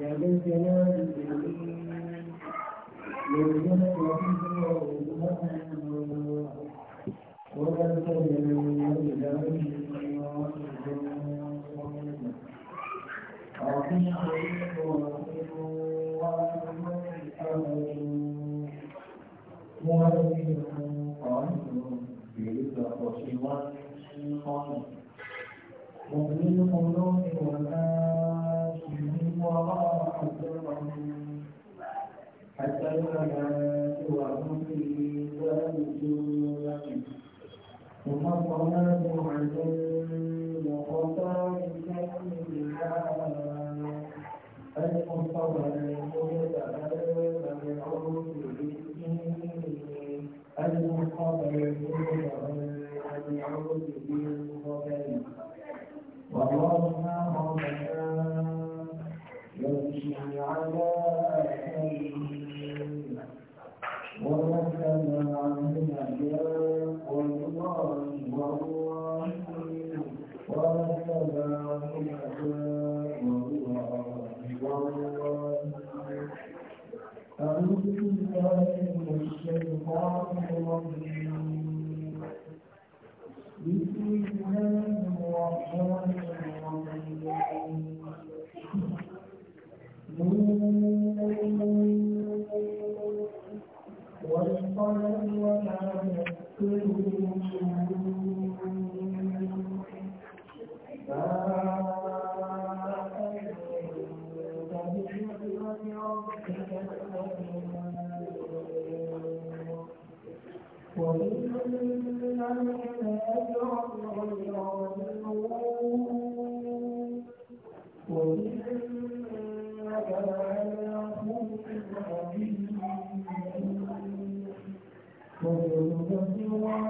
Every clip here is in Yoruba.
يا ذا الجلال والإكرام لو جنت وفيه وأمها ولا تجنن Thank you. الصلاة وهم في سابقون ثم الصلاة عليهم وقطع بسمها المصطفى المتبرع بعرفه المصطفى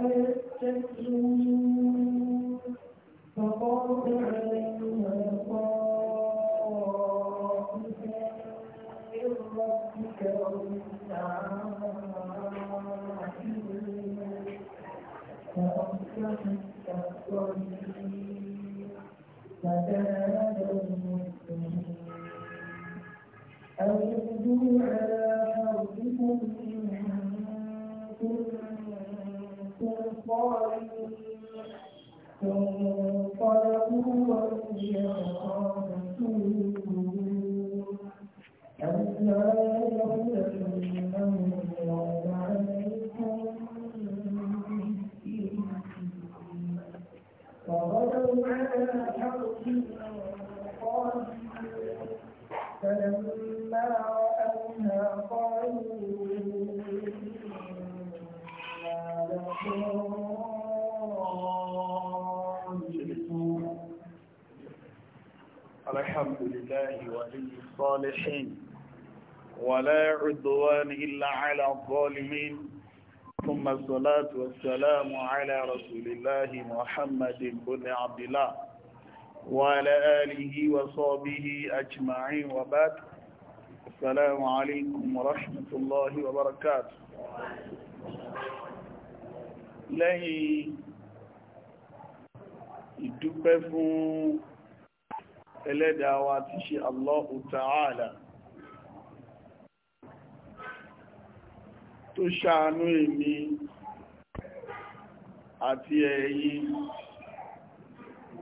تستطيعوا الظالمين فانطلقوا وهم يتخافتون ألا يغلبنهم الله عليكم فغدوا على حرب قادرين فلما الحمد لله ولي الصالحين ولا عدوان إلا على الظالمين ثم الصلاة والسلام على رسول الله محمد بن عبد الله وعلى آله وصحبه أجمعين وبعد السلام عليكم ورحمة الله وبركاته لا يدوب fún ẹlẹ́dàá wa ti ṣe Allahu Ta'ala tó ṣàánú èmi àti ẹ̀yin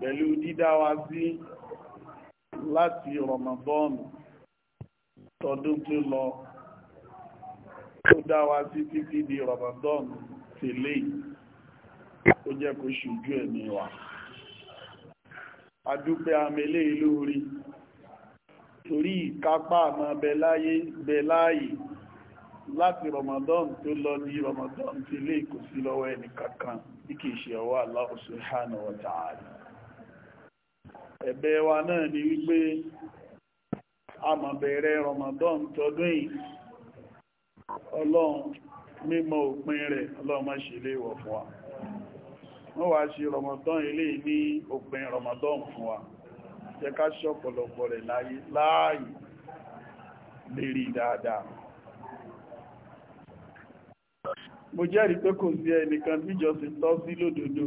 pẹ̀lú dídá wa sí láti rọmọbọ́ọ̀nù tọdún tó lọ tó dá wa sí títí di rọmọbọ́ọ̀nù tẹ̀lé ó jẹ́ kó ṣojú ẹ̀mí wa adúpẹ́ amẹ́lé ìlúrí torí ìkápá àmọ́ bẹ̀láyé láti Ramadan tó lọ ní Ramadan tí lè kò sí lọ́wọ́ ẹni kankan bí kìí ṣe ọwọ́ Allah subhanahu wa ta'ala ẹ̀bẹ̀ wa náà ni wípé a Ramadan tọdún yìí ọlọ́run mímọ̀ òpin rẹ̀ ọlọ́run má ṣe léèwọ̀ fún wa wọ́n wá ṣe rọmọdán ilé ní òpin rọmọdán fún wa jẹ́ ká ṣe ọ̀pọ̀lọpọ̀ rẹ̀ láàyè lérí dáadáa mo jẹ́rìí pé kò sí ẹnìkan bíjọsìn tọ́ sí lódodo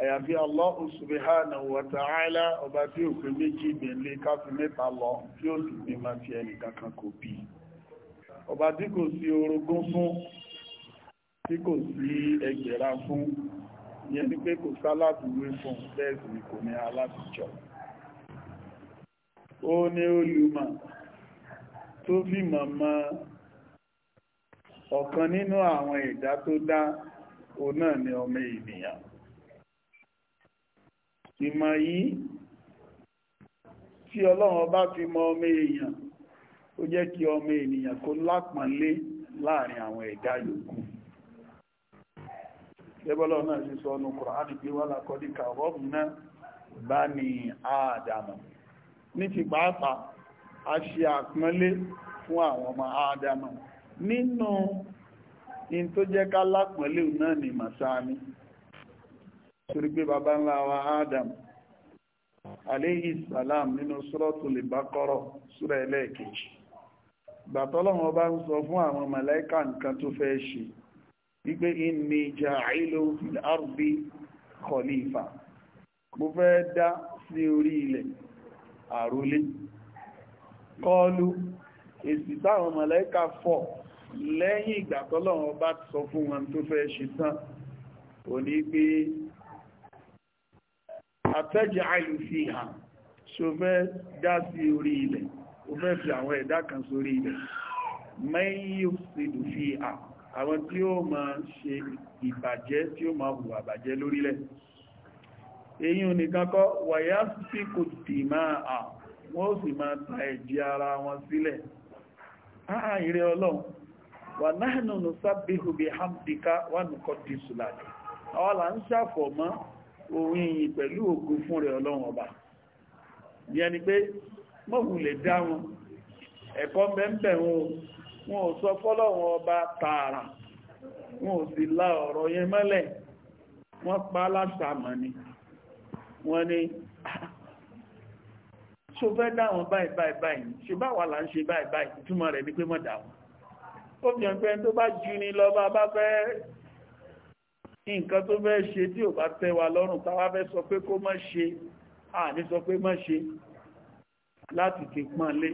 àyàfi Allah subhanahu wa ta'ala ọba tí ó pé méjì ìgbẹ̀lẹ̀ káfí mẹ́ta lọ tí ó sì bí ma fi ẹnìkankan kò bí ọba tí kò sí orogún fún tí kò sí ẹgbẹ̀ra fún yẹn ni pé kò sálàbùwé fún bẹ́ẹ̀ sì ni kò ní alábìjọ ó ní olùmọ̀ tó fi mọ̀mọ́ ọ̀kan nínú àwọn ìdá tó dá o náà ni ọmọ ènìyàn ìmọ̀ yìí tí ọlọ́run bá fi mọ ọmọ èèyàn ó jẹ́ kí ọmọ ènìyàn kó lápọ̀nlé láàrin àwọn ẹ̀dá yòókù gẹ́gbọ́lọ́ náà ṣe sọ ọnù kùránì pé wà lákọ́dí kàrọ́m náà bá ní àádámà ní ti pàápàá a ṣe àpọ́nlé fún àwọn ọmọ àádámà nínú in tó jẹ́ ká lápọ́nlé náà ni màsáàmì torí pé bàbá ńlá wa àádámà aléyìí salam nínú sọ́rọ̀tù lè bá kọ́rọ̀ súrẹ̀ ẹlẹ́ẹ̀kejì gbàtọ́lọ́wọ́n bá ń sọ fún àwọn màláíkà nǹkan tó fẹ́ ṣe wípé inni ja'ilu fil ardi khalifa mo fẹ́ dá sí orí ilẹ̀ àrólé kọlu èsì táwọn mọ̀lẹ́kà fọ̀ lẹ́yìn ìgbà tọ́lọ́run bá sọ fún wọn tó fẹ́ ṣe tán ò ní pé àtẹ́jẹ́ àìlú fi hàn ṣo fẹ́ dá sí orí ilẹ̀ ó fẹ́ fi àwọn ẹ̀dá kan sórí ilẹ̀ mẹ́yìn yóò sì lù fi hàn àwọn tí ó máa ṣe ìbàjẹ́ tí ó máa hùwà bàjẹ́ lórílẹ̀ èyí nìkan kọ́ wàyá sí kò tì máa à wọ́n sì máa ta ẹ̀jẹ̀ ara wọn sílẹ̀ àà ìrẹ́ ọlọ́run wà náà nù sábẹ́hù bí hamdika wà nùkọ́ di sùlàdì àwọn ń ṣàfọ̀ mọ́ ohun ìyìn pẹ̀lú ògùn fún rẹ̀ ọlọ́run ọba ìyẹn ni pé mọ́hùn lè dá wọn ẹ̀kọ́ mẹ́ńbẹ̀ wọn wọn ò sọ fọ́lọ́wọ́n ọba tààrà wọn ò sì la ọ̀rọ̀ yẹn mọ́lẹ̀ wọ́n pa lásàmọ́ ni wọ́n ní ṣo fẹ́ dáwọn báyìí báyìí báyìí ṣe bá wà là ń ṣe báyìí báyìí ìtumọ̀ rẹ̀ ni pé mọ̀ dáwọn ó fi hàn pé tó bá ju ni lọ bá bá fẹ́ nǹkan tó fẹ́ ṣe tí ò bá tẹ́ wa lọ́rùn táwa fẹ́ sọ pé kó má ṣe àní sọ pé má ṣe láti kè pọ́n lé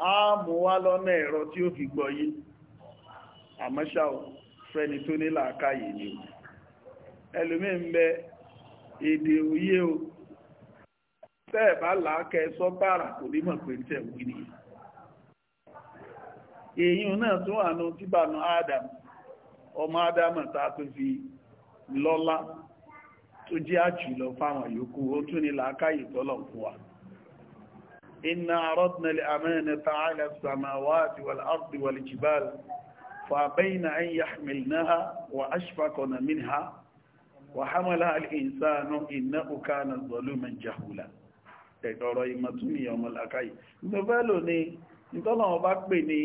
a mú wá lọ́nà ẹ̀rọ tí ó fi gbọ́yé àmọ́ṣà ò fẹ́ni tó ní làákàyè ni o ń bẹ o tẹ́ẹ̀ bá làákẹ́ sọ kò ní mọ̀ pé tẹ̀ wí ni èyí náà tún Adam ọmọ Adam ta tó fi lọ́lá tó jẹ́ àjùlọ fáwọn yòókù ó tún ní إنا عرضنا الأمانة على السماوات والأرض والجبال فأبين أن يحملنها وأشفقن منها وحملها الإنسان إنه كان ظلوما جهولا ẹ̀dọ̀rọ̀ ìmọ̀túnmí ọmọ làkàí nọ́bẹ́lò ni ìtọ́lọ̀wọ́ bá pè ní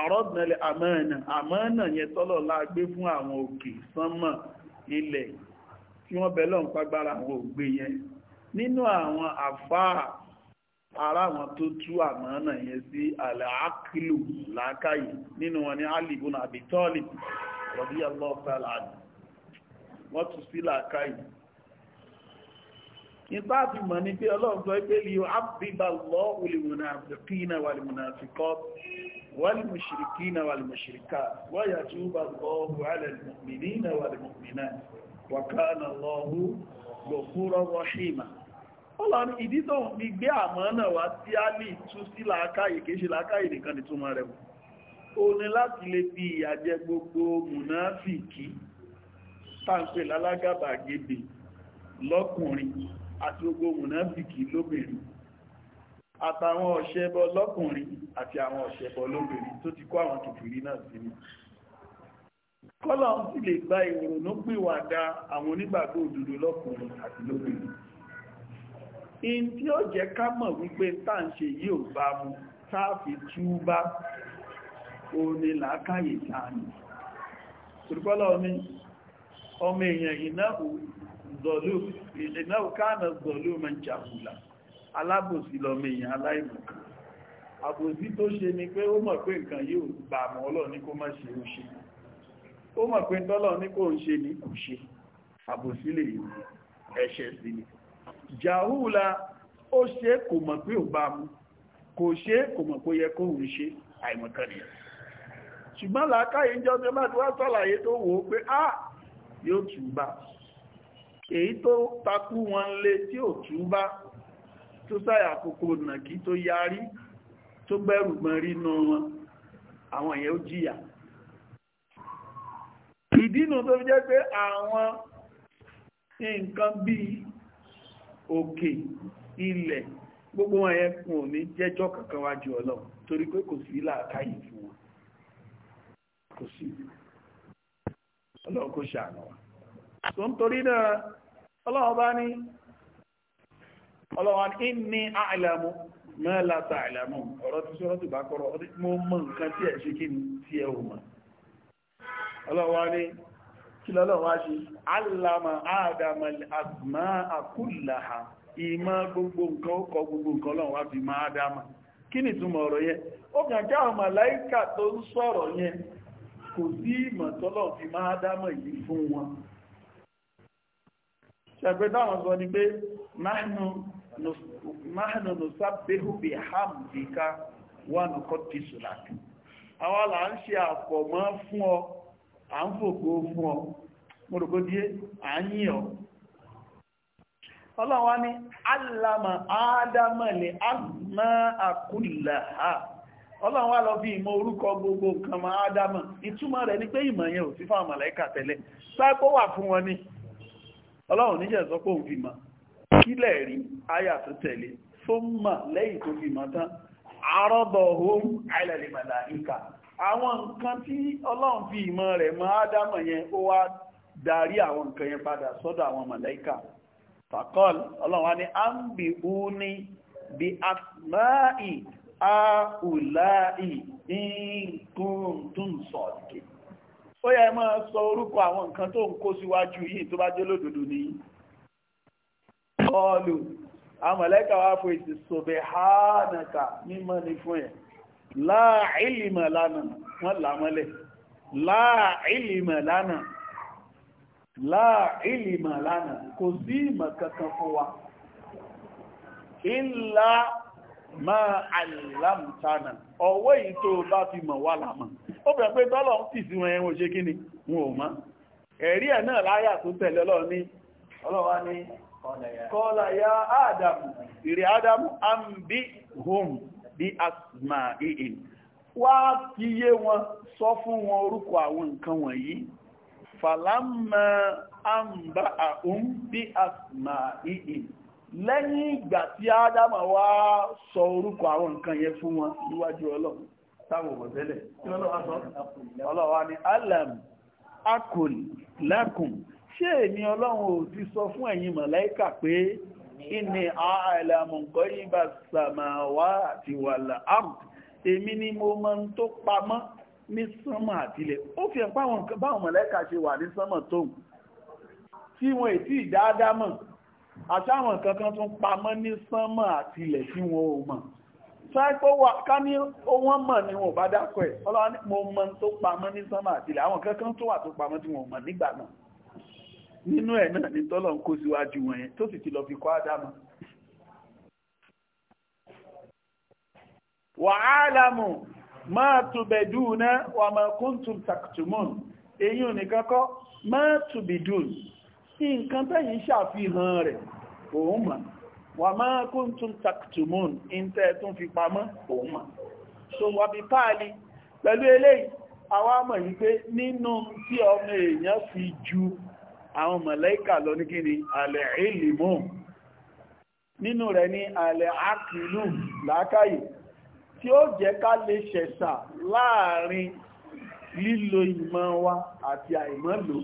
àrọ́dìnlẹ̀ àmọ́ẹ̀nà àmọ́ẹ̀nà yẹn tọ́lọ̀ lágbé fún àwọn òkè sánmọ̀ ilẹ̀ tí wọ́n bẹ̀lọ́ ń pàgbára àwọn ògbé yẹn nínú àwọn àfáà ara àwọn tó tú àmọ́nà yẹn sí àlàákìlù làákàyè nínú wọn ni Ali ibn Abi Talib radiyallahu ta'ala anhu wọ́n tú sí làákàyè nípa àti mọ̀ ní pé ọlọ́run sọ pé lè ábíbà lọ olùmọ̀nà àfikínà wà lùmọ̀nà àfikọ́ wà ọlọ́ni ìdí tó ń fi gbé àmọ́ náà wá tí a lè tú sí làákàyè kìí làákàyè nìkan ni túmọ̀ rẹ̀ o ní láti lè fi ìyà jẹ gbogbo mùnáfìkì tàǹpè lálágàbàgebè lọ́kùnrin àti gbogbo mùnáfìkì lóbìnrin àtàwọn ọ̀ṣẹ́bọ lọ́kùnrin àti àwọn ọ̀ṣẹ́bọ lóbìnrin tó ti kó àwọn kìfìrí náà sínú kọ́lọ̀ sì lè gba ìrònú pìwàdà àwọn onígbàgbọ́ òdodo lọ́kùnrin àti lóbìnrin in tí ó jẹ́ ká mọ̀ wípé tá ń ṣe yìí ò bá mu táàfi túbá òní làákàyè tààni tùrùkọ́lọ́ ní ọmọ èèyàn ìnáwó káànà zọ̀lú mẹ́jàmùlà alábòsí lọmọ èèyàn aláìmọ̀kan àbòsí tó ṣe ni pé ó mọ̀ pé nǹkan yóò bá mọ́ ọlọ́ ní kó má ṣe ó ṣe ó mọ̀ pé ń ṣe ní kò ṣe àbòsí lè ẹ̀ṣẹ̀ sí ni jàúlà ó ṣe kò mọ̀ pé ò bá mú kò ṣe kò mọ̀ pé yẹ kó ń ṣe àìmọ̀kànlẹ̀ ṣùgbọ́n làákàyè ń jọ tẹ́ bá ti wá sàlàyé tó wò ó pé á yóò túbá èyí tó takú wọn lé tí ò túbá tó sáyà àkókò nàkí tó yarí tó gbẹ́rù gbọ́n rí nú wọn àwọn èèyàn ó jìyà ìdínú tó fi jẹ́ pé àwọn nǹkan bíi òkè ilẹ̀ gbogbo wọn yẹn fún òní jẹ́jọ́ kankan wájú ọlọ́run torí pé kò sí làákàyè fún wọn kò sí ọlọ́run kò ṣàánú wa tó ń torí náà ọlọ́run ní ọlọ́run inni a'lamu ma la ta'lamu ọ̀rọ̀ tí sọ́rọ̀ tó bá kọ́rọ̀ mo nǹkan tí ẹ̀ ṣe kí ni tí ò mọ̀ ní kí lọ́lọ́wọ́ ṣe alama adama asma akullaha ìmọ̀ gbogbo nǹkan ó kọ gbogbo nǹkan lọ́wọ́ á fi ma adama kí ni túnmọ̀ ọ̀rọ̀ yẹn ó kàn já àwọn màláíkà tó ń sọ̀rọ̀ yẹn kò sí ìmọ̀ tọ́lọ̀ fi ma adama yìí fún wọn ṣẹ̀pẹ́ táwọn sọ ni pé máhànù nùsábẹ́hù bí wà nùkọ́ tìṣùlá àwọn là ń ṣe àfọ̀mọ́ fún ọ a ń fòkó fún ọ mọ̀rọ̀kó díẹ̀ à ń yìn ọ ọlọ́wà ní alama adamale asma ha ọlọ́wà lọ bí ìmọ̀ orúkọ gbogbo nǹkan ma adama ìtumọ̀ rẹ̀ ní pé ìmọ̀ ò sí fún àmàlẹ́kà tẹ́lẹ̀ wà fún ní àwọn nǹkan tí ọlọ́run fi ìmọ̀ rẹ̀ mọ́ ádámọ̀ yẹn ó wá darí àwọn nǹkan yẹn padà sọ́dọ̀ àwọn màláíkà fàkọ́l ọlọ́run wá ní ámbì úní bí asmáì àùláì sọ sọ̀dì ó yẹ mọ́ sọ orúkọ àwọn nǹkan tó ń kó síwájú yìí tó bá jẹ́ lódodo ní ni fún yẹn láàílìmọ̀ lánà wọ́n làmọ́lẹ̀ láàílìmọ̀ lánà láàílìmọ̀ lánà kò sí ìmọ̀ kankan fún wa ìlà máa àlìlámùtánà ọwọ́ èyí tó bá fi mọ̀ wà lámọ̀ ó bẹ̀rẹ̀ pé tọ́lọ̀ ń tì sí wọn ẹ̀wọ̀n ṣe kíni wọn ò mọ̀ ẹ̀rí ẹ̀ náà láyà tó tẹ̀lé ọlọ́run ọlọ́wà ní kọ́lá ya ádámù ìrẹ̀ ádámù home bí asma ìhìn wá fi yé wọn sọ fún wọn orúkọ àwọn nǹkan wọ̀nyí fàlámà àmbà àhún bí asma ìhìn lẹ́yìn ìgbà tí ádámà wá sọ orúkọ àwọn nǹkan yẹn fún wọn níwájú ọlọ́run táwọn ọmọ tẹ́lẹ̀ ni alam akùn lákùn ṣé èmi ọlọ́run ò ti sọ fún ẹ̀yin màláíkà pé inni àìlàmù gọ́yìnbà sàmàwà àti wàlà àmù èmi ni mo mọ̀ ń tó pamọ́ ní sánmà àtìlẹ̀ ó fi ẹ̀pá báwọn mọ̀lẹ́kà ṣe wà ní sánmà tóun tí wọn ètí ìdáadámọ̀ àtàwọn kankan tún pamọ́ ní sánmà àtìlẹ̀ tí wọn ò mọ̀ sáìpọ̀ wà ká ní wọ́n mọ̀ ni wọn ò bá dákọ̀ ẹ̀ ọlọ́wọ́ mo mọ̀ tó pamọ́ ní sánmà àtìlẹ̀ àwọn kankan tó wà tó pamọ́ tí wọn mọ̀ nígbà náà nínú ẹ̀ náà ni tọ́lọ̀ ń kó síwájú wọn yẹn tó sì ti lọ fi kọ́ ádámà wàhálàmù máa tùbẹ̀dùn náà wà máa kúntùm taktumun èyí ò ní kọ́kọ́ máa tùbìdùn nǹkan tẹ́yìn ṣàfihàn rẹ̀ òun mà wà máa kúntùm taktumun ìntẹ́ tún fi pamọ́ òun mà so wà bí páàlì pẹ̀lú eléyìí àwa mọ̀ yí pé nínú tí ọmọ èèyàn fi ju àwọn mọ̀lẹ́kà lọ ní kíni alẹ̀ ìlìmọ̀ nínú rẹ̀ ní alẹ̀ akìlù làákàyè tí ó jẹ́ ká lè ṣẹ̀ṣà láàrin lílo ìmọ̀ wa àti àìmọ̀ lò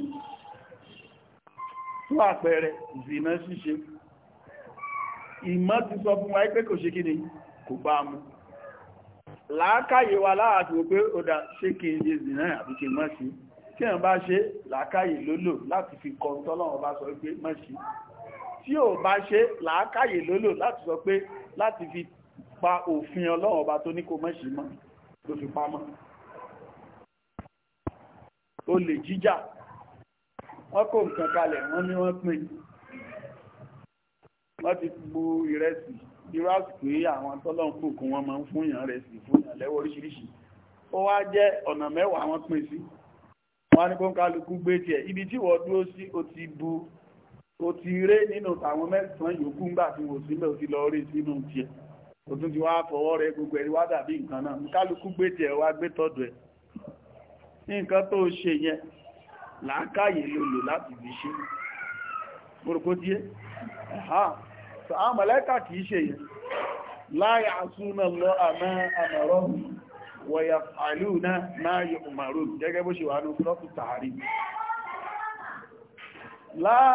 fún àpẹẹrẹ zìnà ṣíṣe ìmọ̀ ti sọ fún wa pé kò ṣe kíni kò bá mu làákàyè wa láàrin pé ó dá ṣe kí tí ẹ̀ bá ṣe làákàyè ló lò láti fi kọ́ tọ́lọ́wọ́ bá sọ pé má ṣe tí ò bá ṣe làákàyè ló lò láti sọ pé láti fi pa òfin ọlọ́wọ́ bá tó ní kò má ṣe mọ́ tó fi pamọ́ olè jíjà wọ́n kó nǹkan kalẹ̀ wọ́n ní wọ́n pín wọ́n ti bu ìrẹsì irú àsìkò yìí àwọn tọ́lọ́n bùkún wọn máa ń fúnyàn rẹ̀ sí fúnyàn lẹ́wọ́ oríṣiríṣi ó wá jẹ́ ọ̀nà mẹ́wàá wọ́n pín sí wọ́n ní kó ń kálukú gbé tiẹ̀ ibi tí wọ́n dúró sí o ti bu o ti ré nínú àwọn mẹ́sàn-án yòókù ńgbà tí wò sílẹ̀ o ti lọ rí sínú tiẹ̀ o tún ti wá fọwọ́ rẹ gbogbo ẹ̀rí wá dàbí nǹkan náà kálukú gbé tiẹ̀ wá gbé tọ́dọ̀ ẹ̀ nǹkan tó ṣe yẹn làákàyè ló láti fi ṣe mọ̀rọ̀kọ́ ẹ̀há sọ kìí ṣe yẹn láyà àsúnà lọ àmọ́ àmọ̀rọ̀ wọ̀yà àlúùná máa yọ òmàrò gẹ́gẹ́ bó ṣe wà ní sọ́tù tààrí láà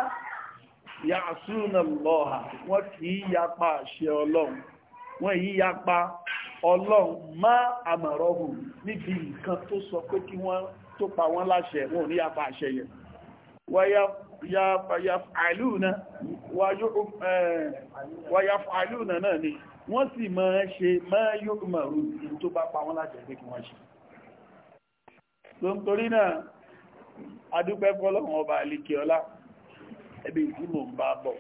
yà súnà lọ́ha wọ́n kì í yapa àṣẹ ọlọ́run wọ́n yí yapa ọlọ́run má àmàrọ́hùn níbi nǹkan tó sọ pé kí wọ́n tó pa wọ́n láṣẹ wọn ní yapa àṣẹ yẹn wọ́yà àlúùná eh, náà ni wọ́n sì máa ṣe máa yóò máa rú ní tó bá pa wọ́n láti ẹgbẹ́ kí wọ́n ṣe tó ń torí náà adúpẹ́ fọ́lọ́wọ́n ọba àlíkẹ́ ọlá ẹbí tí mò ń bá bọ̀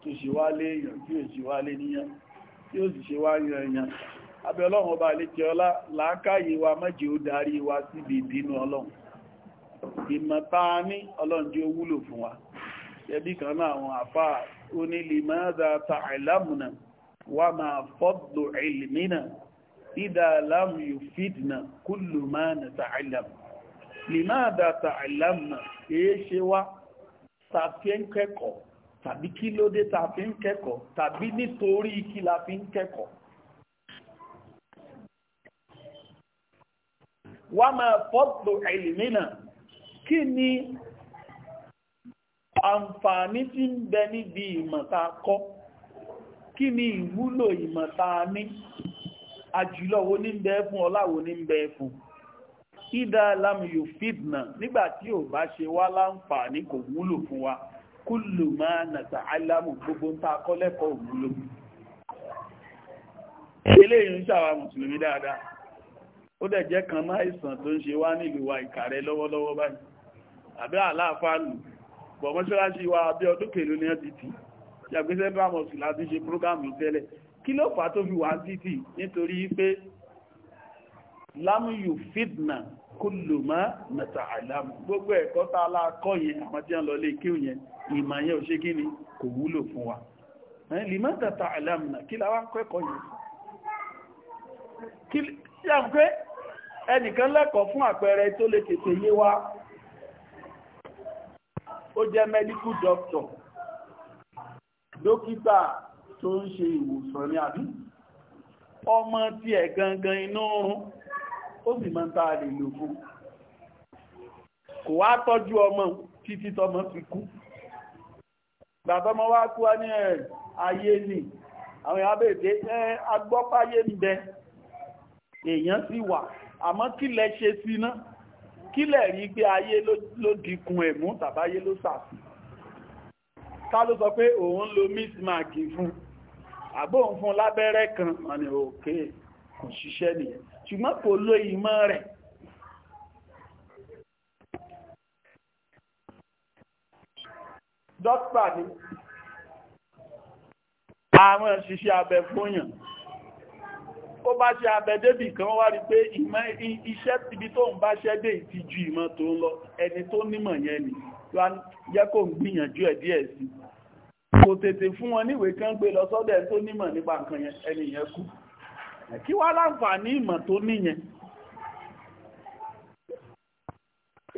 tó ṣe wá lé èèyàn tí ó ṣe wá lé níyàn tí ó sì ṣe wá yan èèyàn abẹ́ ọlọ́run ọba àlíkẹ́ ọlá làákàyè wa méje ó darí wa síbi ìdínú ọlọ́run ìmọ̀ ní wà máa fọ́dù ìlmínà ìdá aláàmù yóò fìdínà kúlù máa nà tààlàmù lèmáàdà tààlàmù èé ṣe wá tàfi ń kẹ́kọ̀ọ́ tàbí kí ló dé tàfi ń kẹ́kọ̀ọ́ tàbí nítorí kí la fi ń kẹ́kọ̀ọ́ wà máa fọ́dù ìlmínà kí ni àǹfààní tí ń bẹ níbi ìmọ̀ kọ́ kí ni ìwúlò ìmọ̀ta ní àjùlọ wo ní ń bẹ fún ọlá wo ní ń bẹ fún ìdá lámìyò fìdnà nígbàtí ò bá ṣe wá láǹfààní kò wúlò fún wa kúlù máa nàtà alámù gbogbo ń ta akọ́lẹ́kọ̀ọ́ òwúlò eléyìí ṣàwà mùsùlùmí dáadáa ó dẹ̀ jẹ́ kan máa ìsàn tó ń ṣe wá nílùú wa Ìkàrẹ́ lọ́wọ́lọ́wọ́ báyìí àbí àláàfáà lù bọ̀mọ́ṣọ́láṣí wa abẹ́ ọdún kèlú ni wọ́n ti tì í ṣàgbé central mosque láti ṣe program tẹ́lẹ̀ kí ló fà tó fi wà títì nítorí pé lámúyù fitna kúlùmọ́ mẹ́ta àìlàmù gbogbo ẹ̀kọ́ tá aláàkọ́ yẹn àwọn tí a lọ lè kí òyìn ìmọ̀ yẹn ò ṣe kí ni kò wúlò fún wa lìmọ́ta ta àìlàmù ẹnìkan lẹ́kọ̀ọ́ fún àpẹẹrẹ tó lè tètè yé wa ó jẹ́ medical doctor dókítà tó ń ṣe ìwòsàn ní àbí ọmọ tí ẹ̀ gangan inú oorun ó sì máa ń tàà lè lò fún kò wá tọ́jú ọmọ títí tọmọ fi kú gbàtọ́mọ wá kú wá ní ayé ni àwọn èèyàn bèèrè ẹ agbọ́páyé ń bẹ èèyàn sì wà àmọ́ kí lẹ ṣe sí náà kí lẹ rí pé ayé ló dikun ẹ̀mú tàbáyé ló sàfihàn ká ló sọ pé òun lo mismark fún àbó òun fún lábẹ́rẹ́ kan wọ́n ní òkè kò ṣiṣẹ́ nìyẹn ṣùgbọ́n kò lo ìmọ̀ rẹ̀ dókítà ni àwọn ṣiṣẹ́ abẹ fóyàn ó bá ṣe abẹ débì kan wá rí pé ìmọ̀ iṣẹ́ ibi tó ń bá ṣẹ́ dé ìtìjú ìmọ̀ tó ń lọ ẹni tó nímọ̀ yẹn nìyẹn jẹ́ kó ń gbìyànjú ẹ̀ díẹ̀ sí kò tètè fún wọn níwèé kan gbé lọ sọ́dọ̀ ẹ̀ tó nímọ̀ nípa nǹkan yẹn ẹni yẹn kú kí wá láǹfààní ìmọ̀ tó níyẹn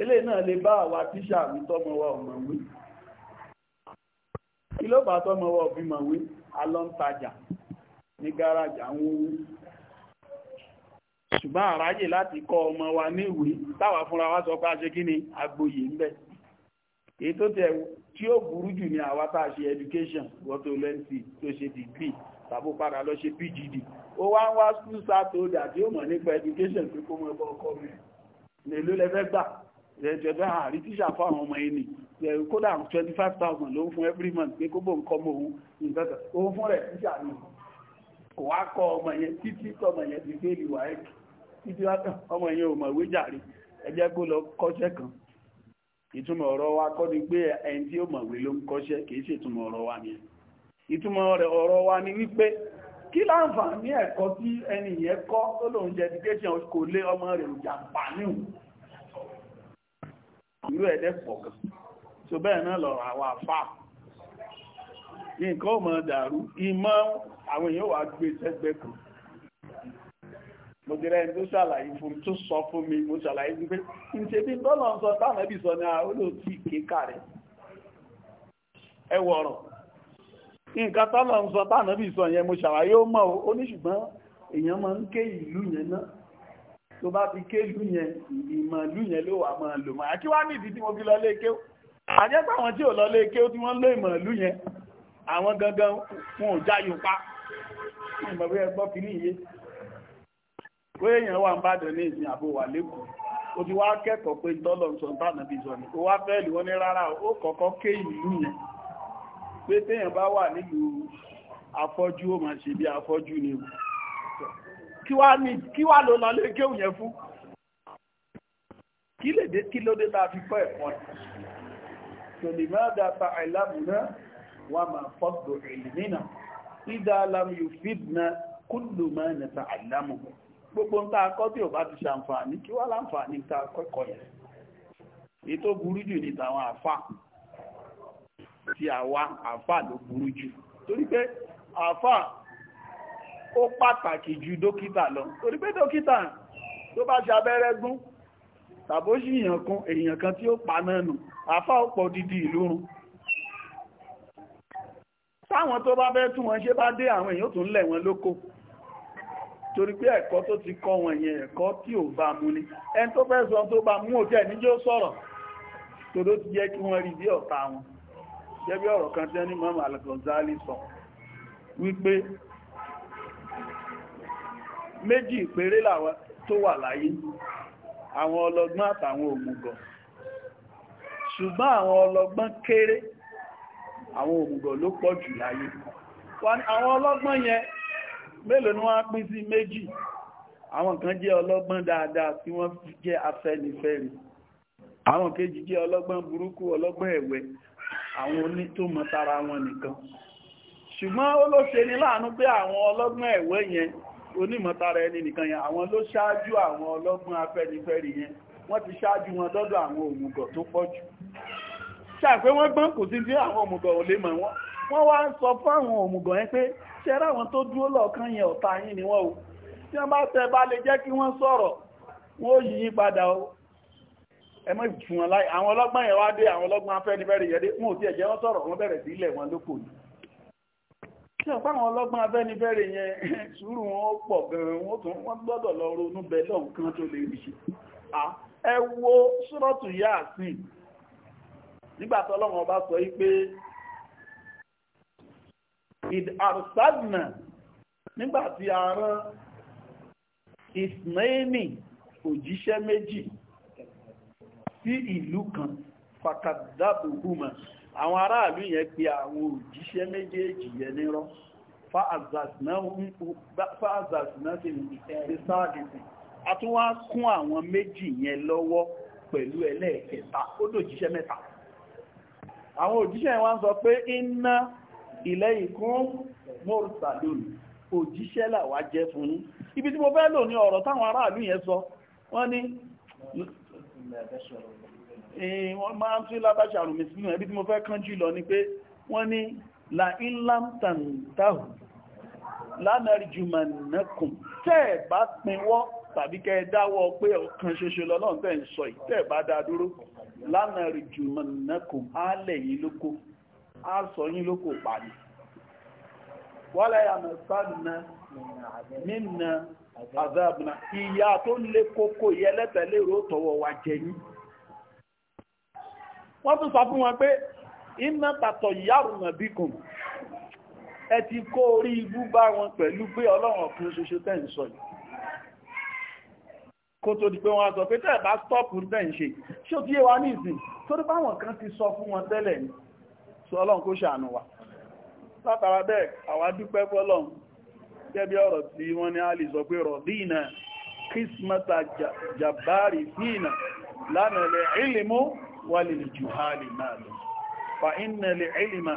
ilé náà lè bá àwa tíṣà mi tọ́mọ wa ọmọ wí kí ló bá tọ́mọ wa òbí mọ̀ wí alọ́ntajà ní gáràjà ń wó ṣùgbọ́n àráyè láti kọ́ ọmọ wa níwèé táwa fúnra wa sọ pé a ṣe kí ni agboyè ń bẹ́ẹ̀ èyí tó tẹ tí ó burú jù ní àwa ṣe education wọ́tò lẹ́ǹtì tó ṣe degree tàbó padà lọ ṣe PGD ó wá ń wá school start ó tí ó mọ̀ nípa education pé kó mọ ẹbọ ọkọ mi nílò lẹ́fẹ́ gbà ẹ̀jọ̀dá àrí tíṣà fáwọn ọmọ ẹni kódà 25,000 ló ń fún every month pé kó bó ń kọmọ òun ìgbẹ́ta òun fún rẹ̀ tíṣà ní kò wá kọ ọmọ yẹn títí tọmọ yẹn ti fẹ́ ìwà ẹ̀kì títí ọmọ yẹn ò mọ̀ ìwé jàre ẹjẹ́ kó lọ kọ́ṣẹ́ kan ìtumọ̀ ọ̀rọ̀ wa kọ́ ni pé ẹni tí ó mọ̀wé ló ń kọ́ṣẹ́ kìí ṣe ìtumọ̀ ọ̀rọ̀ wa ni ìtumọ̀ ọ̀rọ̀ wa ni wípé kí ní ẹ̀kọ́ tí ẹni kọ́ tó lòun jẹ education kò lé ọmọ rẹ̀ níhùn mo ti rẹ́ni tó ṣàlàyé fún tó sọ fún mi mo ṣàlàyé wípé n ṣe bí bọ́lá ń sọ táwọn ẹbí sọ ní olóòtú ìkéka rẹ̀ ẹ wọ̀rọ̀ nǹkan tọ́lọ̀ ń sọ táwọn ẹbí sọ yẹn mo ṣàlàyé ó mọ̀ ó ní ṣùgbọ́n èèyàn máa ń ké ìlú yẹn náà tó bá fi ké ìlú yẹn ìmọ̀ ìlú yẹn ló wà máa lò máa kí wá ní ìdí tí mo fi lọ lé kéw àjẹ́pọ̀ àwọn tí ò lọ lé kéw tí wọ́n lé ìmọ̀ ìlú yẹn àwọn gangan wọn ò já yòókà ìmọ̀ bí ẹgbọ́ kìíní yìí pé èèyàn wà ń bàdàn ní ìsìn àbò wà lẹ́kùn ó ti wá kẹ́kọ̀ọ́ pé tọ́lọ̀ ń sọ tánà bí sọ ní kó wá fẹ́ẹ̀lì wọ́n ní rárá ó kọ́kọ́ ké ìlú yẹn pé téèyàn bá wà nílùú afọ́jú ó máa ṣe bí afọ́jú ni o kí wá ló lọ lé kéwù yẹn fún kí lè kí ló tá a fi kọ́ ẹ̀kọ́ ni tòlìmọ́dà ta àìlàmùná wà máa fọ́gbọ̀ ìlú nínà ìdá alámù yóò fìdná kúlùmọ́ nìta àìlàmù gbogbo ń ta akọ́ tí ò bá ti ṣàǹfààní kí wá láǹfààní ta akọ́kọ́ yẹn èyí tó burú jù ní tàwọn àfà tí àwa àfà ló burú jù torí pé àfà ó pàtàkì ju dókítà lọ torí pé dókítà tó bá ṣe abẹ́rẹ́ gún tàbó sí èèyàn kan èèyàn kan tí ó pa náà nù àfà ó pọ̀ dídí ìlú run táwọn tó bá fẹ́ tún wọn ṣe bá dé àwọn èèyàn tún lẹ̀ wọn lóko torí pé ẹ̀kọ́ tó ti kọ́ wọn yẹn ẹ̀kọ́ tí ò bá mú ní ẹn tó fẹ́ sọ tó bá mú òtẹ́ níjó sọ̀rọ̀ tó ló ti jẹ́ kí wọ́n rí bí ọ̀tá wọn jẹ́bí ọ̀rọ̀ kan tẹ́ ní mọ́mà Al-Ghazali sọ wípé méjì péré làwọn tó wà láyé àwọn ọlọ́gbọ́n àtàwọn òmùgọ̀ ṣùgbọ́n àwọn ọlọ́gbọ́n kéré àwọn òmùgọ̀ ló pọ̀ jù láyé àwọn ọlọ́gbọ́n yẹn mélòó ni wọ́n pín sí méjì àwọn kan jẹ́ ọlọ́gbọ́n dáadáa tí wọ́n jẹ́ afẹ́nifẹ́re àwọn kejì jẹ́ ọlọ́gbọ́n burúkú ọlọ́gbọ́n ẹ̀wẹ́ àwọn oní tó mọ tara wọn nìkan ṣùgbọ́n ó ló ṣe ní láàánú pé àwọn ọlọ́gbọ́n ẹ̀wẹ́ yẹn onímọ̀tara ẹni nìkan yẹn àwọn ló ṣáájú àwọn ọlọ́gbọ́n afẹ́nifẹ́re yẹn wọ́n ti ṣáájú wọn dọ́dọ̀ àwọn òmùgọ̀ tó pọ̀ jù ṣàpé wọ́n gbọ́n kò sí sí àwọn òmùgọ̀ ò lè mọ̀ wọ́n wọ́n wá sọ fún àwọn òmùgọ̀ yẹn pé ṣẹ́rẹ́ àwọn tó dúró lọ́ọ̀kan yẹn ọ̀tá yín ni wọ́n o tí wọ́n bá tẹ bá lè jẹ́ kí wọ́n sọ̀rọ̀ wọ́n yí yín padà o ẹ mọ́ ìfún wọn láì àwọn ọlọ́gbọ́n yẹn wá dé àwọn ọlọ́gbọ́n afẹ́nifẹ́re yẹn dé wọn ò tiẹ̀ jẹ́ wọ́n sọ̀rọ̀ wọ́n bẹ̀rẹ̀ sí ilẹ̀ wọn lóko ni tí wọ́n fáwọn ọlọ́gbọ́n afẹ́nifẹ́re yẹn sùúrù wọn ó pọ̀ gan-an wọ́n tún wọ́n gbọ́dọ̀ lọ ronú bẹ́ẹ̀ lọ́hùn kan tó lè rí ṣe ẹ wo sọ́rọ̀tù yáàsìn nígbà tọ́lọ́wọ́n ọba sọ yí pé ìdàrúsádìnà nígbàtí a rán ìsìnlẹ́ẹ̀mì òjíṣẹ́ méjì sí ìlú kan fàkàdàbùhùmà àwọn aráàlú yẹn pè àwọn òjíṣẹ́ méjèèjì yẹn nírọ́ fáàzàsìná sí ìsáàdìsì a tún wá kún àwọn méjì yẹn lọ́wọ́ pẹ̀lú ẹlẹ́ẹ̀kẹta ó dòjíṣẹ́ mẹ́ta àwọn òjíṣẹ́ wá ń sọ pé iná ilaykum mursalun òjíṣẹ́ làwa jẹ́ fún yín ibi tí mo fẹ́ lò ní ọ̀rọ̀ táwọn aráàlú yẹn sọ wọ́n ní eh, wọ́n máa ń tún lábáṣàrùn mìsìlú ẹbí tí mo fẹ́ kánjú lọ ni pé wọ́n ní la inlam tantahu lánàrí jùmọ̀nàkùn tẹ́ẹ̀ bá pinwọ́ tàbí kẹ́ dáwọ́ pé ọ̀kan ṣoṣo lọ́nà tẹ́ ń sọ á sọ yín lókò pàdé wọ́n lẹ́yà mẹ́sàn-án nínú àzáàbùnà ìyá tó ń lé kókó yẹ lẹ́tẹ̀lérò tọwọ́ wa jẹ yín wọ́n tún sọ fún wọn pé iná tàtọ̀ yárùn bí kùn ẹ ti kó orí ibú bá wọn pẹ̀lú pé ọlọ́run ọ̀kan ṣoṣo tẹ́ ń sọ yìí kó tó di pé wọ́n sọ pé tẹ́ẹ̀ bá stọ́ọ̀pù tẹ́ ń ṣe ṣé ó ti yé wa ní ìsìn torí báwọn kan ti sọ fún wọn tẹ́lẹ̀ ni sọ ọlọ́run kó ṣàánú wa látara bẹ́ẹ̀ àwa dúpẹ́ fọ́lọ́run gẹ́bí ọ̀rọ̀ tí wọ́n ní alì sọ pé rọ̀dínà kìsmọ́ta jàbárì fínà lánà lè ìlìmú wà lè jùhálì náà lọ fa'inna lè ìlìmá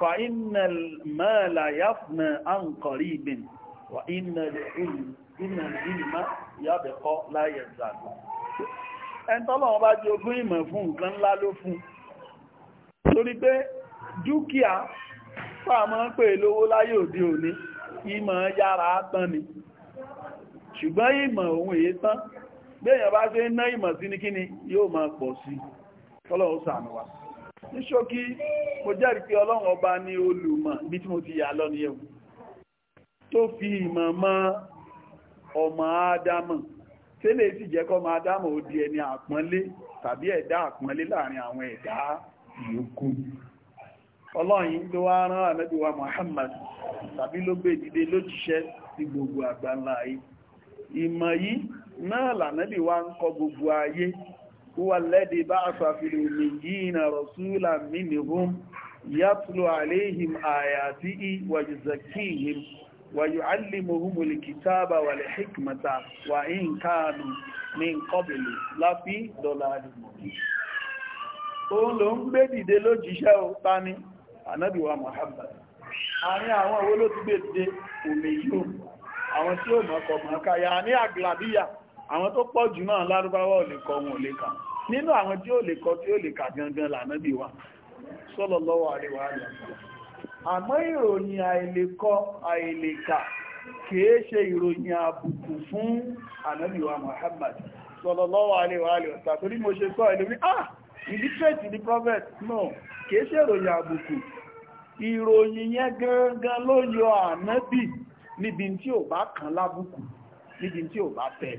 fa'inna mẹ́la yáfnà an kọ̀rí bá jẹ́ ogún ìmọ̀ fún nǹkan ńlá ló fún torí pé dúkìá pàmọ́ ń pè lówó láyé òde òní ìmọ̀ yára tán ni ṣùgbọ́n ìmọ̀ ohun èyí tán gbéyàn bá ṣe ń ná ìmọ̀ sí ní kíni yóò máa pọ̀ sí ọlọ́run ṣàánú wa ní ṣókí mo jẹ́rìí pé ọlọ́run ọba ní olùmọ̀ bí tí mo ti yà lọ nìyẹn tó fi ìmọ̀ mọ́ ọmọ ádámọ̀ tẹ́lẹ̀ sì jẹ́ ọmọ ádámọ̀ ó di ẹni àpọ́nlé tàbí ẹ̀dá àpọ́nlé láàrin àwọn ẹ̀dá ìyókù ọlọ́yìn ló wá rán ànábì wa Muhammad tàbí ló gbé ìdíde lójíṣẹ́ sí gbogbo àgbàlá ayé ìmọ̀ yìí náà lànábì wa ń kọ gbogbo ayé huwa alladhi ba'atha fil ummiyina rasulan minhum yatlu alayhim ayatihi wa yuzakkihim òun ló ń gbé dìde lójíṣẹ́ o ta ni ànábì wa Muhammad àárín àwọn owó ló ti gbé dìde òmè yíò àwọn tí ó mọ̀kọ̀ mọ̀káyà ní àgbàbíyà àwọn tó pọ̀ jù náà lárúbáwá ò lè kọ wọn ò lè kà nínú àwọn tí ó lè kọ tí ó lè kà gangan lànábì wa sallallahu alaihi wa sallam àmọ́ ìròyìn àìlèkọ àìlèkà kìí ṣe Muhammad sallallahu alaihi wa sallam torí mo ṣe sọ ìlú ní ah illiterate ni prophet no kìí ṣe ìròyìn àbùkù ìròyìn yẹn gangan ló yọ ànábì níbi tí ò bá kàn lábùkù níbi tí ò bá tẹ́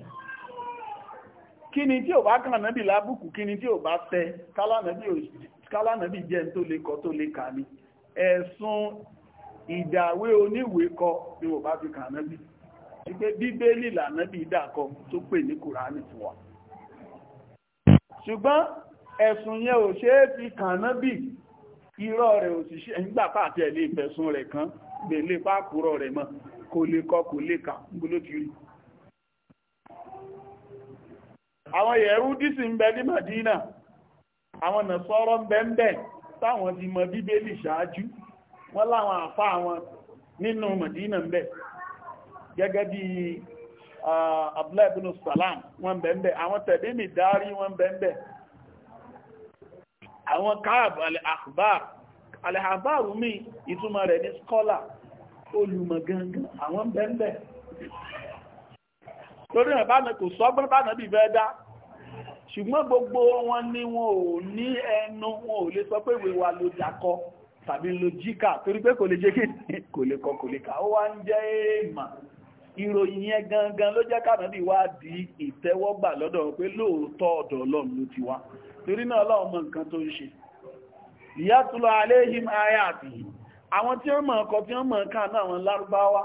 kí ni tí ò bá kàn ànábì lábùkù kí ni tí ò bá tẹ́ kálánàbì jẹ́ tó lè kọ tó lè kà ní ẹ̀sùn ìdàwé oníwèé kọ ni ò bá fi kàn ànábì wípé bíbélì lànábì dàkọ tó pè ní kùránì fún wa ṣùgbọ́n ẹ̀sùn yẹn ò ṣe é fi kànábì irọ́ rẹ̀ òṣìṣẹ́ nígbàpá àti ẹ̀lẹ́ ìfẹ̀sùn kan lè lè rẹ̀ mọ́ kò lè kọ kò lè kà gbólókiri àwọn Yẹhudi ń bẹ ní Madina àwọn Nasara ń bẹ táwọn ti mọ Bíbélì ṣáájú wọ́n láwọn àfá wọn nínú Madina ń bẹ gẹ́gẹ́ bí ah, Salam wọ́n mi dárí wọ́n àwọn káàbù alẹ́hàbáàrù alẹ́hàbáàrù mi ìtumọ̀ rẹ̀ ní skọ́là olùmọ̀ gangan àwọn bẹ́ẹ̀bẹ̀ lórí rẹ̀ bá kò sọ́gbọ́n bá nàbí bẹ́ẹ̀ dá ṣùgbọ́n gbogbo wọn ni wọn ò ní ẹnu wọn ò lè sọ pé ìwé wa ló tàbí torí pé kò lè jẹ́ kí kò lè kọ kò lè kà torí náà Ọlọ́run mọ nǹkan tó ń ṣe ìyátúlọ aléhìm ayá àti àwọn tí ó mọ̀ ọkọ̀ tí ó mọ̀ ká náà wọn lárúbáwá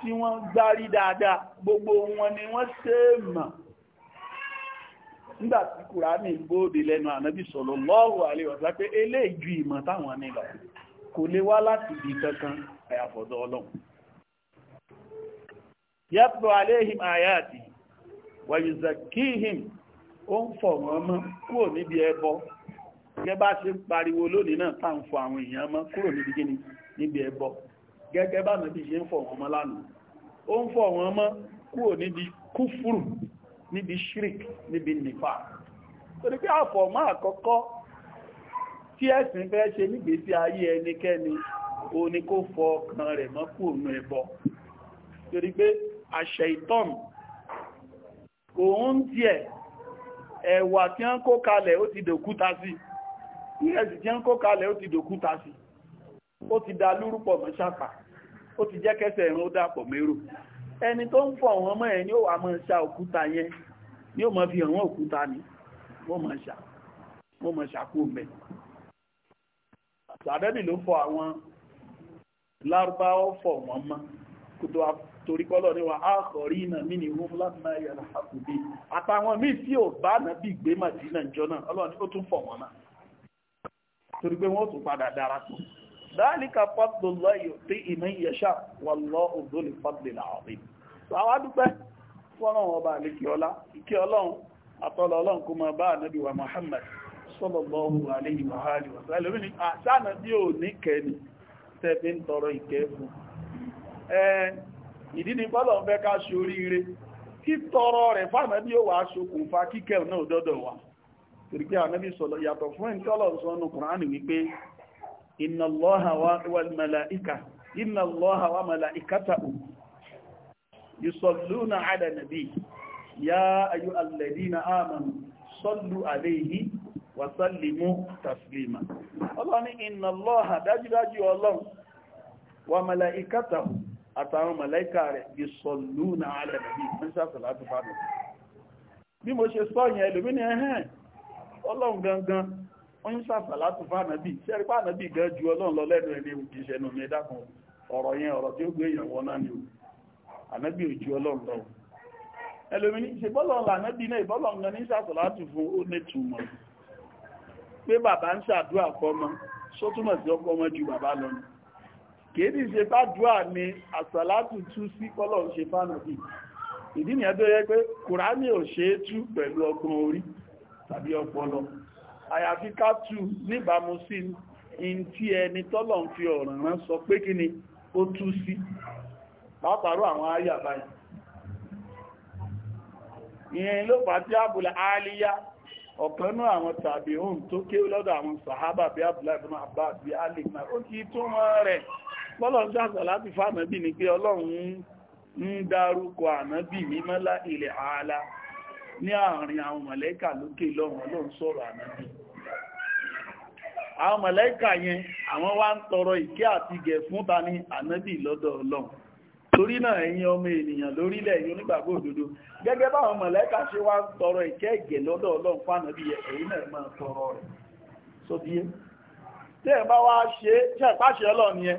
tí wọ́n gbárí dáadáa gbogbo wọn ni wọ́n ṣe mọ̀ nígbàtí kùránì gbóòdè lẹ́nu ànábì sallallahu alaihi wasallam pé eléyìí ó ń fọ̀ wọ́n mọ́ kúrò níbi ẹbọ gẹ́gẹ́ bá ṣe ń pariwo lónìí náà tá ń fọ àwọn èèyàn mọ́ kúrò níbi gíní níbi ẹbọ gẹ́gẹ́ bá nàbí ṣe ń fọ̀ wọ́n mọ́ lánàá ó ń fọ̀ wọ́n mọ́ kúrò níbi kúfùrù níbi shirk níbi nìfà torí pé àfọ̀mọ́ àkọ́kọ́ tí ẹ̀sìn fẹ́ ṣe nígbésí ayé ẹnikẹ́ni o ní kó fọ ọkàn rẹ̀ mọ́ kúrò nínú ẹbọ torí pé àṣẹ ìtọ́m òun tiẹ̀ ẹ̀wà tí wọ́n kó kalẹ̀ ó ti dòkúta sí ìrẹsì tí wọ́n kó kalẹ̀ ó ti dòkúta sí ó ti da lúrúpọ̀ mọ́ ṣàpà ó ti jẹ́ kẹsẹ̀ ìrún ó dàpọ̀ mérò ẹni tó ń fọ̀ wọ́n mọ́ ẹ̀ ní ó wà mọ́ ṣà òkúta yẹn ní ó mọ́ fi hàn òkúta ni wọ́n mọ́ ṣà wọ́n mọ́ ṣàkó mẹ́ sàdẹ́bì ló fọ̀ àwọn lárúbáwọ́ fọ̀ wọ́n mọ́ kó tó wá torí kọ́lọ̀ ní wa áàkọ̀rí iná mí ni wọ́n na yàrá àkùbí àtàwọn míì tí ò bá náà bí gbé màdínà jọ náà ó tún fọ̀ wọ́n náà torí pé wọ́n tún padà dára tó fọ́tòlọ́ yóò tí wà lọ òdó lè fọ́tòlè láàrin àwọn adúpẹ́ fọ́nà wọn bá lè kí ọlá ọlọ́run ọlọ́run kó máa bá ànábì wa Muhammad ìdí ni bọ́lọ̀ ń fẹ́ ká ṣoríire títọrọ rẹ̀ fànàbí ó wà ṣokùnfà kíkẹ́ náà dọ́dọ̀ wa torí pé ànábì sọ̀lọ̀ yàtọ̀ fún ìtọ́lọ̀ sọ́nù kùránì wípé inna Allaha wal malaika ọlọ́ni inna dájúdájú ọlọ́run wa malaikatahu àtàwọn mọ̀lẹ́kà rẹ̀ bí sọ̀lú náà alẹ́bẹ̀bí mẹ́sàtọ̀ láti fàbí bí mo ṣe sọ yẹn ẹlòmí ni ẹ̀hẹ́n ọlọ́run gangan wọ́n ń sàfà láti fànàbí ṣẹ́rípá gan ju ọlọ́run lọ lẹ́nu ẹni ọ̀rọ̀ yẹn ọ̀rọ̀ tí ó gbé wọ́n náà ó kebi ṣe bá dúà ní àsàlátù tú sí pọ́lọ̀ ṣe fánàbí ìdí nìyẹn tó yẹ pé kùránì ò ṣe é tú pẹ̀lú ọgbọ́n orí tàbí ọpọlọ àyàfi ká tú níbàámu sí in tí ẹni tọ́lọ̀ ń fi ọ̀ràn rán sọ pé kí ni ó tú sí látàrú àwọn àyà báyìí ìyẹn ló fà tí àbúlẹ̀ àálíyá ọ̀kan náà àwọn tàbí ohun tó kéwú lọ́dọ̀ àwọn sàhábà bí àbúlẹ̀ ìbùnà àbá àbí alìgbà ó ti tún wọ́n rẹ̀ bọ́lọ̀ ń sàtọ̀ láti fàmẹ́bì ni pé ọlọ́run ń dárúkọ ànábì mímọ́lá ilẹ̀ ààlá ní àárín àwọn mọ̀lẹ́kà lókè lọ́run ọlọ́run sọ̀rọ̀ ànábì àwọn mọ̀lẹ́kà yẹn àwọn wá ń tọrọ ìkẹ́ àti tí ẹ̀ bá wá ṣe ṣẹ̀páṣẹ́ ọlọ́run yẹn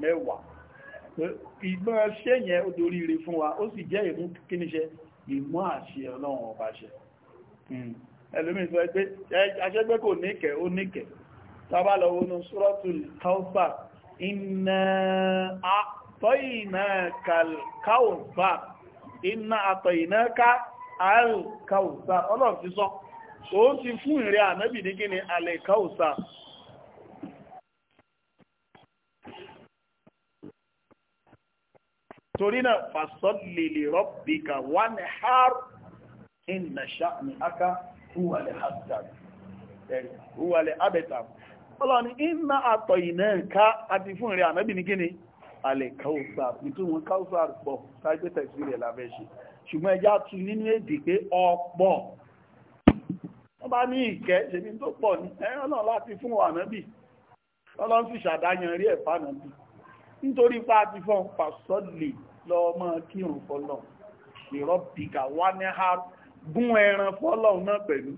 mẹ́wàá ìgbọ́n ṣe yẹn ó dorí ire fún wa ó sì jẹ́ ìmú kíníṣẹ́ ìmú àṣẹ ọlọ́run ọba ṣe hmm. ẹlòmíì sọ pé aṣẹ́gbẹ́ kò níkẹ̀ ó níkẹ̀ tábà lọ wọnú suratul Kawthar inna a'tainaka al-Kawthar al-Kawthar ọlọ́run ti sọ òun ti torí náà fasalli li rabbika wanhar inna sha'naka huwa al-abtar huwa al-abtar ọlọ́ni iná àtọ̀ ìná ká ti fún ìrìn ànábì ní gíní alẹ́ Kausar nítorí wọn Kausar pọ̀ sáàgbẹ́tẹ̀ sí rẹ̀ ṣe ṣùgbọ́n ẹjá tu nínú èdè pé ọlọ́n rí ẹ̀fà nítorí pa ti fọ́n pàṣọ́lì lọ́mọ kírun fọ́lọ̀ ìrọ́ ní ha gún ẹran fọ́lọ̀ náà pẹ̀lú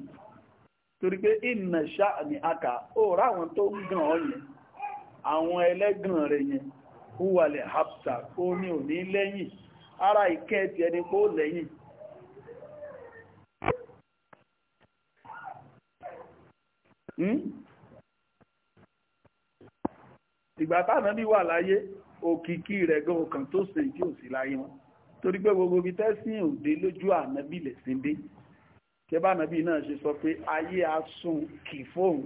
torí pé ìnà ṣáà ní aka ó ráwọn tó ń gàn ọ́ yẹn àwọn ẹlẹ́gàn rẹ̀ yẹn ó wà hapsa ní ara ìkẹ́ ti ẹni kó lẹ́yìn hmm? ìgbà táwọn bí wà láyé òkìkí rẹ̀ gan ọkàn tó ṣe tí ò sí láyé wọn torí pé gbogbo ibi tẹ́sìn òde lójú ànábì lè sí dé kẹbà ànábì náà ṣe sọ pé ayé asún kì fóun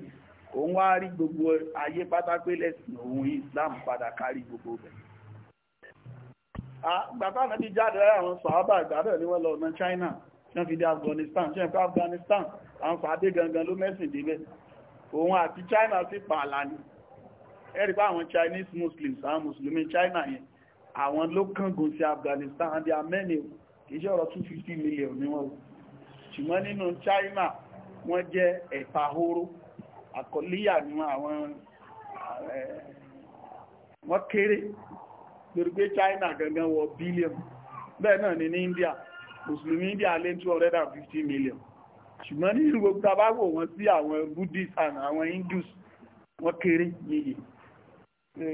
òun wá rí gbogbo ayé pátápé lẹ́sìn òun Islam padà kárí gbogbo bẹ̀. gbàtà ànábì jáde àwọn sàábà ìgbàdàn ni wọ́n lọ ọ̀nà China tí wọ́n fi dé Afghanistan tí wọ́n fi Afghanistan àwọn fàdé gangan ló mẹ́sìn débẹ̀ òun àti China sì pààlà ni ẹ̀rí pé àwọn Chinese Muslims àwọn musulmi China yẹn àwọn ló kángun sí Afghanistan and their many kìí ọ̀rọ̀ 250 million ni wọ́n ṣùgbọ́n nínú China wọ́n jẹ́ ẹ̀pà horo àkọlíyà ni àwọn wọ́n kéré lórí pé China gangan wọ billion bẹ́ẹ̀ náà ni ní India musulmi India lé 250 million ṣùgbọ́n ní gbogbo tàbáwò wọn sí àwọn buddhist and àwọn Hindus wọ́n kéré níye pé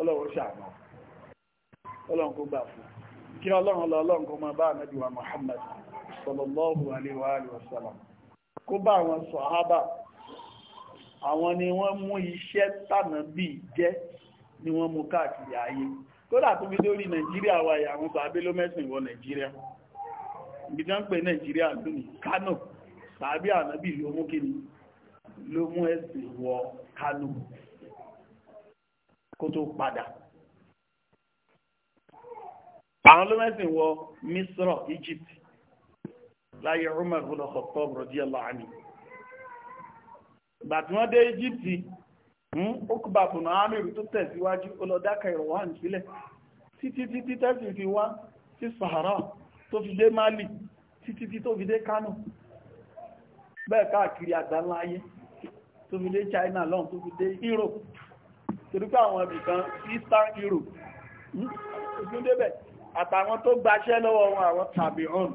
ọlọ́run ṣàánú ọlọ́run kó gbà fún kí ọlọ́run lọ ọlọ́run kó máa bá ànábì wa Muhammad sallallahu alaihi wasallam kó bá àwọn sọ̀hábà àwọn ni wọ́n mú iṣẹ́ tànàbí jẹ́ ni wọ́n mú káàkiri ayé kódà tó bí lórí Nàìjíríà wà yà àwọn sàábé ló mẹ́sìn wọ Nàìjíríà ibi tí wọ́n ń pè Nàìjíríà lónìí Kánò sàábé ànábì ló mú kíni ló mú ẹ̀sìn wọ Kánò kó tó padà àwọn ló mẹ́sìn wọ misra Egypt láyé Umar ibn Khattab radiyallahu anhu ìgbà tí wọ́n dé Egypt ókùbà fùnà ámìrì tó tẹ̀síwájú ọlọ́dáka ìrọ̀wọ́n sílẹ̀ títí títí tẹ́sì fi wá sí Sahara tó fi dé Mali títí tí tó fi dé Kano bẹ́ẹ̀ káàkiri àgbáláyé tó fi dé China lọ́n tó fi dé Europe torípé àwọn ibìkan Eastern Europe ojúdébẹ̀ hmm, àtàwọn tó gbaṣẹ́ lọ́wọ́ wọn àwọn tàbí hàn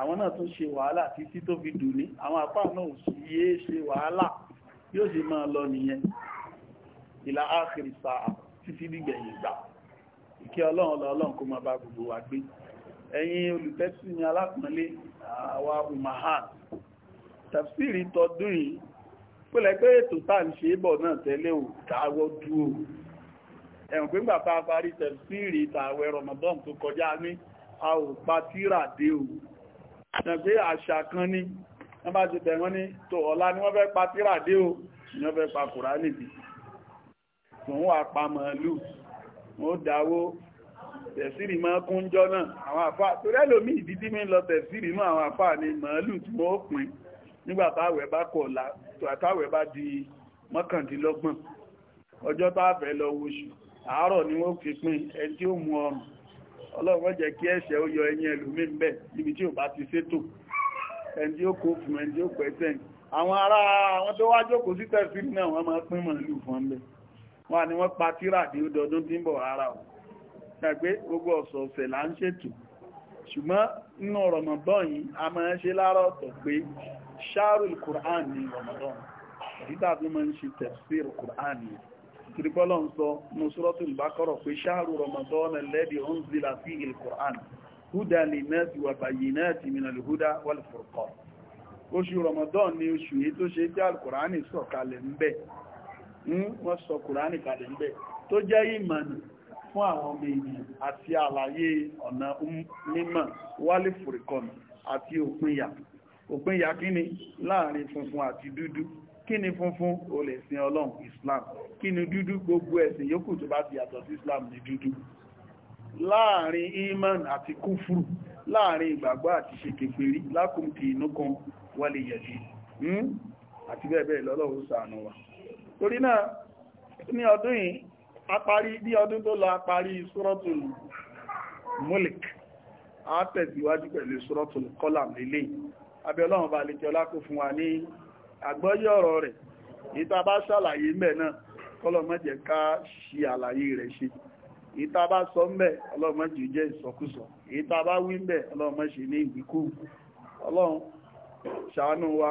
àwọn náà tún ṣe wàhálà títí tó fi dùn ní àwọn apá náà sì yé ṣe wàhálà yóò sì máa lọ nìyẹn ìlà áàkiri sáà títí dìgbẹ̀yìn gbà ìkẹ́ ọlọ́run lọ́lọ́run kó máa bá gbogbo wa gbé ẹ̀yin olùtẹ́sí ni alápọ̀nlé àwa umahan tafsiri tọdún yìí pẹ̀lẹ́ pé ètò tá ń ṣe bọ̀ náà tẹ́lẹ̀ ò dáwọ́ dúró ẹ̀rùn pé ńgbà tá a parí tẹ̀síìrì ìtàwẹ̀ Ramadan tó kọjá ní a ò pa tíra dé o ṣe pé àṣà kan ní wọ́n bá ti bẹ̀rẹ̀ ní tó ọ̀la ni wọ́n fẹ́ pa tíra dé o ni wọ́n fẹ́ pa Kùránì bí wọ́n wà pa màálù wọ́n dáwó tẹ̀síìrì máa kúnjọ́ náà àwọn àfáà torí ẹlòmíì ìdí mi lọ tẹ̀síìrì náà àwọn àfáà ni màálù tí wọ́n pin nígbà táwẹ̀ bá kọ̀ọ̀la táwẹ̀ bá di mọ́kàndínlọ́gbọ̀n ọjọ́ táàfẹ́ lọ wóṣù àárọ̀ ni wọ́n fi pín ẹni tí ó mú ọrùn ọlọ́run jẹ́ kí ẹ̀ṣẹ̀ ó yọ ẹyin ẹlòmí bẹ̀ níbi tí ò bá ti ṣètò ẹni tí ó kó fún ẹni tí ó pẹ̀sẹ̀ àwọn ará àwọn tó wá jókòó sí tẹ̀sílì náà wọ́n máa pín màálù fún ọmọ wọn ni wọ́n pa tíràdì ó dọdún tí ń bọ̀ rárá o ṣàgbé gbogbo ọ̀sọ̀ọ̀sẹ̀ là ń ṣètò ṣùgbọ́n nínú Ramadan yìí a máa ń ṣe láàárọ̀ ọ̀tọ̀ pé ṣáàrùn kùrán ní Ramadan ìdá bí ma ń ṣe tẹ̀síìrì kùrán ní tìrìbọ́lọ̀ ń sọ nusratul Baqarah pé ṣáàrùn Ramadan alladhi unzila fihi al-Qur'an huda linnasi wa bayyinati minal huda wal furqan oṣù Ramadan ni oṣù yìí tó ṣe jẹ́ alkùránì sọ kalẹ̀ ń bẹ̀ hm? wọ́n sọ kùránì ń bẹ̀ tó jẹ́ fún àwọn ọmọ ènìyàn àti àlàyé ọ̀nà mímọ̀ wálé fòrìkọ̀nù àti òpinya kò ya kí ni láàrin funfun àti dúdú kí ni funfun o lè sin ọlọ́run islam kí ni dúdú gbogbo ẹ̀sìn yòókù tó bá ti yàtọ̀ sí islam ní dúdú láàrin iman àti kúfùrù láàrin ìgbàgbọ́ àti ṣe kèfèrí lákùnkì inú kan wọlé yẹ̀dí hmm? àti bẹ́ẹ̀bẹ́ẹ̀ lọ́lọ́run ṣàánú wa torí náà ní ọdún yìí apari bí ọdún tó lọ apari suratul mulk a tẹ̀síwájú pẹ̀lú suratul qalam lélẹ́yìn abẹ́ọlọ́run bá lè jọlá kó fún wa ní àgbọ́yé ọ̀rọ̀ rẹ̀ ìta bá sàlàyé mẹ́ náà kọlọ̀mọ́jẹ̀ ká ṣe àlàyé rẹ̀ ṣe ìta bá sọ mẹ́ ọlọ́mọ́jẹ̀ jẹ́ ìsọkúsọ ìta bá wí mẹ́ ní ìwíkú ọlọ́run ṣàánú wa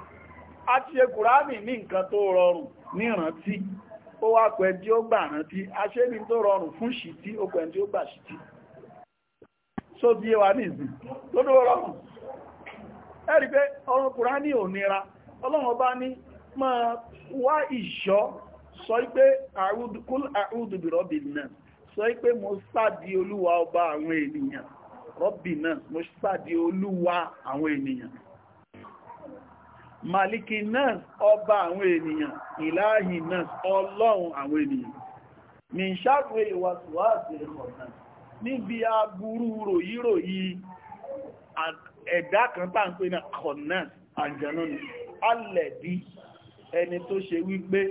a ti ṣe ní nǹkan tó rọrùn ní ìrántí ó wá pẹ̀ tí ó gbà rántí a ṣe ní tó rọrùn fún ṣìtí ó pẹ̀ tí ó gbà ṣìtí só bí wa ní ìsìn tó tó rọrùn ẹ̀rí pé ọrùn kùránì ò nira ọlọ́run bá ní wá ìṣọ́ sọ pé kúl náà sọ ọba àwọn ènìyàn rọ́bì náà mo sáàdì olúwa àwọn maliki nas ọba àwọn ènìyàn ìláhì nas ọlọ́run àwọn ènìyàn ní ṣàgbé ìwàsíwàsí ẹ̀kọ̀ọ̀kan níbi aburú ròyíròyí ẹ̀dá kan tàà ń pè ní kọ̀nàs àjẹ́nà ni alẹ́bí ẹni tó ṣe wípé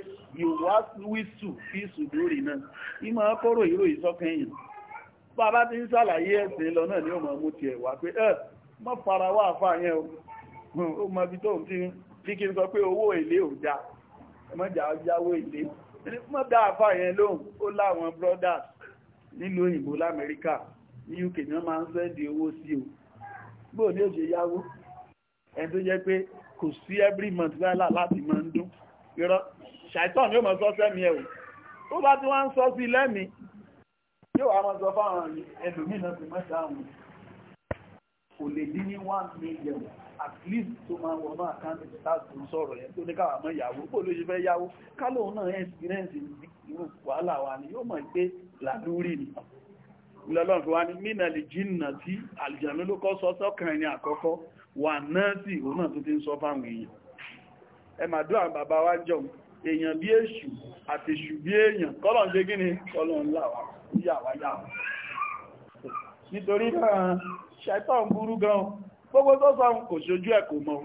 ìwàsíwìsù fi sùdúrì náà ìmọ̀ akọ́rò ìròyí sọ́kàn èèyàn bàbá ti ń sàlàyé ẹ̀sìn lọ náà ni ó mọ̀ mú ti ẹ̀wà pé fara wà fáyẹn ó mọ́ bí tó ti kí kí n sọ pé owó èlé ò já ẹmọ́jà yáwó èlé mọ́ dá àfà yẹn lóhùn ó láwọn brothers nílùú òyìnbó lamẹ́ríkà ní UK ní wọ́n máa ń sẹ́ndì owó sí o bó ní òṣè yáwó ẹni tó jẹ́ pé kò sí every month láìlá láti máa ń dún irọ́ ṣàìtàn ni ó mọ̀ sọ sẹ́mi ẹ̀ o tó bá tí wọ́n ń sọ sí lẹ́mìí yóò wá máa sọ fáwọn ẹlòmíràn ti mọ́ta àwọn kò lè dín ní one million at least tó máa wọ náà káńtì láti ń sọ̀rọ̀ yẹn tó ní káwà mọ́ ìyàwó kó ló ṣe fẹ́ yáwó kálò náà experience irú wàhálà wa ni yóò mọ̀ pé làlúrí ni lọ́lọ́run fi wá ní mínà lè jìnnà tí àlìjànú ló kọ́ sọ sọ́kàn ẹni àkọ́kọ́ wà náà sì òun náà tó ti ń sọ fáwọn èèyàn ẹ mà dúà bàbá wa jọ èèyàn bí èṣù àti èṣù bí èèyàn kọ́lọ̀ ń ṣe gíní kọ́lọ̀ ń là wá yà wá yà wá nítorí burú gan-an gbogbo tó sọ kò ṣojú ẹ̀ kò mọ̀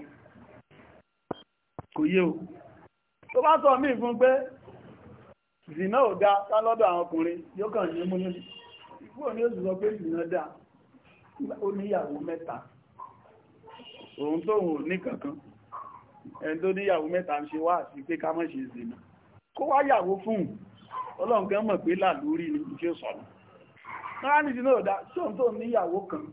kò yé o tó bá sọ mí fún pé zina ò dá tálọ́dọ̀ àwọn ọkùnrin yóò kàn ní mú níbi ìfúrò ní oṣù sọ pé zina dá ó níyàwó mẹ́ta òun tóun ò ní kankan ẹni tó níyàwó mẹ́ta ń ṣe wá àti pé ká má ṣe zina kó wá yàwó fún ọlọ́nkẹ́ mọ̀ pé là lórí ni ìṣe sọ̀rọ̀ náà ní zina ò dá ṣóun tóun níyàwó kan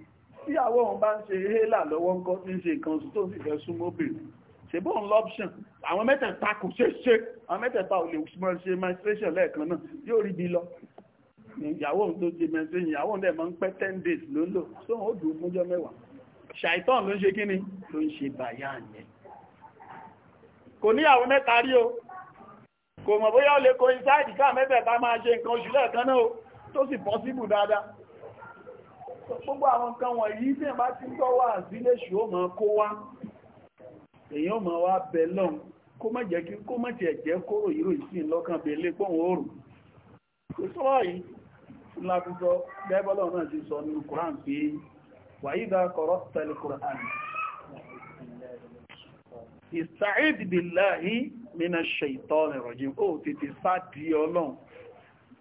tíyàwó òun bá ń ṣe hélà lọ́wọ́ ń kọ́ tí ń ṣe nǹkan oṣù tó sì fẹ́ súnmọ́ obìnrin ṣèbó ń lọ́pṣàn àwọn mẹ́tẹ̀ẹ̀ta kò ṣe ṣe àwọn mẹ́tẹ̀ẹ̀ta ò lè súnmọ́ ṣe menstruation lẹ́ẹ̀kan náà yóò rí bí lọ ìyàwó òun tó ṣe menstruation ìyàwó òun dẹ̀ máa ń pẹ́ ten days ló lò sóhun ó dùn fúnjọ́ mẹ́wàá ṣàìtàn ló ń ṣe kí ni ló ń ṣe bàyá yẹn kò níyàwó mẹ́ta rí o kò mọ̀ bóyá ó lè coincide ká mẹ́tẹ̀ẹ̀ta máa ṣe nǹkan oṣù lẹ́ẹ̀kan náà tó sì possible dáadáa gbogbo àwọn nǹkan wọ̀nyí tí ẹ̀ bá ti ń tọ́ wà sílé ṣù ó máa kó wá èèyàn máa wá bẹ lọ́n kó má jẹ́ kí kó má jẹ́ jẹ́ kóró ìró ìsìn lọ́kàn bẹ lé pọ́n òòrùn kò sọ́rọ̀ yìí ńlá fi sọ bẹ́bọ́lọ̀ náà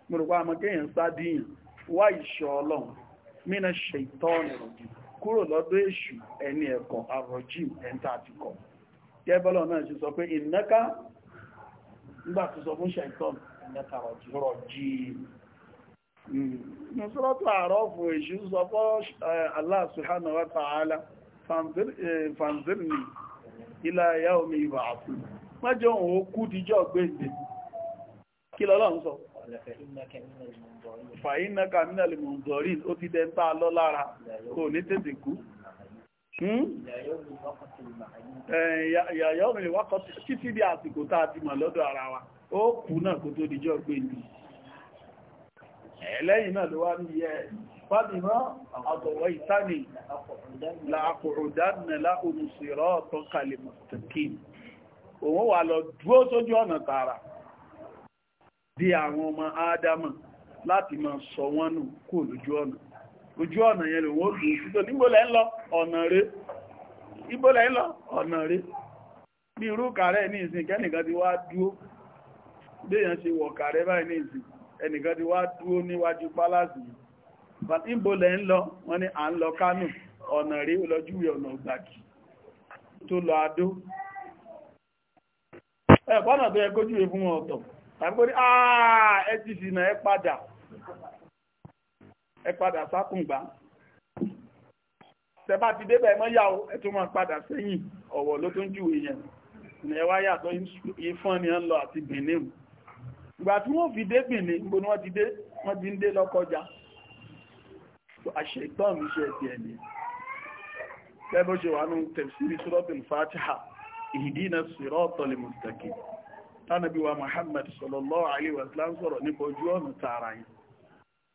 mo rò pé àmọ́ kéèyàn sá díyàn wá ìṣọ́ ọlọ́run mina ṣètọ́n rọ̀jì kúrò lọ́dọ̀ èṣù ẹni ẹ̀kọ́ àrọ̀jì ẹ̀ntà àti kọ̀ gẹ́bọ́lọ̀ náà ṣe sọ pé ìnáká nígbà tó sọ fún ṣètọ́n ẹ̀ntà rọ̀jì nùsọ́lọ́tọ̀ àárọ̀ fún èṣù sọ fọ́ eh, Allah subhanahu wa ta'ala eh, fanzirni ila yawmi yub'athun mẹ́jọ òun ó kú díjọ́ gbéǹde kí lọ́lọ́run sọ fàyín náà kàmínà lè mọ̀ dọ̀rí ó ti dẹ́ tá a lọ lára kò ní tètè kú yàyọ́ mi wákọ̀ títí di àsìkò tá a ti mọ̀ lọ́dọ̀ ara wa ó kú náà kó tó dijọ́ pé ní ẹ̀lẹ́yìn náà ló wá ní yẹ fàbímọ́ àtọ̀wọ̀ ìsáni láàkùrùdánà láòmùsìrọ̀ ọ̀tọ̀ kalimọ̀tẹ̀kì òun wà lọ dúró sójú láti máa sọ wọ́n nù kú lójú ọ̀nà ojú ọ̀nà yẹn lòun ó dùn níbòlẹ̀ ń lọ ọ̀nà rẹ̀ ìbòlẹ̀ ń lọ ọ̀nà rẹ̀ ní irú kààrẹ ní ìsìn kẹ́nìkan ti wá dúó léèyàn ṣe wọ̀ kààrẹ báyìí ní ìsìn ẹnìkan ti wá dúó níwájú pálásì ìbòlẹ̀ ń tó ọ̀tọ̀ tàbí ẹ padà sákùngbà tẹ́bá ti débẹ̀ mọ́ ya ó ẹ máa padà sẹ́yìn ọ̀wọ̀ ló tó ń jù èèyàn ní ẹwà yàtọ̀ ìfọ́n ni ń lọ àti Benin ìgbà tí wọ́n fi dé Benin níbo ni wọ́n ti dé wọ́n ti ń dé lọ́kọjá àṣetán mi ṣe ẹ̀mí ṣe wà ní Fatiha tánàbí wa Muhammad sọ̀rọ̀ nípa ojú ọ̀nà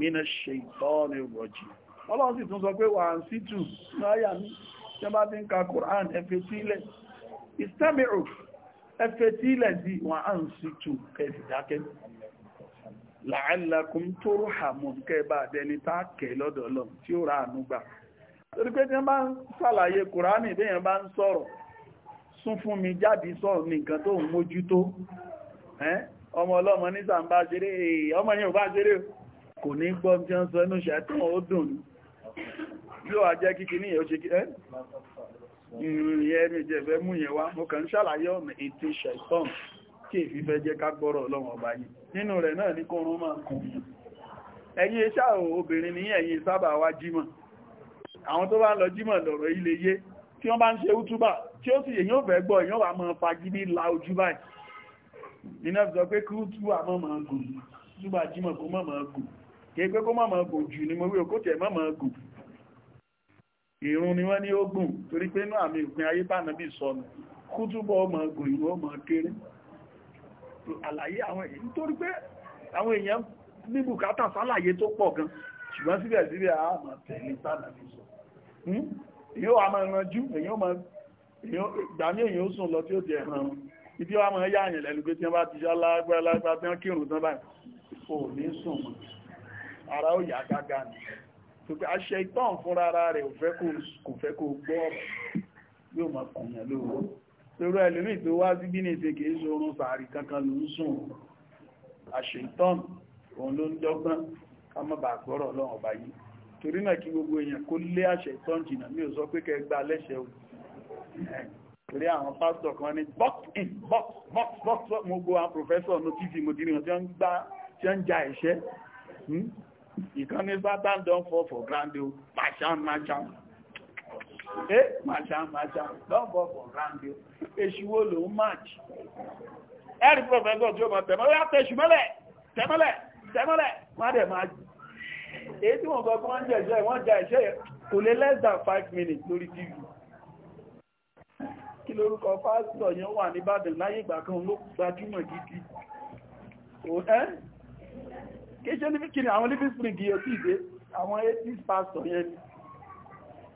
mina ṣeìtọ́ni rọ̀jì ọlọ́run sì tún sọ pé wà ń sí tù náyà ní tí wọ́n bá ti ń ka Quran ẹfẹ̀tílẹ̀ ìsẹ́mìrò ẹfẹ̀tílẹ̀ sí wà ń sí tù kẹsì dákẹ́ la'allakum turhamun kẹba àdẹni tá kẹ lọ́dọ̀ Ọlọ́run tí ó ra àánú gbà torí pé tí wọ́n bá ń sàlàyé Kùránì bí bá ń sọ̀rọ̀ sún fún mi jáde sọ̀rọ̀ ní tó ń mójútó ọmọ ọlọ́mọ ní sàmbá ṣeré ọmọ yẹn ò bá ṣeré kò ní gbọ́ tí wọ́n sọ inú ṣàtàn ó dùn yóò wá jẹ́ kíkí ní ìyẹ́ ṣe ìrìnyẹ́ mi jẹ́fẹ́ mú yẹn wá mo kàn ṣàlàyé ọ̀nà ètò ṣàtàn kí èfi fẹ́ jẹ́ ká gbọ́rọ̀ ọlọ́run ọba yìí nínú rẹ̀ náà ní kọrún máa kùn ẹ̀yin iṣẹ́ àwọn obìnrin ní ó sì èyàn máa fagídí la ojú báyìí nínú ẹ̀sọ́ pé kí útúbà mọ́ máa gùn kìí pé kó má máa gùn jù ni mo wí òkó tẹ̀ má máa gùn ìrun ni wọ́n ní ó gùn torí pé inú àmì ìpín ayé bá nàbí sọnù kú túbọ̀ máa gùn ìrun ó máa kéré àlàyé àwọn èyí torí pé àwọn èèyàn ní bùkátà sálàyé tó pọ̀ gan ṣùgbọ́n síbẹ̀síbẹ̀ a máa tẹ̀lé bá nàbí sọ hmm? èyàn wà máa ranjú èyàn máa ìgbàmí èyàn ó sùn lọ tí ó jẹ ẹ̀ràn ibi wa máa yáyàn lẹ́nu pé tí wọ́n bá ti ṣá lágbára lágbára tí wọ́n kírun tán báyìí ò ní sùn mọ́ ara ó yà gágá ni ṣùgbọ́n aṣẹ ìtàn fúnra ara rẹ̀ kò fẹ́ kó gbọ́ ọ̀rọ̀ yóò máa kùnyàn lóòrò lórí ẹlòmíì tó wá sí bínú ìṣe kìí ṣorun sàárì kankan ló ń sùn aṣẹ ìtàn òun ló ń dọ́gbọ́n ká má bàa gbọ́rọ̀ ọlọ́run ọba torí náà kí gbogbo èèyàn kó lé àṣẹ ìtàn jìnnà mi ò sọ pé kẹ́ gba lẹ́sẹ̀ o torí àwọn pásítọ̀ kan ní box in box box box mo gbọ́ àwọn professor notice mo dirí wọn tí wọ́n ń ja ẹ̀ṣẹ́ hmm? ìkan ní satan don fall for grand o macham macham eh macham macham Don't fall for grand o èṣù wo ló ń match ẹ̀rí pọ̀fẹ́sọ̀ tí ó mọ̀ tẹ̀mọ́lẹ̀ àtẹ̀ṣù mọ́lẹ̀ tẹ̀mọ́lẹ̀ tẹ̀mọ́lẹ̀ má dẹ̀ máa jù èyí tí wọ́n gọ́ kí wọ́n one day, wọ́n jẹ́ ìṣẹ́ kò lè less than five minutes No tv kí lórúkọ pásítọ̀ yẹn wà ní Ìbàdàn láyé ìgbà kan ló gbajúmọ̀ gidi kéṣe ní kí ni àwọn living spring yóò tí ìdé àwọn 80s pastor yẹn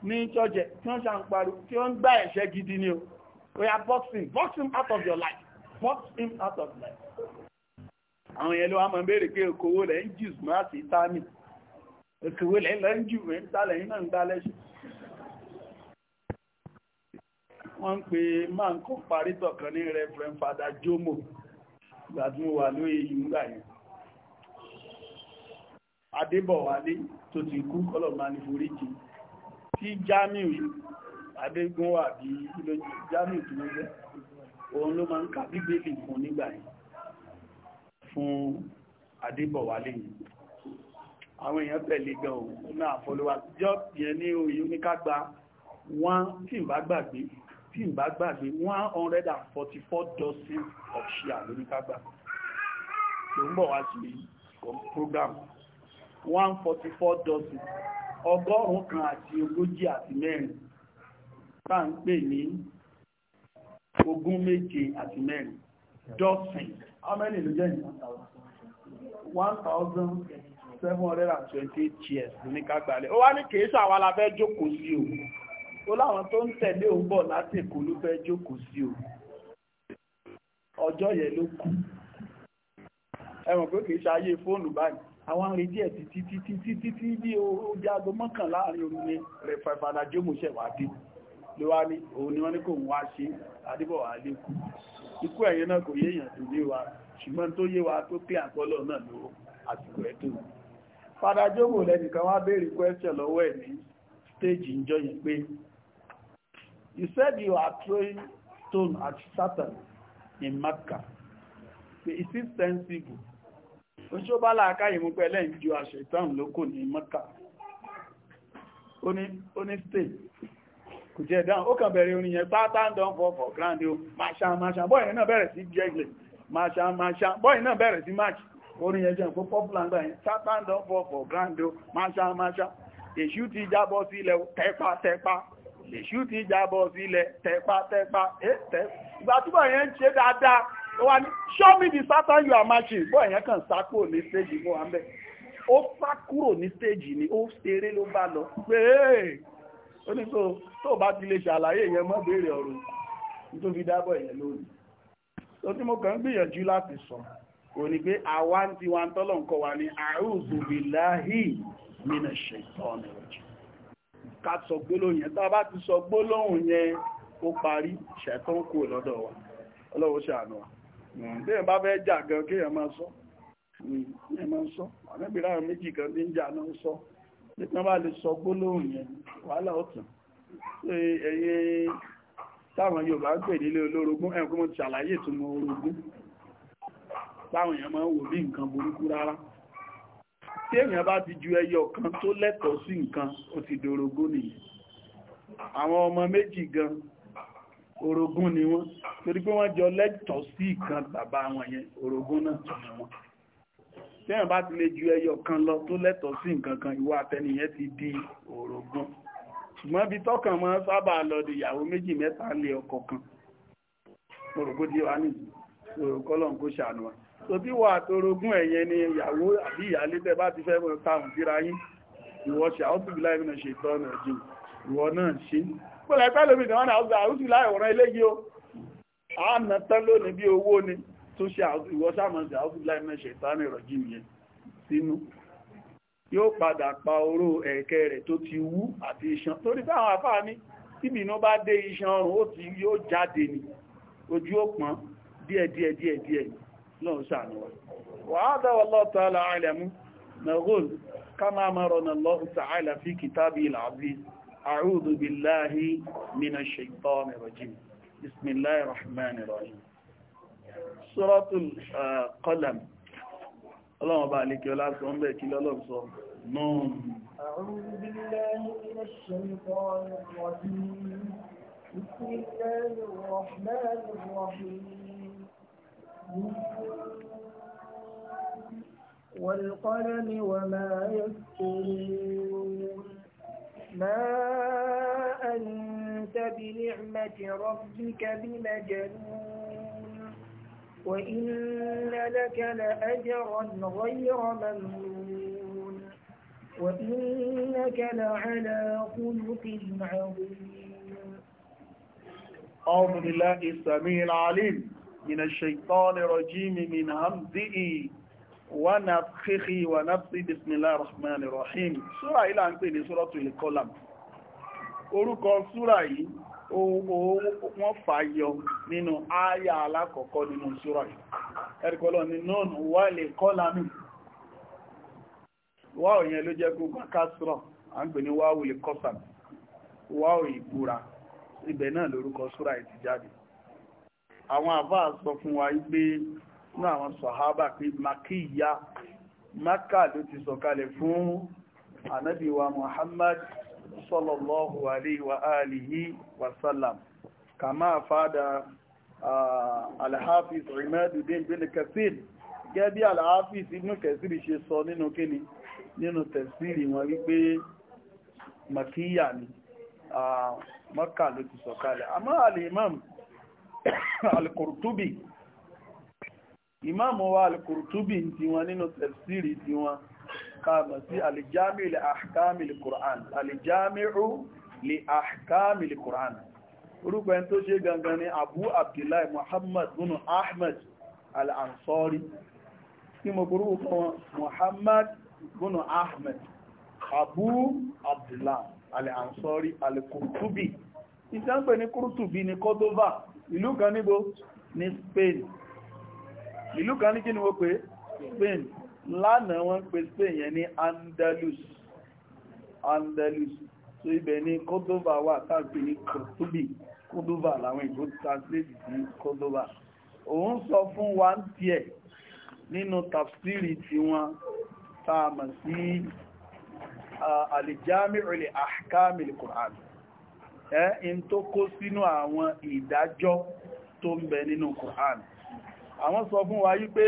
ní ṣọ́jẹ̀ tí wọ́n ṣe ń parí tí wọ́n gbá ẹ̀ṣẹ́ gidi ni o we are boxing boxing out of your life boxing out of life àwọn yẹn ló wá mọ̀ bèèrè pé okòwò lẹ́ ń jù mọ́ àti ìtàmì okòwò lẹ́ lọ ń jù mọ́ ìtàlẹ̀ ń gbá lẹ́ṣẹ̀ wọ́n ń pe máa ń kó parí tọ̀kan ní Reverend Father Jomo gbàdúnwà lóye yìí ń gbà yẹn adébọ̀wálé tó ti kú kọlọ̀mà ní foríjì tí jamiu adégúnwà bí jamiu tó lọ́jẹ́ òun ló máa ń ka bíbélì fún nígbà yìí fún adébọ̀wálé yìí àwọn èèyàn tẹ̀lé gan òun náà fọlọ́wà jọ́ yẹn ní oyún ní ká gba tí ń bá gbàgbé tí ń bá gbàgbé 144 doses of shia lórí ká gbà tó ń bọ̀ wá sí program 144 dọ́sìn ọgọ́rùn-ún kan àti ogójì àti mẹ́rin tá ń pè ní ogún méje àti mẹ́rin dọ́sìn how many ló jẹ́ 1728 years ní kágbàlẹ̀ ó wá ní kìí sàwọn aláfẹ́ jókòó sí o ó láwọn tó ń tẹ̀lé òun bọ̀ láti Èkó ló fẹ́ jókòó sí o ọjọ́ yẹn ló kú ẹ̀wọ̀n pé kìí ṣe ayé fóònù báyìí àwọn arìtí ẹ̀ títí títí títí tí bí o jágo mọ́kàn láàrin orí ní rẹ̀fàfàdà jómù ṣẹ̀wádé ló wá ní òun ni wọ́n ní kò ń wá ṣe àdíbọ̀ àlékù ikú ẹ̀yẹ náà kò yéèyàn tó lé wa ṣùgbọ́n tó yé wa tó pé àkọlọ̀ náà ló àsìkò ẹ̀ tó fàdà jómù lẹ́nìkan wá béèrè kwẹ́sẹ̀ lọ́wọ́ ẹ̀ ní stéèjì ìjọ yẹn pé you said you are throwing stone at Satan in Makkah is it sensible ó ṣó bá láàká ìmú pẹ̀lẹ́ ìjú àṣetán lókò ní mọ́ta ó ní state kò jẹ́ dáhùn ó kàn bẹ̀rẹ̀ orin yẹn pátá ń dán fọ́fọ́ grand o máṣá máṣá bọ́ọ̀yìn náà bẹ̀rẹ̀ sí jẹ́gbẹ̀ máṣá máṣá bọ́ọ̀yìn náà bẹ̀rẹ̀ sí march orin yẹn jẹ́ fún popular gbà yẹn pátá ń dán fọ́fọ́ grand o máṣá máṣá èṣù ti jábọ́ sílẹ̀ tẹ́pátẹ́pá èṣù ẹ́ tẹ́ ìgbà túbọ̀ yẹn ń ṣe dáadáa ó wá show me the Satan you are matching bó ẹ̀yẹn kàn sá kúrò ní stage Mohammed ó sá kúrò ní stage ni ó ṣeré ló bá lọ pé ó ní so tó bá ti lè ṣàlàyé yẹn mọ́ béèrè ọ̀rọ̀ tó fi dábọ̀ yẹn lónìí tó tí mo kàn gbìyànjú láti sọ kò ní pé àwa ń tiwa ń tọ́lọ̀ nǹkan wa ní a'udhu billahi minash shaitonir rajim ká sọ gbólóhùn yẹn tá a bá ti sọ gbólóhùn yẹn ó parí ṣẹ̀tọ́ kúrò lọ́dọ̀ wa ọlọ́wọ́ ṣàánú wa Hmm, tí èèyàn bá fẹ́ jà gan kí èèyàn máa sọ hmm, èèyàn máa sọ àmẹ́bìrá àwọn méjì kan tí ń jà náà sọ pé tí wọ́n bá lè sọ gbólóhùn yẹn wàhálà ọ̀tàn ẹ̀yẹ táwọn Yorùbá ń pè nílé olórogún ẹ̀kọ́ mo ṣàlàyé ìtumọ̀ orogún táwọn èèyàn máa ń wò bí nǹkan burúkú rárá tí èèyàn bá ti ju ẹyọ kan tó lẹ́tọ̀ọ́ sí nǹkan ó ti dorogún nìyẹn àwọn ọmọ méjì gan orogún ni wọ́n torí pé wọ́n jọ lẹ́tọ̀ọ́ sí ìkan bàbá wọn yẹn orogún náà tún ni wọ́n tẹ́yàn bá ti lè ju ẹyọ kan lọ tó lẹ́tọ̀ọ́ sí nǹkan kan ìwọ àtẹnìyẹn ti di orogún ṣùgbọ́n ibi tọ́kàn máa ń sábà lọ di ìyàwó méjì mẹ́ta lé ọkọ kan orogún di wa ní orogún kó ṣàánú wa tó tí wà àtorogún ẹ̀yẹn ni ìyàwó àbí ìyálé tẹ́ bá ti fẹ́ mọ̀ táwọn síra yín ìwọ ṣe àwọn tóbi láì pẹ̀lú ẹgbẹ́ lómi ìdánwò náà ọgbà àrùsù láìwòrán eléyìí o àánà tán lónìí bí owó ni tó ṣe ìwọ sáàmà sí àrùsù láìmọ̀ ṣètánì rọ̀jì yẹn sínú yóò padà pa oró ẹ̀kẹ́ rẹ̀ tó ti wú àti iṣan torí fáwọn afáà ní tíbi iná bá dé iṣan ọrùn ó ti yóò jáde ní ojú ó pọ́n díẹ̀díẹ̀díẹ̀díẹ̀ lọ́n أعوذ بالله من الشيطان الرجيم بسم الله الرحمن الرحيم سورة القلم اللهم بارك ولا سنبه الا لبصر نون أعوذ بالله من الشيطان الرجيم بسم الله الرحمن الرحيم والقلم وما يسطرون ما أنت بنعمة ربك بمجنون وإن لك لأجرا غير ممنون وإنك لعلى خلق عظيم أعوذ بالله السميع العليم من الشيطان الرجيم من همزئ ونفخه ونفسه بسم الله الرحمن الرحيم súrà yìí là ń pè ní Suratul Qalam orúkọ súrà yìí wọ́n fàyọ nínú àyà alákọ̀ọ́kọ́ nínú súrà yìí ẹ̀rìkọ́lọ́ ni nọ́ọ̀nù wà lè kọ́lá mi wà òyìn ló jẹ́ kó bá kásùrọ̀ à ń pè ní wáwù lè kọ́sà wà òyìn ìbúra ibẹ̀ náà lórúkọ súrà yìí ti jáde àwọn àbá sọ fún wa pé ní àwọn sọ̀hábà pé makíyà maka ló ti sọ̀kalẹ̀ fún anábíwa muhammad sallallahu alaihi wa alihi wasallam kama fada alhafiz imaduddin bin kasir gẹ́bí alhafiz ibn kasir ṣe sọ nínú kíni nínú tẹ̀sírì wọn wípé makíyà ni maka ló ti sọ̀kalẹ̀ al-Qurtubi ìmáàmù wa al-Qurtubi ti wọn nínú tafsiri ti wọn kààmà sí al-Jami' li ahkami al-Qur'an al-Jami'u li ahkami al-Qur'an orúkọ ẹni tó ṣe gangan ni Abu Abdullahi Muhammad bin Ahmad al-Ansari tí mo gbúrú fún Muhammad bin Ahmad Abu Abdullahi al-Ansari ní Spain ìlú kan ní kí ni wọ́n pè Spain lánàá wọ́n pè Spain yẹn ní Andalus Andalus so ibẹ̀ ni Cordova wà tàbí ní kòtùbì Cordova làwọn ìgbó translate sí Cordova òun sọ fún wa ń tiẹ̀ nínú tafsiri tiwọn tààmà sí alìjámìrìlì àkàmìlì Qur'an ẹ́ in tó kó sínú àwọn ìdájọ́ tó ń bẹ nínú Qur'an àwọn sọ fún wa wípé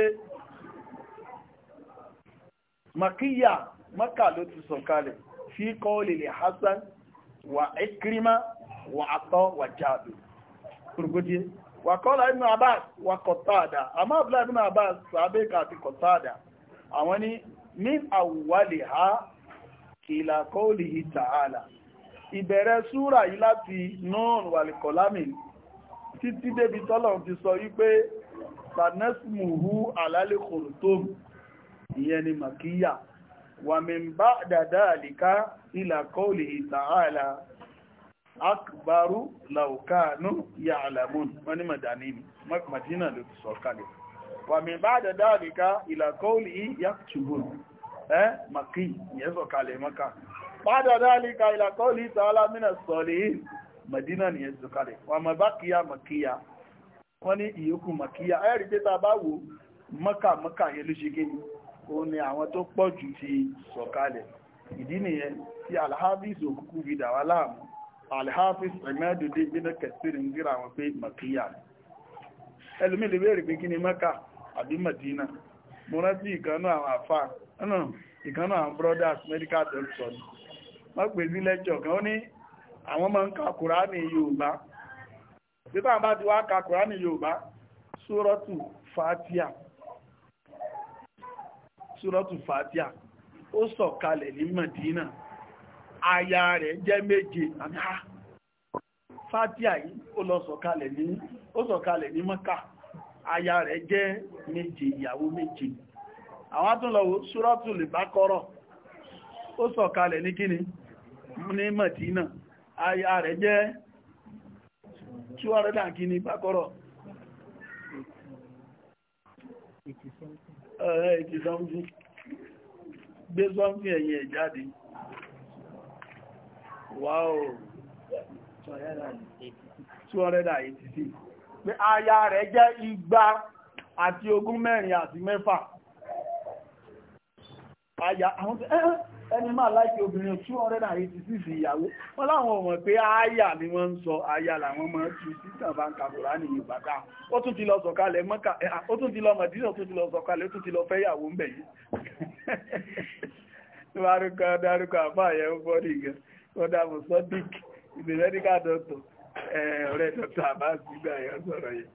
makiya maka ló ti sọ̀kalẹ̀ fi kọ́ọ̀lì lè hassan wà ikrima wà atọ́ wà jáde kùrùgbódé wà kọ́lá ibn abbas wà kọ̀tàdà àmọ́ àbúlá ibn abbas sàbẹ́kà àti kọ̀tàdà àwọn ni min àwùwálè ha ìlà kọ́ọ̀lì ìtààlà ìbẹ̀rẹ̀ súrà yìí láti náà wàlìkọ̀lámì títí débi tọ́lọ̀ ti sọ wípé fanasmuhu alálẹ́ kòrótóm ìyẹn ni màkíyà wà min ba'da dhalika ila qawlihi ta'ala akbaru law kanu ya'lamun wọ́n ní mak ni madina ló ti sọ kalẹ̀ wà min ba'da dhalika ila qawlihi yaktubun ẹ́ màkí ìyẹn sọ maka ba'da dhalika ila qawlihi ta'ala mina salihin madina ni yẹn sọ kalẹ̀ wà mabákíyà wọ́n ní ìyókù màkíyà ẹ̀rí pé tá a bá wo mọ́kàmọ́kà yẹn ló ṣe gíní ó ní àwọn tó pọ̀ jù ti sọ̀kalẹ̀ ìdí nìyẹn tí òkúkú fi dà wá láàmú alhafiz ẹ̀mẹ́dòdé gbéná kẹsìrì ń dira àwọn pé màkíyà ẹlòmí lè béèrè pé kí ni mọ́kà àbí madina mo rántí àwọn àwọn brothers títà bá ti wá ka kùránì yorùbá súrọ́tù fàtíà súrọ́tù fàtíà ó sọ̀kalẹ̀ ní madina aya rẹ̀ jẹ́ méje àmì ha fàtíà yìí ó lọ sọ̀kalẹ̀ ní ó sọ̀kalẹ̀ ní maka aya rẹ̀ jẹ́ méje ìyàwó méje àwọn tún lọ súrọ́tù lè bá kọ́rọ̀ ó sọ̀kalẹ̀ ní kíni ní madina aya rẹ̀ jẹ́ two hundred and kìíní bákọ́rọ̀ ọ̀rẹ́ ìtì something gbé something ẹ̀yìn ẹ̀ jáde wow 286 pé aya rẹ̀ jẹ́ igba àti ogún mẹ́rin àti mẹ́fà aya àwọn tí ẹ́ẹ́ ẹni máa láìkí obìnrin 286 ìyàwó wọ́n láwọn ọmọ pé àyà ni wọ́n ń sọ àyà làwọn mọ́ tí títàn bá ń kàbùrá ní ìbàdá ó tún ti lọ sọ̀kalẹ̀ mọ́kà ó tún ti lọ mọ̀dínà ó tún ti lọ sọ̀kalẹ̀ ó tún ti lọ fẹ́ ìyàwó ń bẹ̀ yìí dárúkọ dárúkọ àbáyẹ ó bọ́ nìkan kọ́dà mùsọ́dík ìdè mẹ́díkà dọ́tọ̀ ọ̀rẹ́ dọ́tọ̀ àbáṣí gbà yẹn sọ̀rọ̀ yẹn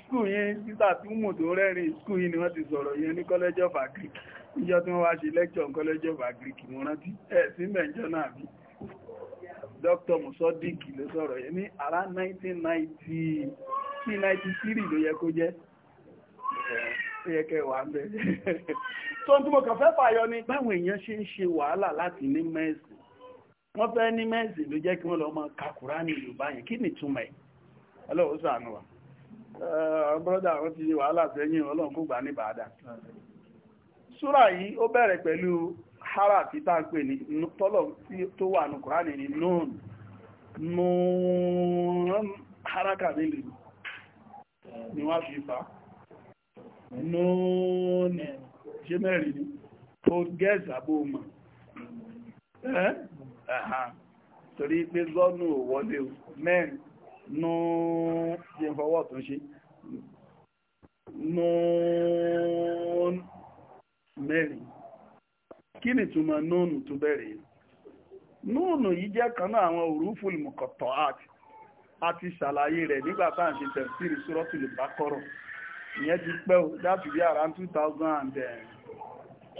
skúù yẹn títà tí mú tó rẹ́rìn skúù yìí ni wọ́n ti sọ̀rọ̀ yẹn ní college of agric níjọ́ tí wọ́n wá ṣe lẹ́kṣọ̀ kọ́lẹ́jì of Agric mo rántí ẹ̀ sí mẹ́jọ náà bí Dr. Musodiki ló sọ̀rọ̀ ní ara 1993 ló yẹ kó jẹ́ ẹ̀ẹ́kẹ́ wà ń bẹ̀ tó ń túnmọ̀ kàn fẹ́ fàyọ ni báwọn èèyàn ṣe ń ṣe wàhálà láti ní wọ́n fẹ́ ní ló jẹ́ kí wọ́n ti ṣe wàhálà sẹ́yìn ọlọ́run kó gbà ní súrà yìí ó bẹ̀rẹ̀ pẹ̀lú hara tí tá ń pè ní tọ́lọ̀ tó wà ní kùránì ní noon noon haraka nílùú ni wọ́n fi fa noon ṣe ní torí pé gọ́nù ò men noon jẹ́ fọwọ́ tó ṣe mary kini tu ma nonu tu bere nonu yi je kan na awon uruful muqatta'at ati salaye re nigba ta nse tafsir bakoro baqara ti pe o that be around 2000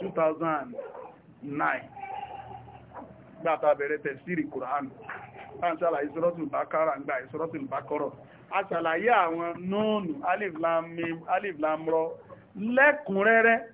2009 gba ta bere tafsir qur'an an salaye suratul baqara ngba suratul baqara a salaye awon nonu alif lam mim alif lamro ro rere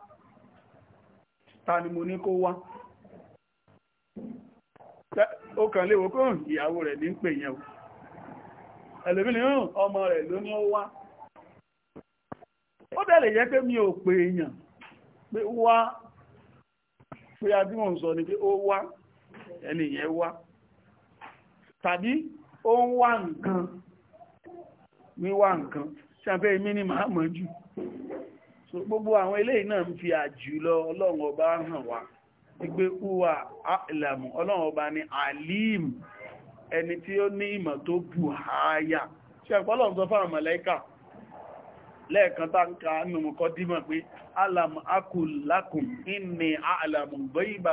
ta ni mo ní kó wá ó kàn léwo kó ìyàwó rẹ̀ ní pè yẹn o ẹlòmí ni hàn ọmọ rẹ̀ ló ní ó wá ó dẹ̀ lè jẹ́ pé mi ò pè èèyàn pé wá pé a tí ń sọ ni pé ó wá ẹni yẹn wá tàbí ó ń wá nǹkan wíwá nǹkan ṣàpẹ́ abẹ́ ni màá so gbogbo àwọn eléyìí náà ń fi àjùlọ ọlọ́run ọba hàn wá wípé uwa alamu ọlọ́run ọba ni alim ẹni tí ó ní ìmọ̀ tó bù háyà ṣe sọ fáwọn mọ̀lẹ́kà lẹ́ẹ̀kan tá ń ka nùmùkọ́ dímọ̀ pé alamu inni alamu gbẹ́yìnbà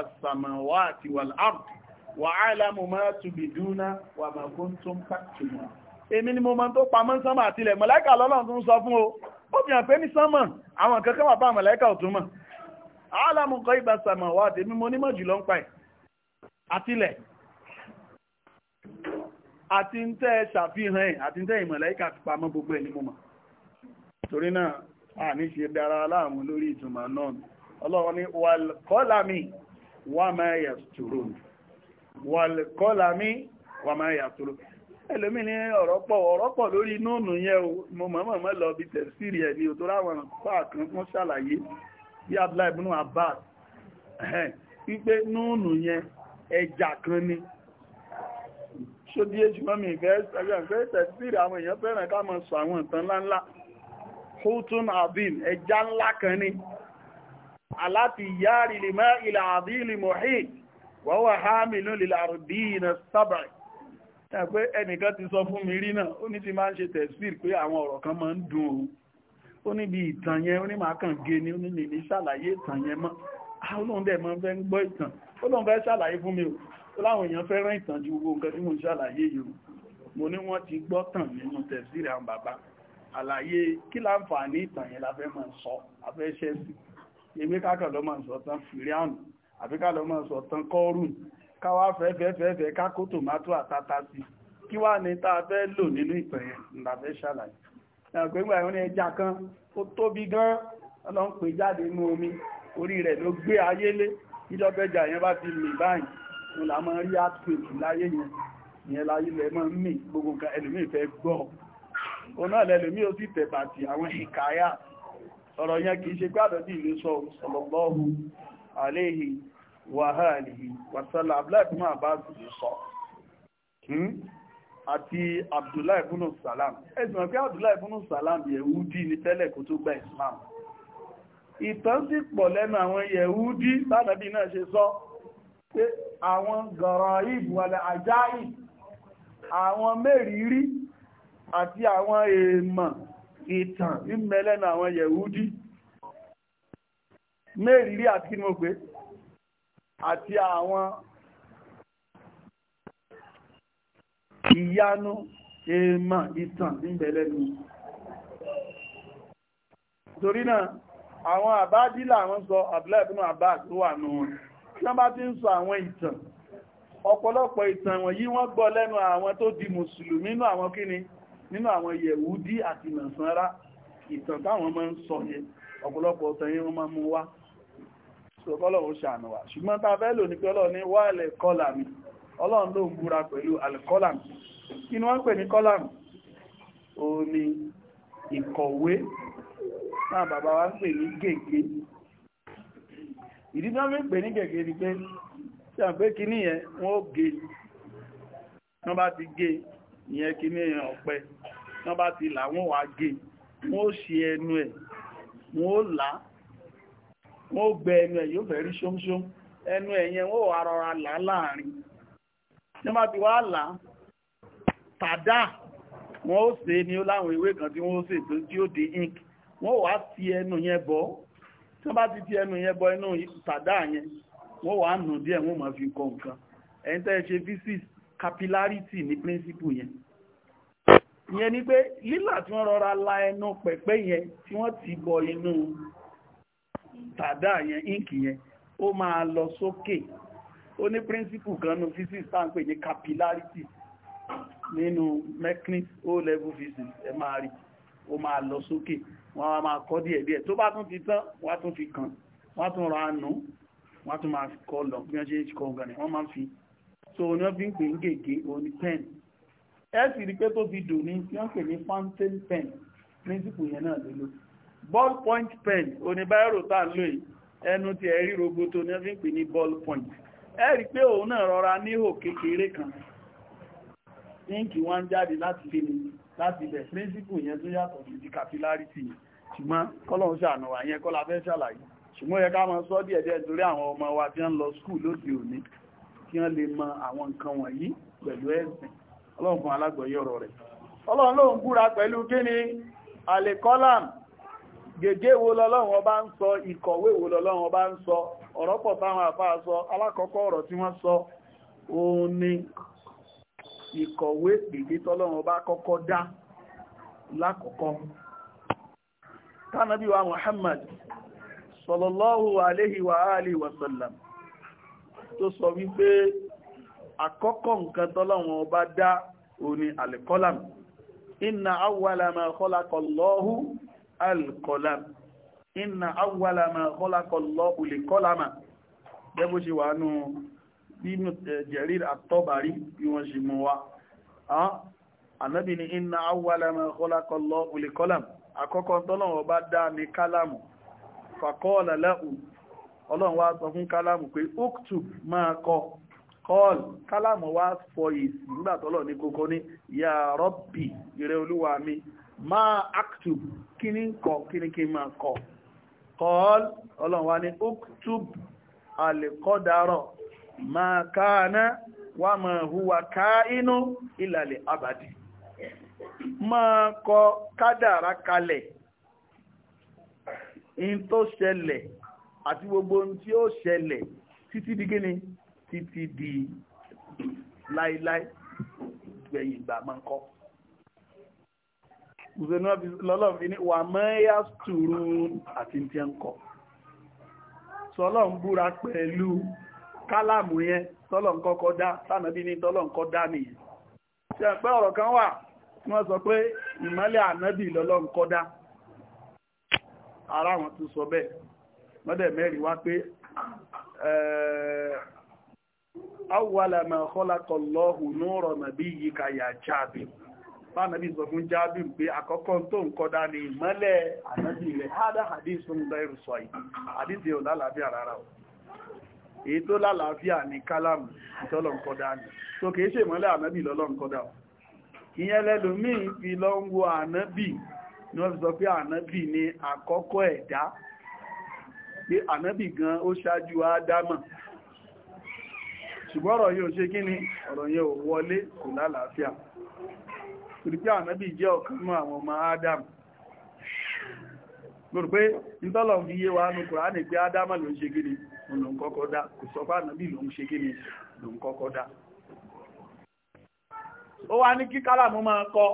àti ó fi hàn pé ní sánmà àwọn kankan wà bá àmàlẹ́kà ọ̀tún mọ̀ alámùkọ́ ìgbà sàmà wà tèmi mo nímọ̀ jùlọ ń pa ẹ̀ àtilẹ̀ àti ń tẹ́ ṣàfihàn ẹ̀ àti ń tẹ́ ìmọ̀lẹ́kà ti pamọ́ gbogbo ẹ̀ ní mọ̀ torí náà a ní ṣe dára láàmú lórí ìtumọ̀ náà ọlọ́wọ́ ni wàlkọ́lámi wà tòrò wàlkọ́lámi wà tòrò ẹlòmí ní ọ̀rọ̀ pọ̀ ọ̀rọ̀ pọ̀ lórí nóònù yẹn o mo mọ̀mọ̀ mọ́ lọ bí tẹ̀síìrì ẹ̀ ní òtò ráwọn pààkan wọ́n ṣàlàyé bí Abdullahi ibn Abbas wípé nóònù yẹn ẹja kan ni ṣó èjì mọ́ mi ìfẹ́ tẹ̀síìrì àwọn èèyàn fẹ́ràn ká mọ̀ sọ àwọn nǹkan ńláńlá hutun abim ẹja ńlá kan ni aláti yáàrì lè mọ́ ilẹ̀ àbí ilẹ̀ mọ̀hìn wọ́wọ́ hamilu lil ardina sábàrì ẹ̀ pé ẹnìkan ti sọ fún mi rí náà ó ní ti máa ń ṣe tẹ̀síìr pé àwọn ọ̀rọ̀ kan máa ń dùn ó níbi ìtàn yẹn ó ní máa kàn gé ni ó ní nìní ṣàlàyé ìtàn yẹn mọ́ olóhùn ah, dẹ̀ máa ń fẹ́ ń gbọ́ ìtàn olóhùn fẹ́ ṣàlàyé fún mi ó láwọn èèyàn fẹ́ràn ìtàn ju gbogbo nǹkan tí mo ń ṣàlàyé yìí mo ní wọ́n ti gbọ́ tàn nínú tẹ̀síìr àwọn bàbá àlàyé kí láǹfààní ìtàn yẹn la fẹ́ máa sọ afẹ́ṣẹ́ sí ewé kákan ló máa sọ tán fìrí àrùn àbíká ló káwá fẹ́fẹ́fẹ́fẹ́ kákó tòmátò àtàtà sí kí wá ní tá a fẹ́ lò nínú ìpẹ̀yẹ ńláfẹ́ ṣàlàyé ẹ̀gbẹ́gbà ìwọ́n ní ẹja kan ó tóbi gan ọlọ́n pè jáde inú omi orí rẹ̀ ló gbé ayé lé ìjọpẹjà yẹn bá ti mì báyìí mo là máa rí àtúntò láyé yẹn ìyẹn láyé lẹ máa mì gbogbo nǹkan ẹlòmíì fẹ́ gbọ́ òun náà lẹlòmíì ó sì tẹ̀bà ti àwọn ìkàyà ọ̀rọ̀ yẹn kì í ṣe pé ìlú sọ ọ̀lọ́gbọ́ọ̀hù àléhìí wàhálì wàsálà abdullahi ibn abbas ló sọ hmm? àti abdullahi ibn salam ẹ̀sùn pé abdullahi ibn salam yẹ̀húdí ní tẹ́lẹ̀ kó tó gba islam ìtàn sì pọ̀ lẹ́nu àwọn yẹ̀húdí tánàbí náà ṣe sọ pé àwọn gọ̀rọ̀ìb wàlẹ̀ àjáìb àwọn mẹ́rìírí àti àwọn èèmọ̀ ìtàn ìmẹ́lẹ́nu àwọn yẹ̀húdí mẹ́rìírí àti kí ni mo pè é àti àwọn ìyanu èèmọ̀ ìtàn níbẹ̀lẹ̀ ni torí náà àwọn àbádílà àwọn sọ Abdullah ibn Abbas tó wà nù wọn tí wọ́n bá ti ń sọ àwọn ìtàn ọ̀pọ̀lọpọ̀ ìtàn wọ̀nyí wọ́n gbọ́ lẹ́nu àwọn tó di mùsùlùmí nínú àwọn kíni nínú àwọn yẹ̀wúdí àti nàṣánrá ìtàn táwọn máa ń sọ yẹn ọ̀pọ̀lọpọ̀ ọ̀tàn yẹn wọ́n máa mú wá so kọ́lọ̀wọ́ ṣàánú wa ṣùgbọ́n ta fẹ́ lò ní pé ọlọ́run ní wà lẹ̀ kọ́làmì ọlọ́run ló ń búra pẹ̀lú alkọ́làmì kí ni wọ́n pè ní kọ́làmì ó ní ìkọ̀wé náà bàbá wa ń pè ní gègé ìdí tí fi ń pè ní gègé ni pé tí a pé kíní yẹn wọ́n ó gé wọ́n bá ti gé ìyẹn kíní yẹn ọ̀pẹ wọ́n bá ti là wọ́n wá gé wọ́n ó ṣe ẹnu ẹ̀ wọ́n là á wọ́n gbẹ ẹnu ẹ̀ yóò fẹ́ rí ṣómṣóm ẹnu ẹ̀yẹn wọ́n wà rọra là láàrin tí wọ́n ti wá là tàdá wọ́n ó ṣe ní láwọn ewé kan tí wọ́n ó ṣe tó tí ó di ink wọ́n wá ti ẹnu yẹn bọ́ tí wọ́n bá ti ti ẹnu yẹn bọ́ inú tàdá yẹn wọ́n wá nù díẹ̀ wọ́n máa fi kọ nǹkan ẹ̀yin tẹ́ ṣe physics capillarity ní principle yẹn ìyẹn ni pé lílà tí wọ́n rọra la ẹnu pẹ̀pẹ́ yẹn tí wọ́n ti bọ inú tàdá yẹn ink yẹn ó máa lọ sókè ó ní príncipù kan nínú physics tá ń pè ní capillarity nínú mechanics o level physics ẹ máa rí ó máa lọ sókè wọ́n á máa kọ́ díẹ̀ díẹ̀ tó bá tún ti tán wọ́n tún fi kàn wọ́n tún ra nù wọ́n tún máa kọ́ lọ bí wọ́n ṣe kọ́ gan wọ́n máa fi so ní wọ́n fi ń pè ń gègé òní pen ẹ sì rí pé tó fi dùn ní wọ́n pè ní fountain pen principle yẹn náà lè ball point pen oníbáyọ̀rò tá ń lò ẹnu ti ẹ̀rí roboto ní ẹ́fí pè ní ball point ẹ̀rí pé òun náà rọra níhò kékeré kan ínkì wọ́n jáde láti fi ní láti ibẹ̀ principle yẹn tó yàtọ̀ sí ti capillarity ṣùgbọ́n kọ́lọ̀un ṣànàwà yẹn kọ́lá fẹ́ ṣàlàyé ṣùgbọ́n sọ díẹ̀ díẹ̀ torí ọmọ wa lọ skul lóde òní kí wọ́n lè mọ àwọn nǹkan wọ̀nyí pẹ̀lú ẹ̀sìn ọlọ́run fún ọ̀rọ̀ rẹ̀ ọlọ́run lóun gègé wo lọ́lọ́run ọba ń sọ ìkọ̀wé wo lọ́lọ́run ọba ń sọ ọ̀rọ̀ pọ̀ táwọn àfáà sọ alákọ̀ọ́kọ́ ọ̀rọ̀ tí wọ́n sọ òun ni ìkọ̀wé gègé tọ́lọ́run ọba kọ́kọ́ dá lákọ̀ọ́kọ́ tánàbí wa Muhammad sallallahu aléhi wa alkọlam inna awwala ma khalaqa Allahu al-qalama gẹ́gbó ṣe wà nú bínú Jarir at bí wọ́n ṣe mú wa anábì ni inna awwala ma khalaqa Allahu al-qalam àkọ́kọ́ bá dá ní kálámù faqala lahu wá fọ ní ní ya ìrẹ olúwa mi Ma aktub kini ní kini kí ní kí máa kọ kọ́ọ̀l ọlọ́run wá ní uktub alìkọ́dárọ̀ máa káàná wà máa hùwà káínú ìlàlẹ̀ abàdì máa kọ kádàrá kalẹ̀ in tó ṣẹlẹ̀ àti gbogbo ohun tí ó ṣẹlẹ̀ títí di gíní títí di láíláí gbẹ̀yìn ìgbà máa kọ́ òṣèlú lọ́lọ́run fi ní wà mẹ́yà tùrù àti tí ń kọ sọ́lọ́run búra pẹ̀lú kálàmù yẹn tọ́lọ̀n kọ́kọ́ dá tánàbí ní tọ́lọ̀n kọ́ dá nìyẹn ṣe pé ọ̀rọ̀ kan wà tí wọ́n sọ pé ìmọ́lẹ̀ ànábì lọ́lọ́n kọ́ dá ara fánàbí sọ fún jábìrù pé àkọ́kọ́ tó ń kọ́dá ní ìmọ́lẹ̀ ànábì rẹ̀ hádá hadith ń bẹ̀rù sọ yìí hadith yóò lálàáfíà rárá o èyí tó lálàáfíà ní kálàmù ìtọ́lọ̀ ń kọ́dá ní so kìí ṣe ìmọ́lẹ̀ ànábì lọ́lọ́ ń kọ́dá o ìyẹn lẹ́lòmíì fi lọ ń wo ànábì torí pé ànábì jẹ́ ọ̀kan nínú àwọn ọmọ Adam lórí pé ìtọ́lọ̀ fi yé wa ní Kùránì pé Adam ló ṣe gíní n'ụlọ kọ́kọ́ dá kò sọ ànábì kọ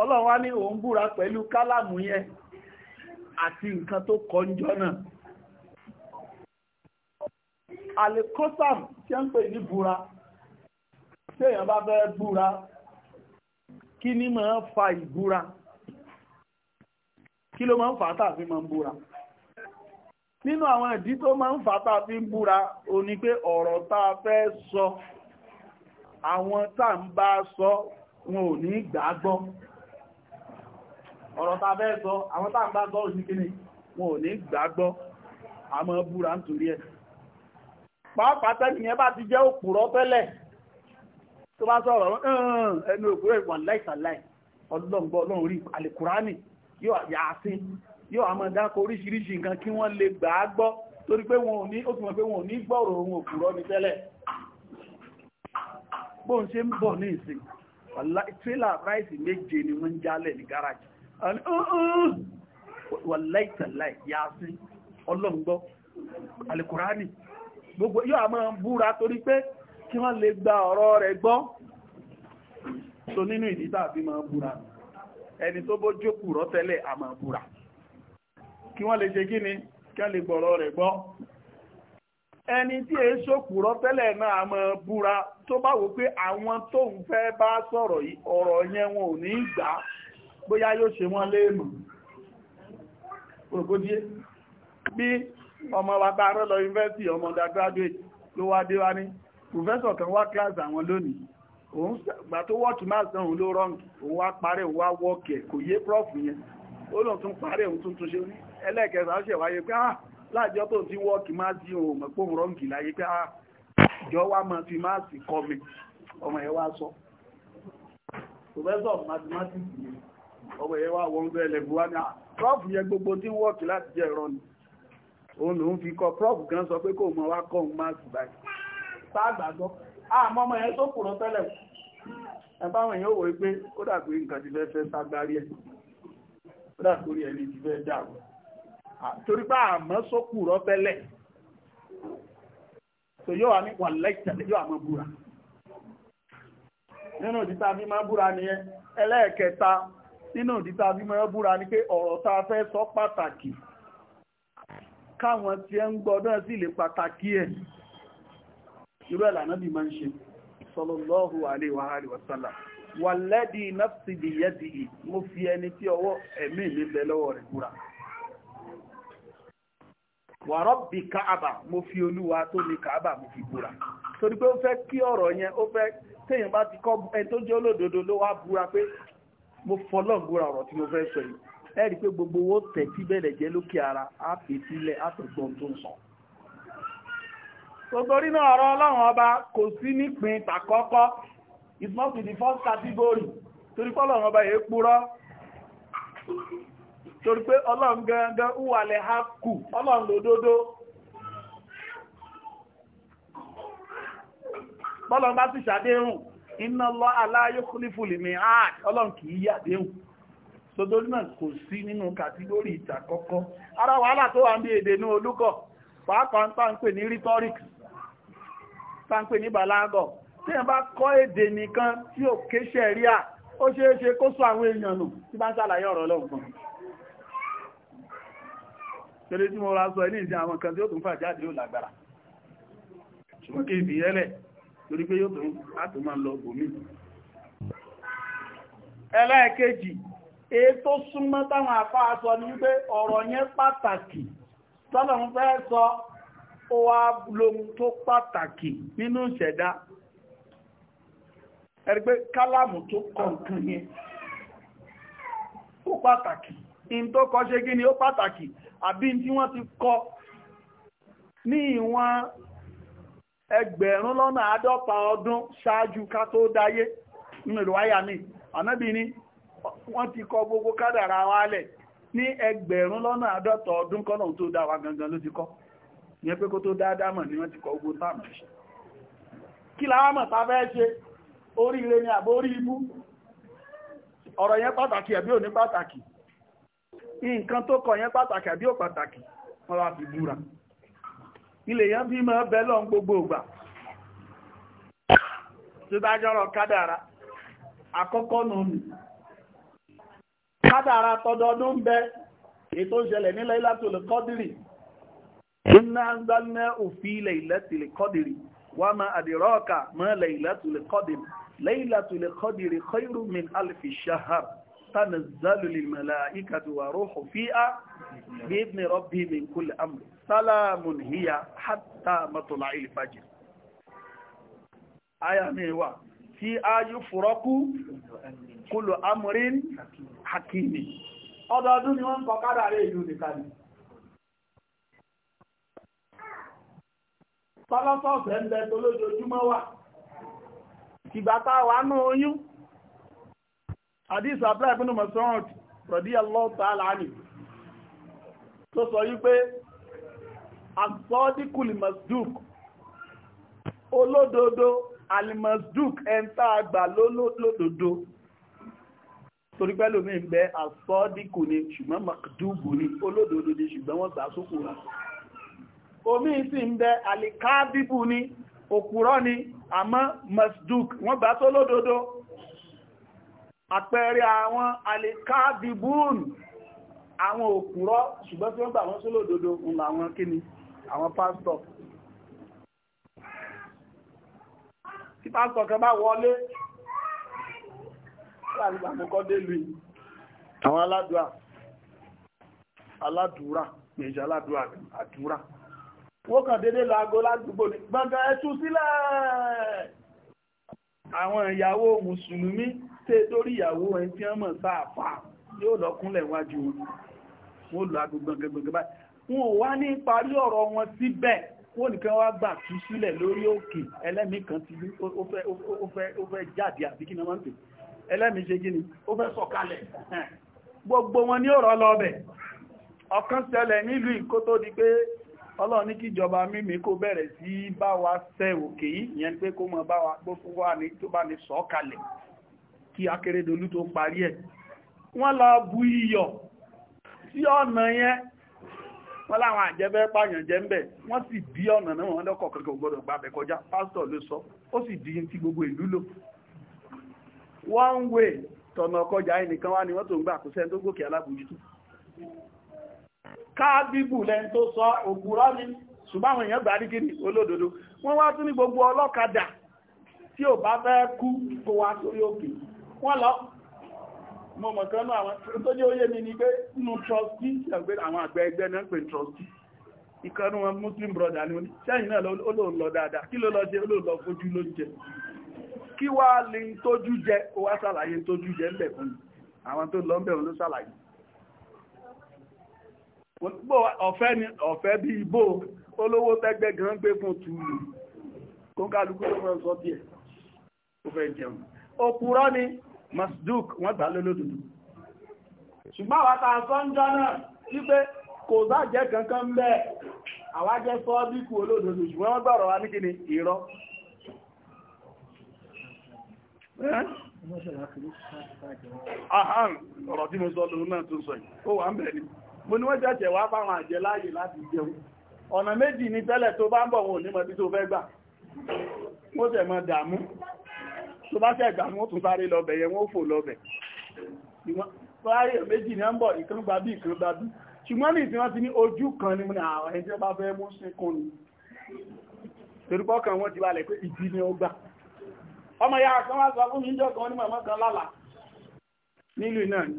Ọlọ́run wá ní òun búra pẹ̀lú kálàmù yẹn àti nǹkan tó kọ náà a ń kí ni máa ń fa ìbúra kí ló máa ń fàátà fi máa ń búra nínú àwọn ìdí tó máa ń fàátà fi ń búra ó ní pé ọ̀rọ̀ tá a fẹ́ sọ àwọn tá ń bá sọ wọn ò ní gbàgbọ́ ọ̀rọ̀ tá fẹ́ sọ àwọn tá ń bá sọ òṣìkíní wọn ò ní gbàgbọ́ àmọ́ búra nítorí ẹ̀ pàápàá tẹ́nìyàn tó bá sọ̀rọ̀ ẹnu òkúrò ìwà láìsàláì ọlọ́gbọ́ ọlọ́run rí alìkùránì yóò yàásín yóò àmọ́dákọ oríṣiríṣi nǹkan kí wọ́n lè gbà á gbọ́ torí pé wọn ò ní ó túnmọ̀ pé wọn ò ní gbọ́rọ̀ ohun òkúrọ́ ní tẹ́lẹ̀ ṣe ń bọ̀ ní ìsìn tírélà ráìsì méje ni wọ́n ń jálẹ̀ ní gáràjì wà láìsàláì ọlọ́gbọ́ kí wọ́n lè gba ọ̀rọ̀ rẹ̀ gbọ́ so nínú ìdí tàbí máa búra ẹni tó bó jókù rọ́ tẹ́lẹ̀ a máa búra kí wọ́n lè ṣe kí ni kí wọ́n lè gbọ́rọ̀ rẹ̀ gbọ́ ẹni tí èé ṣòkùrọ́ tẹ́lẹ̀ náà a máa búra tó bá wò pé àwọn tóun fẹ́ bá sọ̀rọ̀ ọ̀rọ̀ yẹn wọn ò ní gbà bóyá yóò ṣe wọ́n léèmọ̀ bí ọmọ wa bá rán lọ yunifásitì ọmọ undergraduate ló wá dé wá ní professor kan wá class àwọn lónìí òun gbà tó wọ́ọ̀tù máa san òun ló rọ́ǹkì òun wá parẹ́ òun wá wọ́ọ̀kẹ̀ kò yé prof yẹn ó lóun tún parẹ́ òun tún tún ṣe ní ẹlẹ́ẹ̀kẹta ó ṣẹ̀wáyé pé ah láàjọ tó ti wọ́ọ̀kì máa sí òun mọ̀ pé òun rọ́ǹkì láyé pé ah jọ wá máa fi máa sì kọ́ mi ọmọ ẹ̀ wá sọ professor mathematics yẹn ọmọ ẹ̀ wá wọ́n bẹ́ẹ̀ lẹ́gbẹ̀ẹ́ wá ní ah prof yẹn gbogbo tí wọ́ọ̀kì láti jẹ́ ìrọ́ni prof gan sọ pé kò mọ̀ wá kọ́ sáàgbàgbọ́ àmọ́ ọmọ yẹn tó kùrọ tẹ́lẹ̀ ẹgbàwọn èèyàn wò pé ó nǹkan ti fẹ́ fẹ́ ẹ̀ ó ẹni ti fẹ́ torí pé àmọ́ só tẹ́lẹ̀ tó yóò wà ní wà lẹ́tẹ̀lẹ̀ yóò àmọ́ búra nínú bí máa búra ẹlẹ́ẹ̀kẹta nínú bí máa búra ni pé ọ̀rọ̀ a fẹ́ sọ pàtàkì káwọn tí ẹ ń irú ẹ̀là náà bí máa ń ṣe sallallahu alaihi wa alihi wasallam walladhi nafsi biyadihi mo fi ẹni tí ọwọ́ ẹ̀mí mi bẹ lọ́wọ́ rẹ̀ búra wa rabbi káàbà mo fi olúwa tó ní káàbà mo fi búra torí pé ó fẹ́ kí ọ̀rọ̀ yẹn ó fẹ́ téèyàn bá ti kọ́ ẹni tó jẹ́ olódodo ló wá búra pé mo fọlọ́n búra ọ̀rọ̀ tí mo fẹ́ sọ yìí ẹ pé gbogbo owó tẹ̀ tí bẹ̀rẹ̀ jẹ́ lókè ara á pè sílẹ̀ á tó gbọ́n tó ń sọ torí náà ọrọ ọlọ́run ọba kò sí nípìn tàkọ́kọ́ it's not be the first category torí pọ́lọ́run ọba yìí purọ́ torí pé ọlọ́run gangan wùwàlẹ̀ ha kù ọlọ́run lòdodo bọ́lọ́run bá sì ṣàdéhùn iná lọ aláyókúlífùlì ní ààrẹ ọlọ́run kìí yàdéhùn sódórí náà kò sí nínú kàtígórì ara wàhálà tó wà ń bí èdè ní olúkọ̀ pàápàá ń pè ní rhetorics táńpé ní bàlágọ̀ tí wọ́n bá kọ́ èdè nìkan tí ò ké ṣẹ̀ríà ó ṣeé ṣe kó sọ àwọn èèyàn nù tí bá ń ṣàlàyé ọ̀rọ̀ ọlọ́gbọ̀n tẹ́lẹ̀ tí mo ra sọ ní ìsìn àwọn kan tí ó tún fà jáde yóò lágbára ṣùgbọ́n kí ìfì yẹ́lẹ̀ torí pé yóò tún láti máa lọ bòmí ẹlẹ́ẹ̀kejì èyí tó súnmọ́ táwọn àfáà sọ ní wípé ọ̀rọ̀ yẹn pàtàkì tọ́lọ̀ ń fẹ́ sọ ó wa lóhun tó pàtàkì nínú ìṣẹ̀dá ẹ̀rí kálàmù tó kọ nǹkan yẹn ó pàtàkì in tó kọ ṣe gíní ó pàtàkì àbí tí wọ́n ti kọ ní ìwọ̀n ẹgbẹ̀rún lọ́nà àádọ́ta ọdún ṣáájú ká tó dáyé nínú wáyà ní wọ́n ti kọ gbogbo kádàrà wálẹ̀ ní ẹgbẹ̀rún lọ́nà àádọ́ta ọdún kọ́nà tó dá gangan ló ti ìyẹn pé kó tó dáadáa mọ̀ ni wọ́n ti kọ ogun táàmù ṣe kí láàmọ̀ ta fẹ́ ṣe oríire ni àbó orí ibú ọ̀rọ̀ yẹn pàtàkì ẹ̀bí ò ní pàtàkì nǹkan tó kọ yẹn pàtàkì àbí ò pàtàkì wọ́n wá fi búra ilẹ̀ yẹn bí mọ́ bẹ́ lọ́n gbogbo ògbà tó bá jọ́rọ̀ kádàrá àkọ́kọ́ nù mí kádàrá tọdọọdún bẹ ètò ìṣẹ̀lẹ̀ nílẹ̀ ìlàtòlù kọ́dìrì inna anzalnahu fi laylatil qadri wa ma adraka ma laylatul qadri laylatul qadri khayrun min alfi shahr tanazzalu lil mala'ikati wa ruhu fiha bi idni rabbihim min kulli amr salamun hiya hatta matla'il fajr aya mi wà tí a yú fúrọ́kú kúlù amúrin hakimi ọdọọdún ni wọ́n kọ kádàrí ìlú nìkan tọ́lọ́sọ̀ọ̀sẹ̀ ń bẹ tó lójoojúmọ́ wà ìgbàta wà ní oyún àdísà abúlé ìpínlẹ̀ mọ̀sánrọ̀d rọ̀dí ọlọ́ta aláàní tó sọ yí pé àgbọ́díkùlì masduk olódodo alimasduk ẹ̀ntà àgbà lólódodo torí pẹ́lú mi ń bẹ àgbọ́díkù ni ṣùgbọ́n makdúbù ni olódodo ni ṣùgbọ́n wọ́n gbà sókò rẹ̀ omi sì ń bẹ àlìkáàbíbù ni òkúrọ́ ni àmọ́ masduk wọ́n bá tó lódodo àpẹẹrẹ àwọn àlìkáàbíbùn àwọn òkúrọ́ ṣùgbọ́n tí wọ́n gbà wọ́n tó lódodo ń la àwọn kíni àwọn pásítọ̀ tí pásítọ̀ kan bá wọlé àwọn aládùúrà aládùúrà ìjọ aládùúrà àdúrà wọ́n kàn dédé lọ aago ládùúgbò ní gbọ́ngàn ẹ̀tù sílẹ̀ àwọn ìyàwó mùsùlùmí tẹ́ torí ìyàwó ẹni tí wọ́n mọ̀ sáàfà yóò lọ kúnlẹ̀ wájú wọn wọ́n lọ aago gbọ̀ngàn báyìí wọn ò wá ní parí ọ̀rọ̀ wọn síbẹ̀ wọ́n nìkan wá gbà tú sílẹ̀ lórí òkè ẹlẹ́mìí kan ti ó fẹ́ jáde àbí kí ni wọ́n ń pè ẹlẹ́mìí ṣe gíní ó fẹ́ sọ̀kalẹ̀ gbogbo wọn ní ọ̀rọ̀ lọ bẹ̀ ọ̀kan ṣẹlẹ̀ nílùú ìkó tó di pé ọlọ́run ní kíjọba mímí kó bẹ̀rẹ̀ sí bá wa sẹ́ òkè yìí ìyẹn pé kó mọ̀ bá wa gbófúnwà ní tó bá ní sọ kalẹ̀ kí Akérédolú tó parí ẹ̀ wọ́n lọ bu iyọ̀ sí ọ̀nà yẹn wọ́n láwọn àjẹ́bẹ́ pààyàn jẹ́ ń bẹ̀ wọ́n sì dí ọ̀nà náà wọ́n lọ́kọ̀ kankan gbọ́dọ̀ gbà bẹ̀ kọjá pásítọ̀ ló sọ ó sì di ti gbogbo ìlú lò one way tọ̀nà kọjá ẹnìkan wá ni wọ́n tó ń gbà kó sẹ́ni tó gòkè alábòjútó káàbíbù lẹ́n tó sọ òkúrọ́ ní ṣùgbọ́n èèyàn gbà ní kiri olódodo wọ́n wá tún ní gbogbo ọlọ́kadà tí ò bá fẹ́ kú kó wá sórí òkè wọ́n lọ mọ̀ mọ̀kan náà àwọn tó jẹ́ oyé mi ní pé nínú trustee àwọn àgbẹ̀ ẹgbẹ́ náà pè trustee ìkanú wọn muslim brother ni sẹ́yìn náà olóòn lọ dáadáa kí ló lọ jẹ olóòn lọ fojú ló jẹ kí wá lè tójú jẹ ó wá ṣàlàyé tójú jẹ ń bẹ̀ fún àwọn tó lọ ń bẹ̀ ló ṣàlàyé ọ̀fẹ́ ni ọ̀fẹ́ bí ibò olówó tẹ́gbẹ́ gan gbé fún tùlù kó kálukú ló mọ́ sọ díẹ̀ ó fẹ́ jẹun òpùrọ́ ni masduk wọ́n gbà lólódòdó ṣùgbọ́n àwọn ta sọ́njọ́ náà wípé kò sáàjẹ́ kankan mẹ́ àwájẹ́ sọ́ bí kú olódòdó ṣùgbọ́n wọ́n gbọ́rọ̀ wa ní kíni irọ́ ọ̀rọ̀ tí mo sọ lòun náà tún sọ yìí ó wà ń bẹ̀rẹ̀ mo ní wọ́n jẹ́jẹ̀ wá fáwọn àjẹ́ láàyè láti jẹun ọ̀nà méjì ní tẹ́lẹ̀ tó bá ń bọ̀ wọn ò ní mọ̀ bí tó fẹ́ gbà mo tẹ̀ mọ̀ dààmú tó bá tẹ̀ gbà wọ́n tún sáré lọ́bẹ̀ yẹn wọ́n fò lọ́bẹ̀ fáyẹ̀ méjì ní ń bọ̀ ni ah, torúkọ́ kan wọ́n nílùú náà ni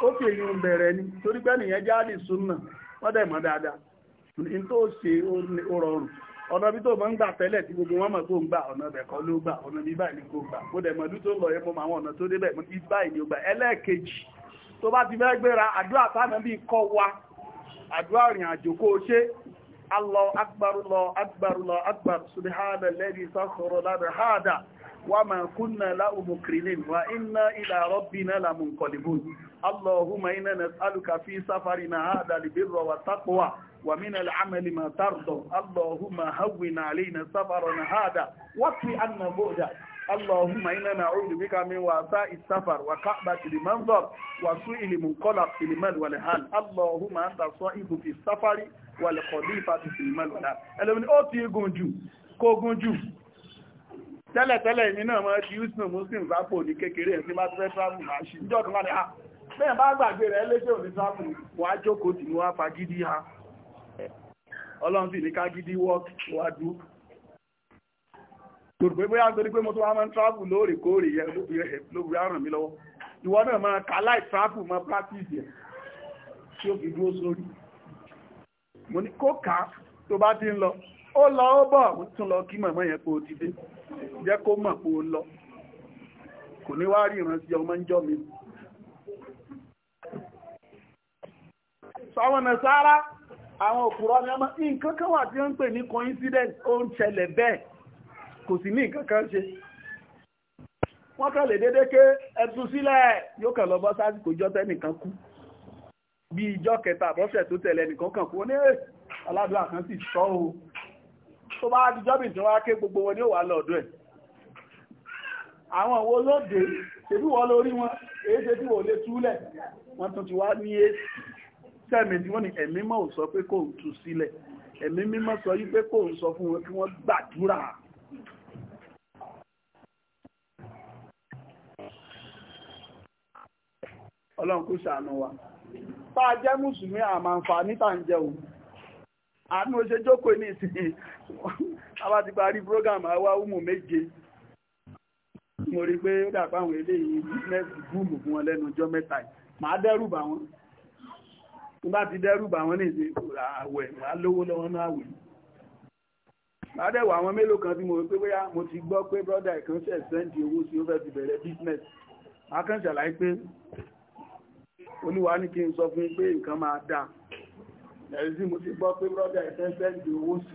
ó fi èyí bẹ̀rẹ̀ ni torí pé nìyẹn jáde súnà wọ́n dẹ̀ mọ́ dáadáa ní tó ṣe ó rọrùn ọ̀nà bí tó mọ́ ń gbà tẹ́lẹ̀ tí gbogbo wọn mọ̀ tó ń gbà ọ̀nà bẹ̀ kọ́ ló gbà ọ̀nà bí báyìí kò gbà kó dẹ̀ mọ̀lú tó lọ yẹ mọ́ àwọn ọ̀nà tó débẹ̀ mọ́ báyìí ni ó gbà ẹlẹ́ẹ̀kejì tó bá ti fẹ́ gbéra àdúrà táná bí kọ́ wa àdúrà rìn àjò kó ṣe wa ma kunna lahu mukrinin wa inna ila rabbina lamunqalibun allahumma inna nas'aluka fi safarina hadha albirra wa taqwa ومن العمل ما ترضى اللهم هون علينا سفرنا هذا واطفي عنا بعدا اللهم إنا نعوذ بك من وساء السفر وكعبة المنظر وسوء المنقلب في المال والحال اللهم أنت صاحب في السفر والخليفة في المال والحال ẹlẹ́mìn ó ti gùn jù kó gùn jù tẹ́lẹ̀tẹ́lẹ̀ èmi náà mọ́ ti houston muslim sápò ní kékeré ẹ̀ tí fẹ́ travel máa ṣe níjọ́ tó máa ní à ah, bẹ́ẹ̀ bá gbàgbé rẹ̀ òní ha ọlọ́run sì ní kágídí work wá tòrò pé bóyá nítorí pé travel lóòrèkóòrè lọ́wọ́ ìwọ náà máa láì travel máa practice tí ó fi dúró sórí mo ní kó tó bá ti ń lọ ó jẹ́ kó mọ̀ pé ó lọ kò ní wá rí ìrántí ọmọ ń jọ mi sọ́wọ́n náà sára àwọn òkúrọ́ ni ọmọ nǹkan kan wà tí ó ń pè ní coincidence ó ń ṣẹlẹ̀ bẹ́ẹ̀ kò sí ní nǹkan kan ṣe wọ́n kàn lè dédé ké ẹtù sílẹ̀ yóò kàn lọ bọ́ sásìkò ìjọ tẹ́nìkan kú bí ìjọ kẹta tó tẹ̀lé nìkan kú ó ní sọ o tó bá dijọ́ bì tí wọ́n á ké gbogbo wọn ní òwà lọ́ọ̀dọ́ ẹ̀ àwọn òwò lóde tèbí wọ́n lórí wọn èyí tèbí wọ́n lè túlẹ̀ wọ́n tún ti wá ní èsì tí wọ́n ní ẹ̀mí mọ́ sọ pé kò ń tú sílẹ̀ ẹ̀mí mímọ́ sọ yí pé kò ń sọ fún wọn kí wọ́n gbàdúrà ọlọ́run wa bá a jẹ́ mùsùlùmí àmàǹfà níta ń jẹun àánú ó ṣe jókòó ní àwa ti parí program àwa umu méje mo rí pé ó dàpọ̀ àwọn eléyìí business boom fún wọn lẹ́nu ọjọ́ mẹ́ta yìí màá dẹ́rù bà wọ́n tó bá ti dẹ́rù bà wọ́n ní ìdí àwẹ̀ màá lówó lọ́wọ́ náà àwẹ̀ màá dẹ̀wọ̀ àwọn mélòó kan tí mo rí pé bóyá mo ti gbọ́ pé brother kan ṣẹ̀ sẹ́ǹdì owó tí ó fẹ́ fi bẹ̀rẹ̀ business màá kàn ṣàlàyé pé olúwa ní kí n sọ fún yín pé nǹkan máa dáa ẹ̀rí tí mo ti gbọ́ pé brother kan ṣẹ̀ owó sí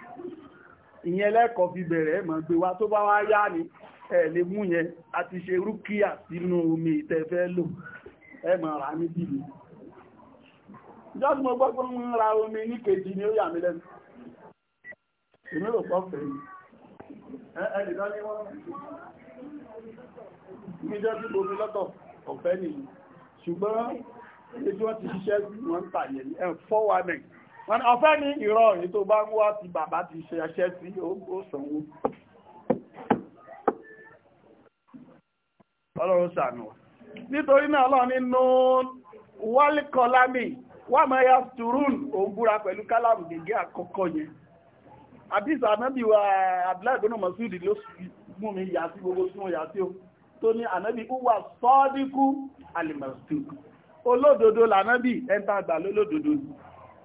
ìyẹn lẹ́kọ̀ọ́ fi bẹ̀rẹ̀ mọ̀ gbé wa tó bá wá yá ni ẹ̀ lè mú yẹn àti ṣe rúkíà sínú omi ìtẹ́fẹ́ lò ẹ mọ̀ rà ní bìbì jọ́sùn mo gbọ́ pé ń ra omi ní kejì ni ó yà mí lẹ́nu èmi rò pọ̀ fẹ́ yìí ẹnìkan ní wọ́n níjọ́ tí bomi lọ́tọ̀ ọ̀fẹ́ nìyí ṣùgbọ́n ilé ti ṣiṣẹ́ wọ́n ń tà yẹn ẹ̀ fọ́wọ́ wọn ọ̀fẹ́ ní ìrọ̀ èyí tó bá ń wá ti bàbá ti ṣe ẹṣẹ́ sí ó sanwó ọlọ́run sànù nítorí náà ọlọ́run ní nún wálíkọlámì wà máa ya sùúrùn ògbúra pẹ̀lú kálàmù gègé àkọ́kọ́ yẹn àbísà ànábì wa abdullahi bin masudi ló mú mi yà sí gbogbo tí mo yà sí o tó ní ànábì wà sọ́ọ́dínkù alimọ̀sùn olódodo lànábì ẹ̀ńtà àgbà lólódodo ni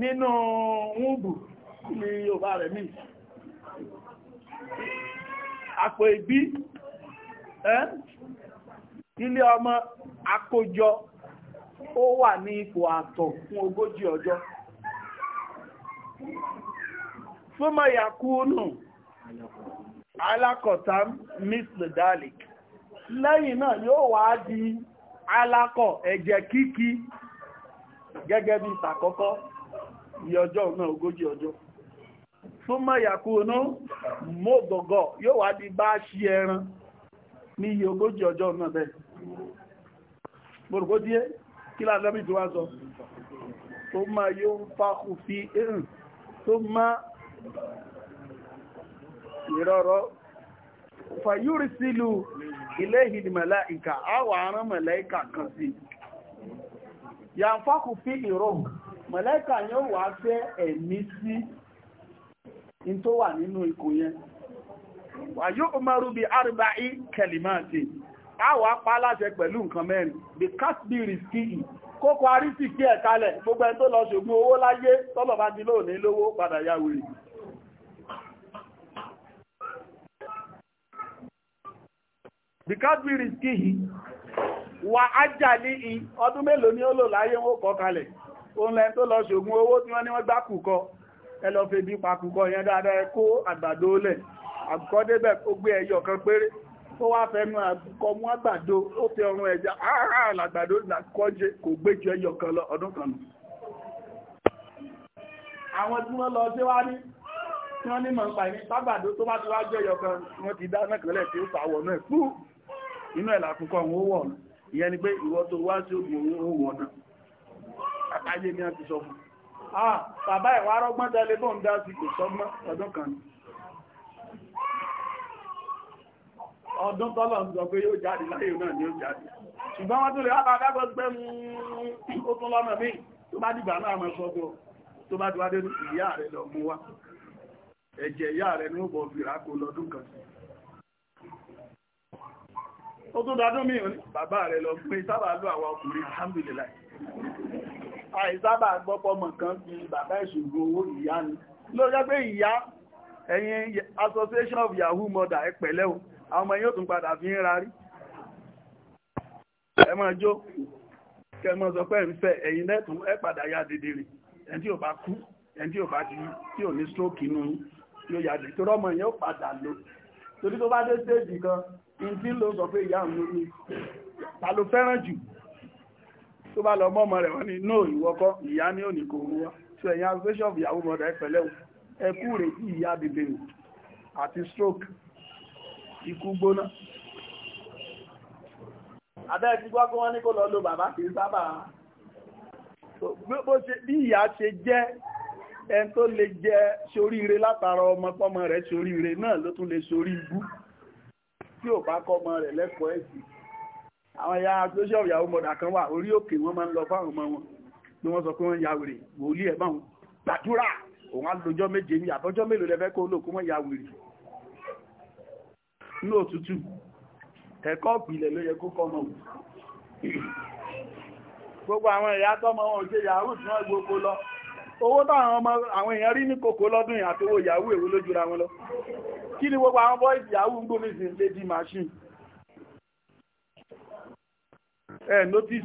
nínú wúbù ní Yorùbá rẹ̀ mí àpò ìbí ilé ọmọ àkójọ ó wà ní ipò àtọ̀ fún ogójì ọjọ́ fúnmọ̀ yakúnù alákọ̀ta misledalik lẹ́yìn náà yóò wá di alákọ̀ ẹ̀jẹ̀ kíkí gẹ́gẹ́ bí ìtàkọ́kọ́ iye ọjọ́ náà ogójì ọjọ́ fún mọ́yàkú oná mọ́gbọ̀ngọ̀ yóò wá di bá ṣí ẹran ní iye ogójì ọjọ́ náà bẹ́ẹ̀ gbogbo díẹ̀ kí láàrín tí wá sọ tó má yóò ń fákù fi ẹ̀rùn tó má ìrọ̀rọ̀ fàyúrí sílù ilé ìhìdì màláíkà mọ̀lẹ́kà yóò wá fẹ́ ẹ̀mí sí in tó wà nínú ikò yẹn wà yóò mọ́rú bí arúgbà í kẹlìmáàtì a wà pa láṣẹ pẹ̀lú nǹkan mẹ́rin bí kásbírì sí ì kókò àrísì kí ẹ̀ kalẹ̀ gbogbo ẹni tó lọ ṣògùn owó láyé tọ́lọ̀ bá ti lóòní lówó padà ya wèrè bí kásbírì sí ì wà ájàlí ì ọdún mélòó ni ó lò láyé wọn kọ kalẹ̀ òun lẹ́n tó lọ ṣògùn owó tí wọ́n ní wọ́n gbá kùkọ ẹ lọ febi pa kùkọ yẹn dáadáa ẹ kó àgbàdo lẹ̀ àkùkọ débẹ̀ ó gbé ẹyọ kan péré ó wá fẹnu àkùkọ mú àgbàdo ó fi ọrùn ẹja áhà làgbàdo làkọjẹ kò gbé ju ẹyọ kan lọ ọdún kan nù àwọn tí wọ́n lọ sí wá ní tí wọ́n ní mọ̀ tó bá ti wá jẹ́ wọ́n ti dá mẹ́kànlẹ̀ tí ayé ni a ti sọ fún ah bàbá ìwà arọ́gbọ́n dalẹ̀ bọ́ ń dá sí kò sọ́gbọ́n ọdún kan ọdún tọ́lọ̀ ń sọ pé yóò jáde láyé náà ni ó jáde ṣùgbọ́n wọ́n tó lè wábà dágbọ́ pé ó tún lọ́nà míì tó bá dìgbà náà mọ́ sọ́gbọ́ tó bá ti wádé ìyá rẹ̀ lọ mú wá ẹ̀jẹ̀ ìyá rẹ̀ ní ó bọ̀ fìrà kó lọ́dún kan sí ó tún dádún míì bàbá rẹ̀ lọ pé sábà lọ àwọn ọkùnrin alhamdulillah àìsábà gbọ́pọ̀mọ̀ kan fi bàbá ìṣòro owó ìyá ni ló jẹ́ pé ìyá ẹ̀yin association of yahoo mother ẹ o àwọn ọmọ yóò tún padà fi ń rarí ẹ máa kẹmọ sọ pé ń fẹ́ ẹ̀yin lẹ́tùn ẹ padà ya dédé rẹ̀ ẹni tí ò bá kú ẹni tí ò bá tí ò ní stroke inú yóò yà dé torí ọmọ yẹn ó padà lọ torí tó bá dé stage kan ní tí ń lọ sọ pé ìyá òun ló ní ta ló fẹ́ràn jù tó bá lọ mọ́mọ́ rẹ̀ wọ́n ni no ìwọ́kọ́ ìyá ní òní kò mú wá tí ẹ̀yìn association of ìyàwó mọ̀dá ẹ̀pẹ̀lẹ́ ẹkú rẹ̀ sí ìyá bèbèrè àti stroke ikú gbóná abẹ́ ti gbọ́ kí wọ́n ní kó lọ lo bàbá kì í sábà bí ìyá ṣe jẹ́ ẹn tó lè jẹ ṣoríire látara ọmọ pọ́mọ rẹ̀ ṣoríire náà ló tún lè ṣorí ibú tí ò bá kọ́ ọmọ rẹ̀ lẹ́kọ̀ọ́ ẹ̀sìn àwọn ẹ̀yà social ìyàwó mọ̀dà kan wà orí òkè wọ́n máa ń lọ fáwọn ọmọ wọn ni wọ́n sọ pé wọ́n ya wèrè wòlíì ẹ̀ báwọn gbàdúrà òun á méje ní àbọ́jọ́ mélòó lẹ́fẹ́ kó lóòkú mọ́ ya wèrè ní òtútù ẹ̀kọ́ ìpìlẹ̀ ló yẹ kó kọ́ ọmọ gbogbo àwọn ìyá tọ́mọ wọn òṣè yahoo tí wọ́n gbogbo lọ owó táwọn ọmọ àwọn èèyàn rí ní kòkó lọ́dún àtowó yahoo èwo lójúra wọn lọ kí ni gbogbo àwọn bọ́ìsì yahoo ń gbómi lady machine ẹ̀ notice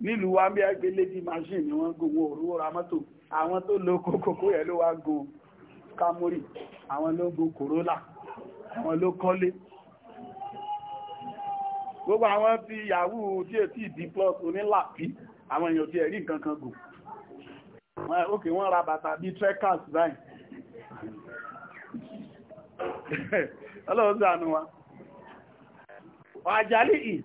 nílùú wa bí lady machine ni wọ́n gùn wọn ra mọ́tò lo kókókó yẹn ló wá gùn Camry àwọn ló gùn Corolla àwọn ló kọ́lé gbogbo àwọn ti yahoo tí è tí plus onílàpí àwọn èèyàn ti ẹ̀rí nǹkan kan gùn ókè wọ́n ra bàtà bí trekkers báyìí ọlọ́run wa ìdí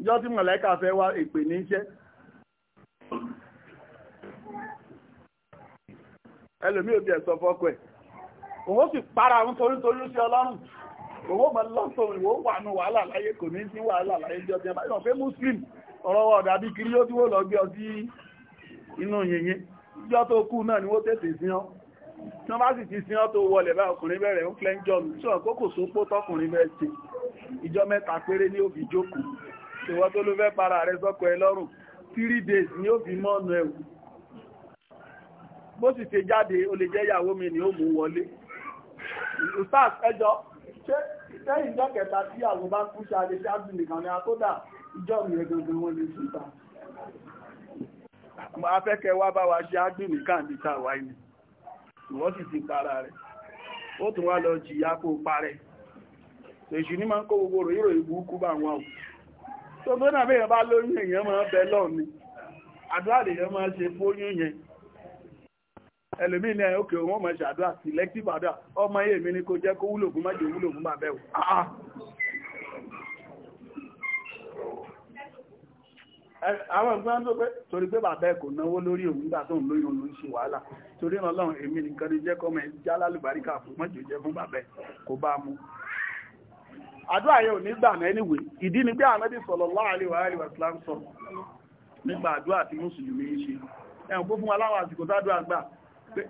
ìjọ tí mọ̀lẹ́kà fẹ́ wá èpè ní iṣẹ́ ẹlòmí òbí ẹ̀sọ fọ́kọ ẹ̀ òun ó sì para àwọn toríntorí sí ọlọ́run òun ó mọ̀ lọ́sọ̀ ìwò wà ní wàhálà láyé kò ní sí wàhálà láyé jọ tí a bá yọ̀ pé muslim ọ̀rọ̀wọ̀ ọ̀dà bí kiri ó tí wó lọ gbé ọ sí inú yìnyín jọ tó kú náà ni wó tètè sí ọ tí wọ́n bá sì ti sí ọ tó wọlẹ̀ bá ọkùnrin bẹ̀rẹ̀ ń flẹ́ńjọ́nù tí ọ̀kókò sópó tọkùnrin bẹ́ẹ̀ ṣe ìjọ mẹ́ta péré ní òbí jókòó ìwọ tó ló fẹ́ para rẹ sọ́kọ ẹ lọ́rùn three days ni ó fi mọ́nu ẹ̀wù bó sì ṣe jáde ó lè jẹ́ ìyàwó mi ni ó mú wọlé ustaz ẹjọ́ ṣé kẹta tí àwọn bá kú nìkan ni mi wọn lè afẹ́kẹ́ bá wa ṣe ágbì nìkan ní tàwà ní ìwọ́n sì ti para ó tún wá lọ jìyà kó èṣù máa ń tó tó náà bèèyàn bá lóyún èèyàn máa bẹ lọ́ọ̀ ni àdúrà lèèyàn máa ṣe fóyún yẹn ẹlòmíì ní òkè wọn máa ṣàdúrà selective àdúrà ọmọ ayé mi ni kò jẹ́ kó wúlò fún májè wúlò fún bàbẹ́ ò ah, ah. àwọn ìgbọ́n tó pé torí pé bàbá ẹ̀ kò náwó lórí òun nígbà tó ń lórí òun ń ṣe wàhálà torí ọlọ́run èmi nìkan ní jẹ́ kọ́mọ ẹ̀ jálálùbáríkà fún mọ́jọ́ jẹ́ fún bàbá ẹ̀ kò bá mú àdúrà yẹn ò ní gbà mẹ́niwé ìdí ni pé ànábì sallallahu alaihi wa sallam sọ nípa àdúrà tí mùsùlùmí ń ṣe ẹ̀hùn kó fún aláwọ̀ àsìkò tádùà gbà pé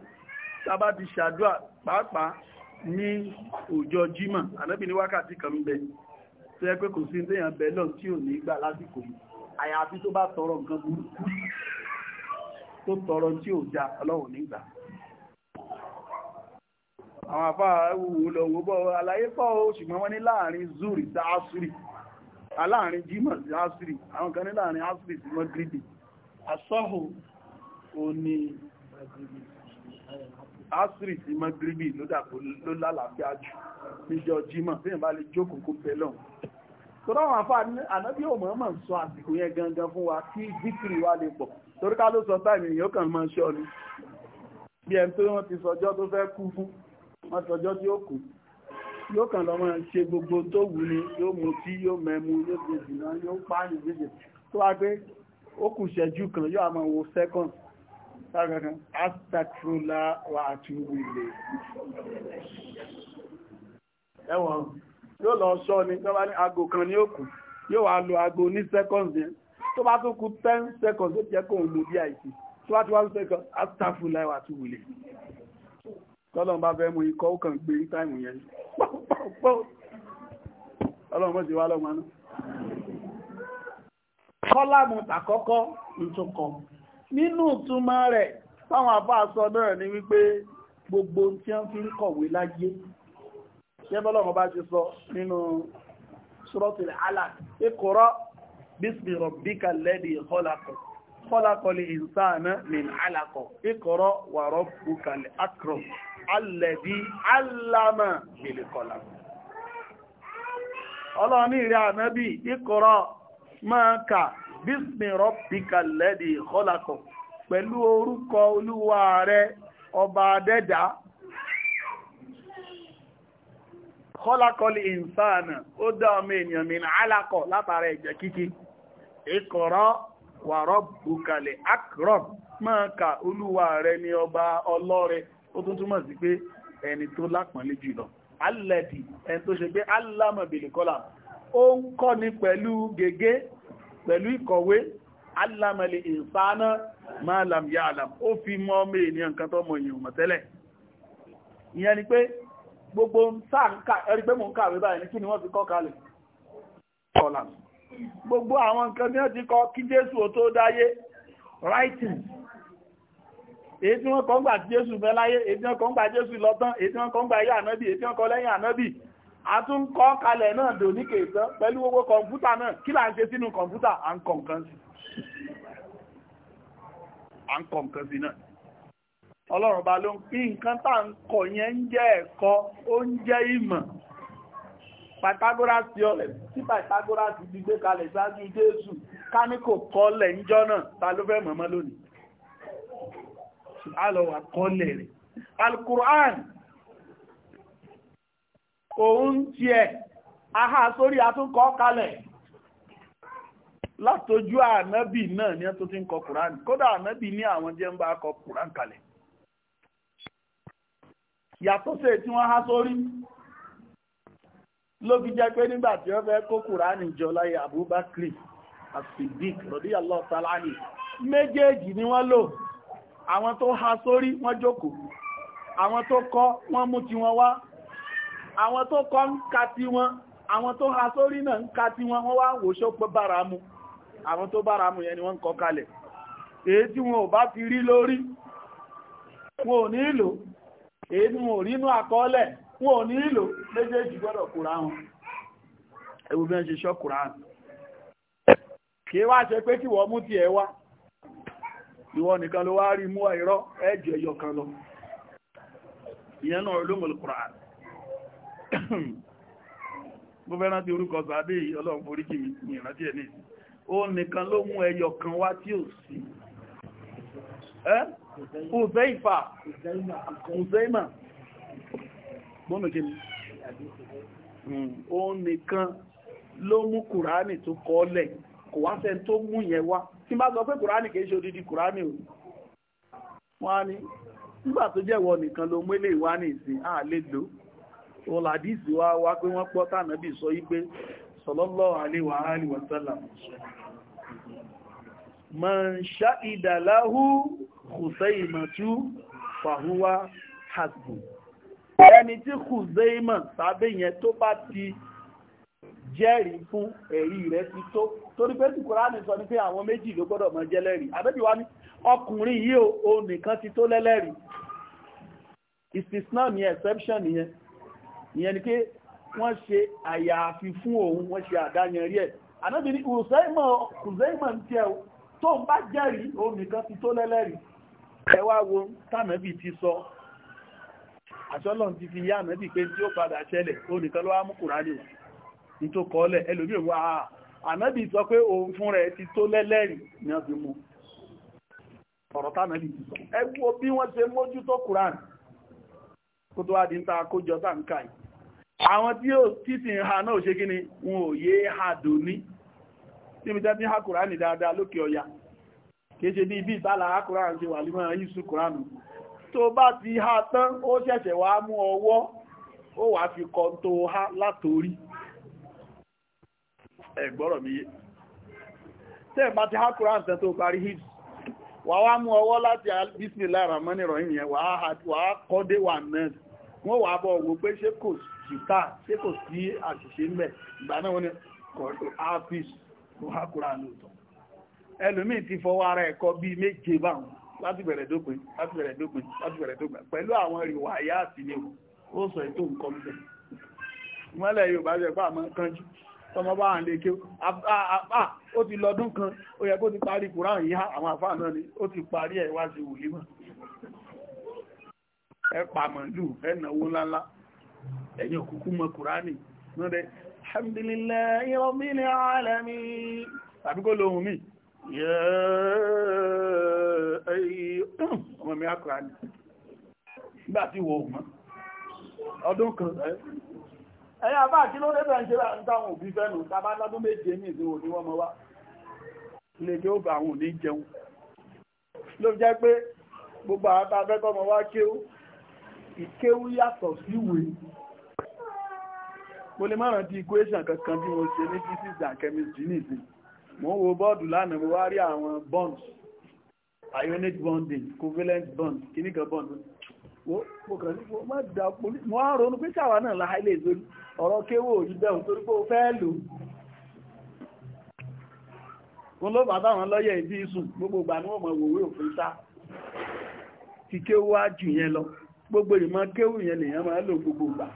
tábà ti ṣàdúà pàápàá ní ọjọ́ jímọ̀ ànábì ní wákàtí kan ń bẹ tó yẹ pé kò sí téèyàn bẹ lọ tí ò ní gbà lásìkò àyàfi tó bá tọrọ nǹkan burúkú tó tọrọ tí ò já ọlọ́run nígbà àwọn àfá ẹwùwò lọ wòbọ́ àlàyé pọ̀ ṣùgbọ́n wọ́n ní láàrin zuri sí asiri aláàrin jimọ̀ sí asiri àwọn kan ní láàrin asiri sí mọ́gírídì asọ́hù o ní asiri sí mọ́gírídì ló dàpọ̀ ló lálàáfíà jù níjọ jimọ̀ tí ìbá lè jókòó pẹ̀lọ́n tọ́rọ àwọn àfá ànábí ò mọ̀ọ́mọ̀ sọ àsìkò yẹn gangan fún wa kí díkìrì wa lè pọ̀ torí ká ló sọ táìmì yóò kàn mọ́ ṣọ́ ni bí ẹni tó wọ́n ti sọjọ́ tó fẹ́ kú fún wọ́n tọjọ́ tí ó kù yóò kàn lọ́mọ ṣe gbogbo tó wù ní yóò mú tí yóò mẹ́mu yóò fi jìnnà yóò pààyàn méje tó wá pé ó kù ṣẹ́jú kan yóò àmọ́ wo second sáàkàkan astatrola wà àtúwò ilé ẹwọ̀n yóò lọ ṣọ́ ni tó bá ní aago kan ní òkú yóò wá lo aago ní seconds yẹn tó bá tó kù 10 seconds ó jẹ́ kó ń lo bí àìsí tó bá tó wá ń sẹ́kọ̀ọ́ astatrola wà àtúwò ilé tọ́lọ́n bá fẹ́ mú ikọ́ òkàn gbé ní táìmù yẹn pọ́pọ́pọ́ ọlọ́run mọ́ sí wá lọ́gbọ́n náà kọ́lámù tàkọ́kọ́ suratul alaq iqra bismi rabbika alladhi khalaq khalaqal min alaq iqra wa rabbukal akram alẹ́bí alámà bèlèkọlá ọlọ́ni rẹ̀ ànábì ìkọ̀rọ̀ máa kà bísmì rọ́pìkà dị ìkọlákọ̀ pẹ̀lú orúkọ olúwa rẹ ọba adẹ́dà kọlákọlì ìǹsáànà ó dá ọmọ ènìyàn mìíràn alákọ̀ látara ẹ̀jẹ̀ kíkí ìkọ̀rọ̀ wà rọ́bùkàlẹ̀ akọ̀rọ̀ ọba ó tún túmọ̀ sí pé ẹni tó lápọ̀nlé jùlọ alẹ́dì ẹni tó ṣe pé alámọ̀bìlìkọ́là ó ń kọ́ ni pẹ̀lú gègé pẹ̀lú ìkọ̀wé alámọ̀lẹ̀ ìsáná máa làm yá àlàm ó fi mọ́ ọmọ ènìyàn ni pé gbogbo sáàǹkà ẹ̀rí pé mò ni wọ́n fi kọ́ kalẹ̀ gbogbo àwọn nǹkan ní ó writing èyí tí wọ́n kọ́ ń gbà Jésù bẹ láyé èyí tí wọ́n kọ́ ń gbà Jésù lọ́tán èyí tí wọ́n kọ́ ń gbà ayé ànábì èyí tí wọ́n kọ́ lẹ́yìn ànábì a tún kọ́ kalẹ̀ náà dò ní kèèsán pẹ̀lú owó kọ̀ǹpútà náà kí là ń ṣe sínú kọ̀ǹpútà à ń kọ nǹkan sí à ń kọ nǹkan sí náà ọlọ́run bá ló ń pín nǹkan tá ń kọ yẹn ń jẹ́ ẹ̀kọ́ ó ń jẹ́ ìmọ̀ Pythagoras theorem tí Pythagoras ti gbé kalẹ̀ ṣáájú Jésù ká kọ́ lẹ̀ ń jọ́ náà ta ló fẹ́ mọ̀mọ́ lónìí alọ́wà kọ́lẹ̀ rẹ̀ alukur'an òun tiẹ̀ aha sórí atúnkọ́ kalẹ̀ látojú ànábì náà ní ẹ̀tọ́ tí ń kọ kùrán kódà ànábì ní àwọn jẹ́ ń bá kọ kùrán kalẹ̀ yàtọ̀ sí tí wọ́n há sórí ló fi jẹ́ pé nígbà tí wọ́n fẹ́ kó kùrán jọ láyé Abubakar asidik rọ̀díyàlọ́ sálánì méjèèjì ni wọ́n lò àwọn tó há sórí wọ́n jókòó àwọn tó kọ́ wọ́n mú ti wọn wá àwọn tó kọ́ ń ka ti wọn àwọn tó há sórí náà ń ka ti wọn wọ́n wá wòṣó pé bára mu àwọn tó bára mu yẹn ni wọ́n ń kọ kalẹ̀ èyí tí wọn ò bá ti rí lórí wọn ò ní ìlò èyí tí wọn ò rí inú àkọọ́lẹ̀ wọn ò ní ìlò méjèèjì gbọ́dọ̀ kúra wọn ẹ̀wù bí wọ́n ṣe ṣọ́ kúra wọn kí wá ṣe pé kí wọ́n mú tiẹ̀ wá ìwọ nìkan ló wá rí mú àìrọ́ ẹjọ ẹyọ kan lọ ìyẹn náà ulumul Qur'an mo fẹ́ rántí orúkọ sàádé yìí ọlọ́run forí jì mí ìrántí ẹ̀ nìyí ó nìkan ló mú ẹyọ kan wá tí ò sí ẹ́ Uzaifa Uzaima gbọ́mìkí ni hmm, ó nìkan ló mú Kùránì tó kọ́ lẹ̀ kò wá sẹ́ni tó mú yẹn wá tí bá sọ pé kùránì kìí ṣe odidi kùránì o wọ́n á ní nígbà tó jẹ́ ìwọ nìkan ló mú eléyìí wá ní ìsìn á lè lò ó làdíìsì wá wá pé wọ́n pọ́ tànàbì sọ yí pé sallallahu alaihi wa alihi wa sallam man sha'ida lahu khuzaimatu fahuwa hasbu ẹni tí khuzaima sabe yẹn tó bá ti jẹ́rìí fún ẹ̀rí rẹ̀ ti tó torí pé tí kùránì sọ ní pé àwọn méjì ló gbọ́dọ̀ mọ́ jẹ́lẹ́rìí àbẹ́bí wá ní ọkùnrin yìí o nìkan ti tó lẹ́lẹ́rìí istisna ni exception nìyẹn ìyẹn ni pé wọ́n ṣe àyàfi fún òun wọ́n ṣe àdáyanrí ẹ̀ ànábì ní kùzẹ́ìmọ̀ kùzẹ́ìmọ̀ ń tiẹ̀ tó ń bá jẹ́rìí o nìkan ti tó lẹ́lẹ́rìí ẹ wá wo tànàbì ti sọ àṣọ́lọ́n ti fi yá ànábì pé tí ó padà ṣẹlẹ̀ o nìkan ló wá mú kùránì wọn ní tó kọ́lẹ̀ ẹlòmí òwú àà ànábì sọ pé òun fún rẹ̀ ti tó lẹ́lẹ́rìí ni wọ́n fi mú ọ̀rọ̀ tánàbì ti sọ ẹ wo bí wọ́n ṣe mójútó Quran kó tó wá di ń ta ni wọn ò yé ha dò ní tí mi jẹ́ tí ha Quran dáadáa lókè ọya kìí ṣe ní ibi ìtàlà ha Quran ṣe wà límọ̀ yíṣu Quran tó bá ti ha tán ó ṣẹ̀ṣẹ̀ wá mú ọwọ́ ó wàá fi kọ́ tó ha látorí ẹ̀gbọ́rọ̀ mi yé bá ti hákùrá ǹtẹ́ tó parí hìbs wà wá mú ọwọ́ láti bismillah ramani rahim yẹn wà á kọ́dé wà náà wọ́n wà bọ̀ wò pé ṣé kò síta ṣé kò sí àṣìṣe ń bẹ̀ ìgbà náà wọ́n ni kọ̀ọ̀dọ̀ ápìs tó hákùrá lóòótọ́ ẹlòmíì ti fọwọ́ ara ẹ̀kọ́ bíi méje báwọn láti bẹ̀rẹ̀ dópin láti bẹ̀rẹ̀ dópin láti bẹ̀rẹ̀ dópin pẹ̀lú àwọn ìwà tọmọ bá ń lè kí ó ti lọ́dún kan ó yẹ kó ti parí kùrán yìí àwọn àfáà náà ni ó ti parí ẹ̀ wá sí wùlímọ̀ ẹ pàmọ̀lú ẹ̀nàwó ńláńlá ẹ̀yìn òkúkú mọ kùránì lọ́dẹ̀ alhamdulillahi rabbil alamin tàbí kó lóhun mi ọmọ mi á kùránì nígbà tí ọdún kan ẹ̀yà bá kí ló lẹ́bẹ̀ ń ṣe láwọn òbí fẹ́nu tàbá lọ́dún méje ní ìsinmi òní wọ́n mọ́ wá lè jẹ́ òbí àwọn òní jẹun ló jẹ́ pé gbogbo àwọn abẹ́kọ́ mọ́ wá kéwú ìkéwú yàtọ̀ síwé mo lè márùn ti equation kankan bí mo ṣe ní physics and chemistry nìsín mo ń wo bọ́ọ̀dù lánàá mo wá rí àwọn bonds ionic bonding covalent bonds kìnnìkan bond mo kàn ní mo náà ilé ọ̀rọ̀ kéwò yìí torí pé ó fẹ́ lò ló lọ́yẹ̀ ìdí ìsùn gbogbo ìgbà ni mọ̀ òfin sá ti kéwò jù yẹn lọ gbogbo ìmọ̀ kéwò yẹn máa lò gbogbo ìgbà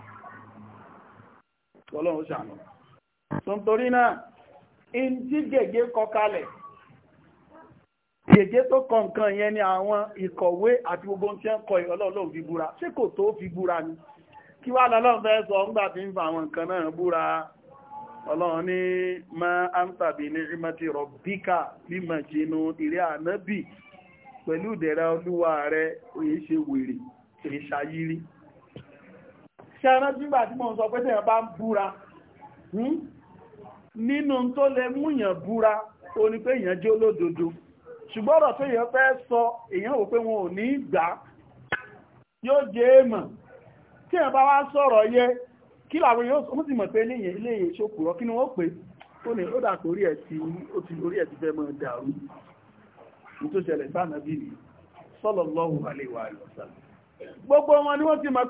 gègé tó kọ nǹkan yẹn ni àwọn ìkọ̀wé àti gbogbo tí ń kọ ìrọlọ́lọ́n fi búra ṣé kò tó fi búra ni kí wá lọ́lọ́n fẹ́ sọ ńgbà tí ń fa àwọn nǹkan náà búra ọlọ́run ní ma ń tàbí ní ìmọ̀tí rọ̀bíkà bí màjínú ìrẹ́ ànábì pẹ̀lú ìdẹ̀ra olúwa rẹ̀ òye ṣe wèrè èyí ṣayírí ṣe ẹran tí gbà tí mọ̀ sọ pé tẹ̀yàn bá ń búra hmm, nínú tó lè múyàn búra ó ní pé èyàn ṣùgbọ́n ọ̀rọ̀ tó yẹn fẹ́ sọ èèyàn wò pé wọn ò ní gbà yóò jẹ́ èèmọ̀ tí èèyàn bá wá sọ̀rọ̀ yẹ kí làwọn yóò mú sí mọ̀ pé ilé ilé yẹn ṣokùrọ̀ kí ni wọ́n pè ó ní ó dàpọ̀ orí ẹ̀ tí ó ti orí ẹ̀ ti fẹ́ mọ́ dàrú ní tó ṣẹlẹ̀ ni sallallahu gbogbo wọn ni wọ́n ti mọ̀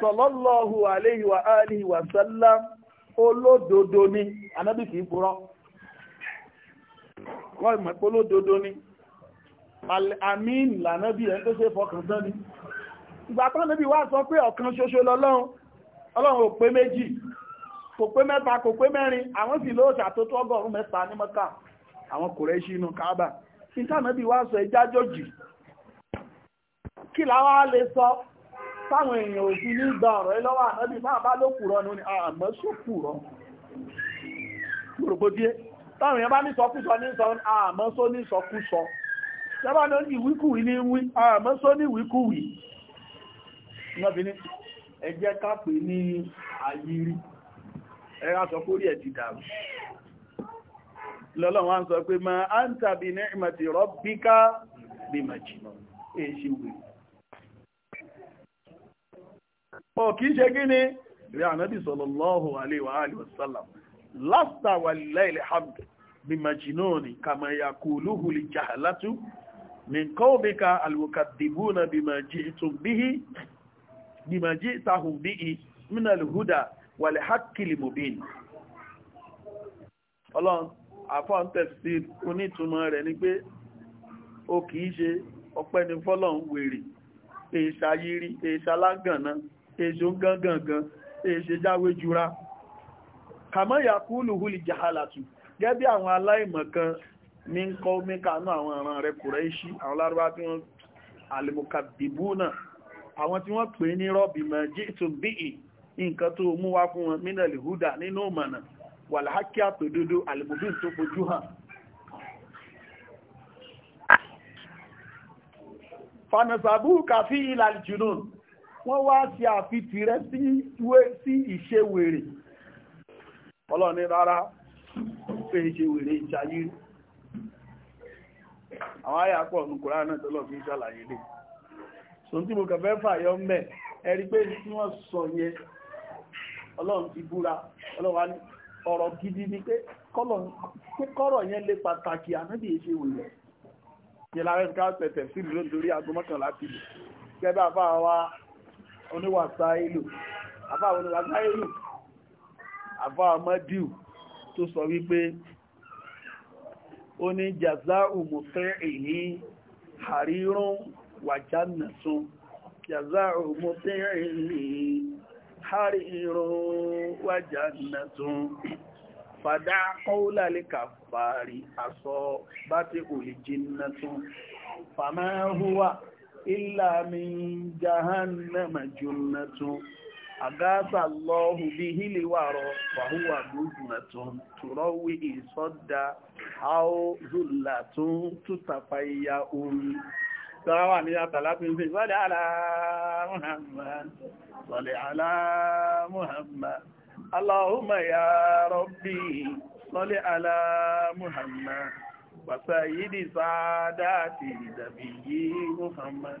sallallahu kọ́ ìmọ̀póló dodo ni àmín lànábì ẹni tó ṣe fọkàn tán ni ìgbà tán níbi wá sọ pé ọ̀kan ṣoṣo lọ́lọ́run ọlọ́run ò pé méjì kò pé mẹ́ta kò pé mẹ́rin àwọn sì ló ṣàtótó ọgọ́rùn mẹ́ta ní mọ́ta àwọn Kùrẹ́ṣì inú Káàbà ìtànàbí wá sọ ìjájòjì kí láwá lè sọ táwọn èèyàn ò fi ní gba ọ̀rọ̀ ìlọ́wọ́ ànábì máa bá ló kùrọ̀ ní àmọ́ sókùrọ̀ gbòrògbòdíé táwọn èèyàn bá ní sọkúsọ ní sọ àmọ́ só ní sọkúsọ sábà ní ìwíkùwí ní wí àmọ́ só ní ìwíkùwí lọ́bìnrin ẹ jẹ́ ká pè ní àyírí ẹ̀rá sọ kórí ẹ̀ ti dàrú lọ́lọ́wọ́ ń sọ pé ma a ń tàbí ní ìmọ̀tí rọ́bíká bí màjìmọ̀ èṣì wè ò kìí ṣe gíní rí sallallahu alaihi wasallam lásìtà wà láìlẹ̀ hamdu bí majinoni kàmà yaquluhu lè jahalatu min qawmika almukadibuna bima ji'tahum bihi min alhuda wal haqqil mubin ọlọ́run àfọ́ntẹ̀sí onítùmọ̀ rẹ̀ ni pé ó kìí ṣe ọpẹ́ ni fọ́lọ́run wèrè èṣà yìí rí èṣà lágànnà èṣò gangan èṣe kàmọ́ yàkúlù hùlì jahalatu gẹ́bí àwọn aláìmọ̀kan ní ń kọ́ mẹ́kànú àwọn ọ̀ràn rẹ̀ Kùrẹ́ṣì àwọn lárúbá tí wọ́n alìmọ̀kàdìbúnà àwọn tí wọ́n pè ní rọ́bì mọ̀ jí tó bí i nǹkan tó mú wá fún wọn mínàlì húdà nínú mọ̀nà wàláhákíà tó dúdú alìmọ̀bìn tó fojú hàn fanasabu kàfí ìlàlì wọ́n wá sí àfi tìrẹ sí ìṣe wèrè ọlọ́run ní rárá pé ṣe wèrè ìṣayé àwọn àyà pọ̀ ní kòrán náà tọ́lọ̀ fi ṣàlàyé lè so tí mo kẹfẹ́ fàyọ mẹ́ ẹ̀rí pé tí wọ́n sọ yẹn ọlọ́run ti búra ọlọ́run ọ̀rọ̀ gidi ni pé kọ́rọ̀ yẹn lè pàtàkì ànábì ṣe wèrè yẹ lára ẹ̀ka pẹ̀tẹ̀ sí ìlú lórí aago mọ́kànlá kìlì gẹ́gẹ́ bá wa oníwàsá ìlú àbáwọn oníwàsá ìlú àfá amadiu tó sọ wípé ó ní jaza umufẹ́ èyí harirun wàjánàtún jaza umufẹ́ èyí harirun wàjánàtún fàdá kọ́ọ́lá lè kàfàrí àsọ bá ti kò lè jinnàtún fàmáhúwà ìlàmì jahannama junnàtún àgáàtà lọ́hù bí hílì wà rọ fàhúwà gúúsùnà tún tùrọ́wí ìsọ́dá àó zùlà tún tútàpá ìyá orí tọ́wà ní àtàlápín fi sọ́lẹ̀ alá Muhammad sọ́lẹ̀ alá Muhammad Allahumma ya Rabbi sọ́lẹ̀ alá Muhammad وسيد سادات نبي محمد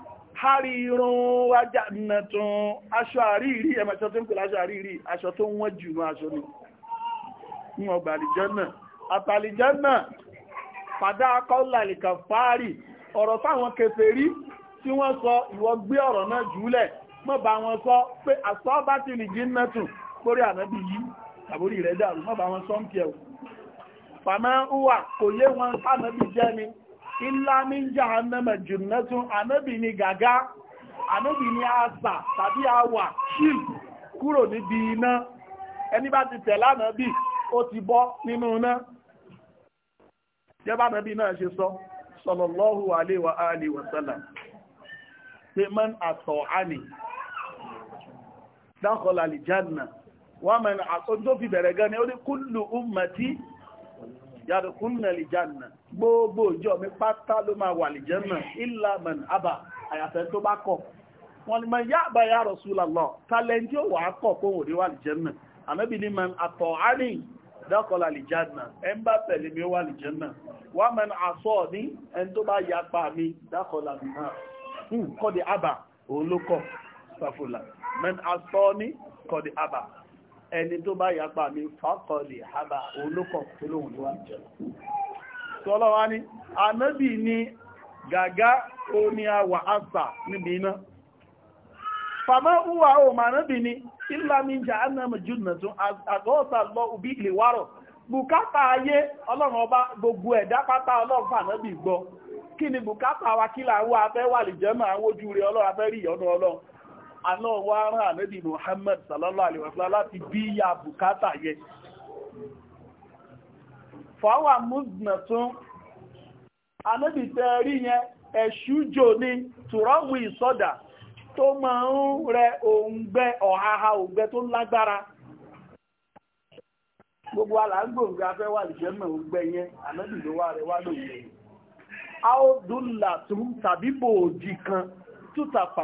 hárí irun wájà nàtún aṣọ àríìrí ẹmọ̀ṣọ́ tó ń pè láṣọ àríìrí aṣọ tó ń wọ́n jù ní aṣọ ni ní ọgbà àlìjẹ́nà àtàlìjẹ́nà padà akọ́lá ìkà fáàrí ọ̀rọ̀ táwọn kèfèrí tí wọ́n sọ ìwọ gbé ọ̀rọ̀ náà jùlẹ̀ mọ́ wọn sọ ti lè jí nẹ́tùn pórí ànábì yìí tàbórí rẹ̀ dàrú mọ́ bá wọn sọ ń pẹ̀ ò ìlàmí jahannama jùnnẹ́tún anábì ni gàgá anábì ni àṣà tàbí àwà ṣíl kúrò níbi iná ẹni bá ti tẹ̀lé ànábì ó ti bọ́ nínú iná jẹ́bá ànábì náà ṣe sọ sallallahu alaihi wa alihi wa sallam pé man àtọ̀hánì dákọ̀lá lìjánà wọ́n mẹ́rin àtọ́jú fi bẹ̀rẹ̀ gan ni ó ní kúlù ummati yàdùkúnnà lè jànà gbogbo ìjọ mi pátá ló máa wà lè jẹ́nà ìlàmàn àbà àyàfẹ́ tó bá kọ̀ wọ́n ni máa yá àbáyá Rasulullah tàlẹ́ntí ó wà á kọ̀ kó wò níwà lè jẹ́nà àmẹ́bí ni man àtọ̀ ánì dákọ̀lá lè jànà ẹn bá mi wà lè jẹ́nà wà man àsọ ní ẹn tó bá ya pa mi dákọ̀lá mi náà kọ́ di àbà òun ló kọ̀ sàfùlà man àsọ ní kọ́ di àbà ẹni tó bá yàpá mi fàkọlì àbà olókọ̀ tó lóhun ló wà jẹ́ wá ní anábì ni gàgá omi àwà àṣà níbi iná fàmọ́ uwa o ma nábì ní ìlàmí jà ánàmì jùnà tún àgọ́ọ̀tà lọ òbí ìlèwárọ̀ bùkátà ayé gbogbo aláwọ̀ ara ànábì Muhammad sallallahu alaihi wasallam láti bí ya bùkátà yẹ fàwà múzùnà tún ànábì tẹ́rí yẹn ẹ̀ṣú jò ní tùrọ́wù ìsọ́dà tó ma ń rẹ òǹgbẹ ọ̀háha òǹgbẹ tó lágbára gbogbo alágbòǹgbẹ afẹ́ wà lè yẹn ló wà rẹ kan tútàfà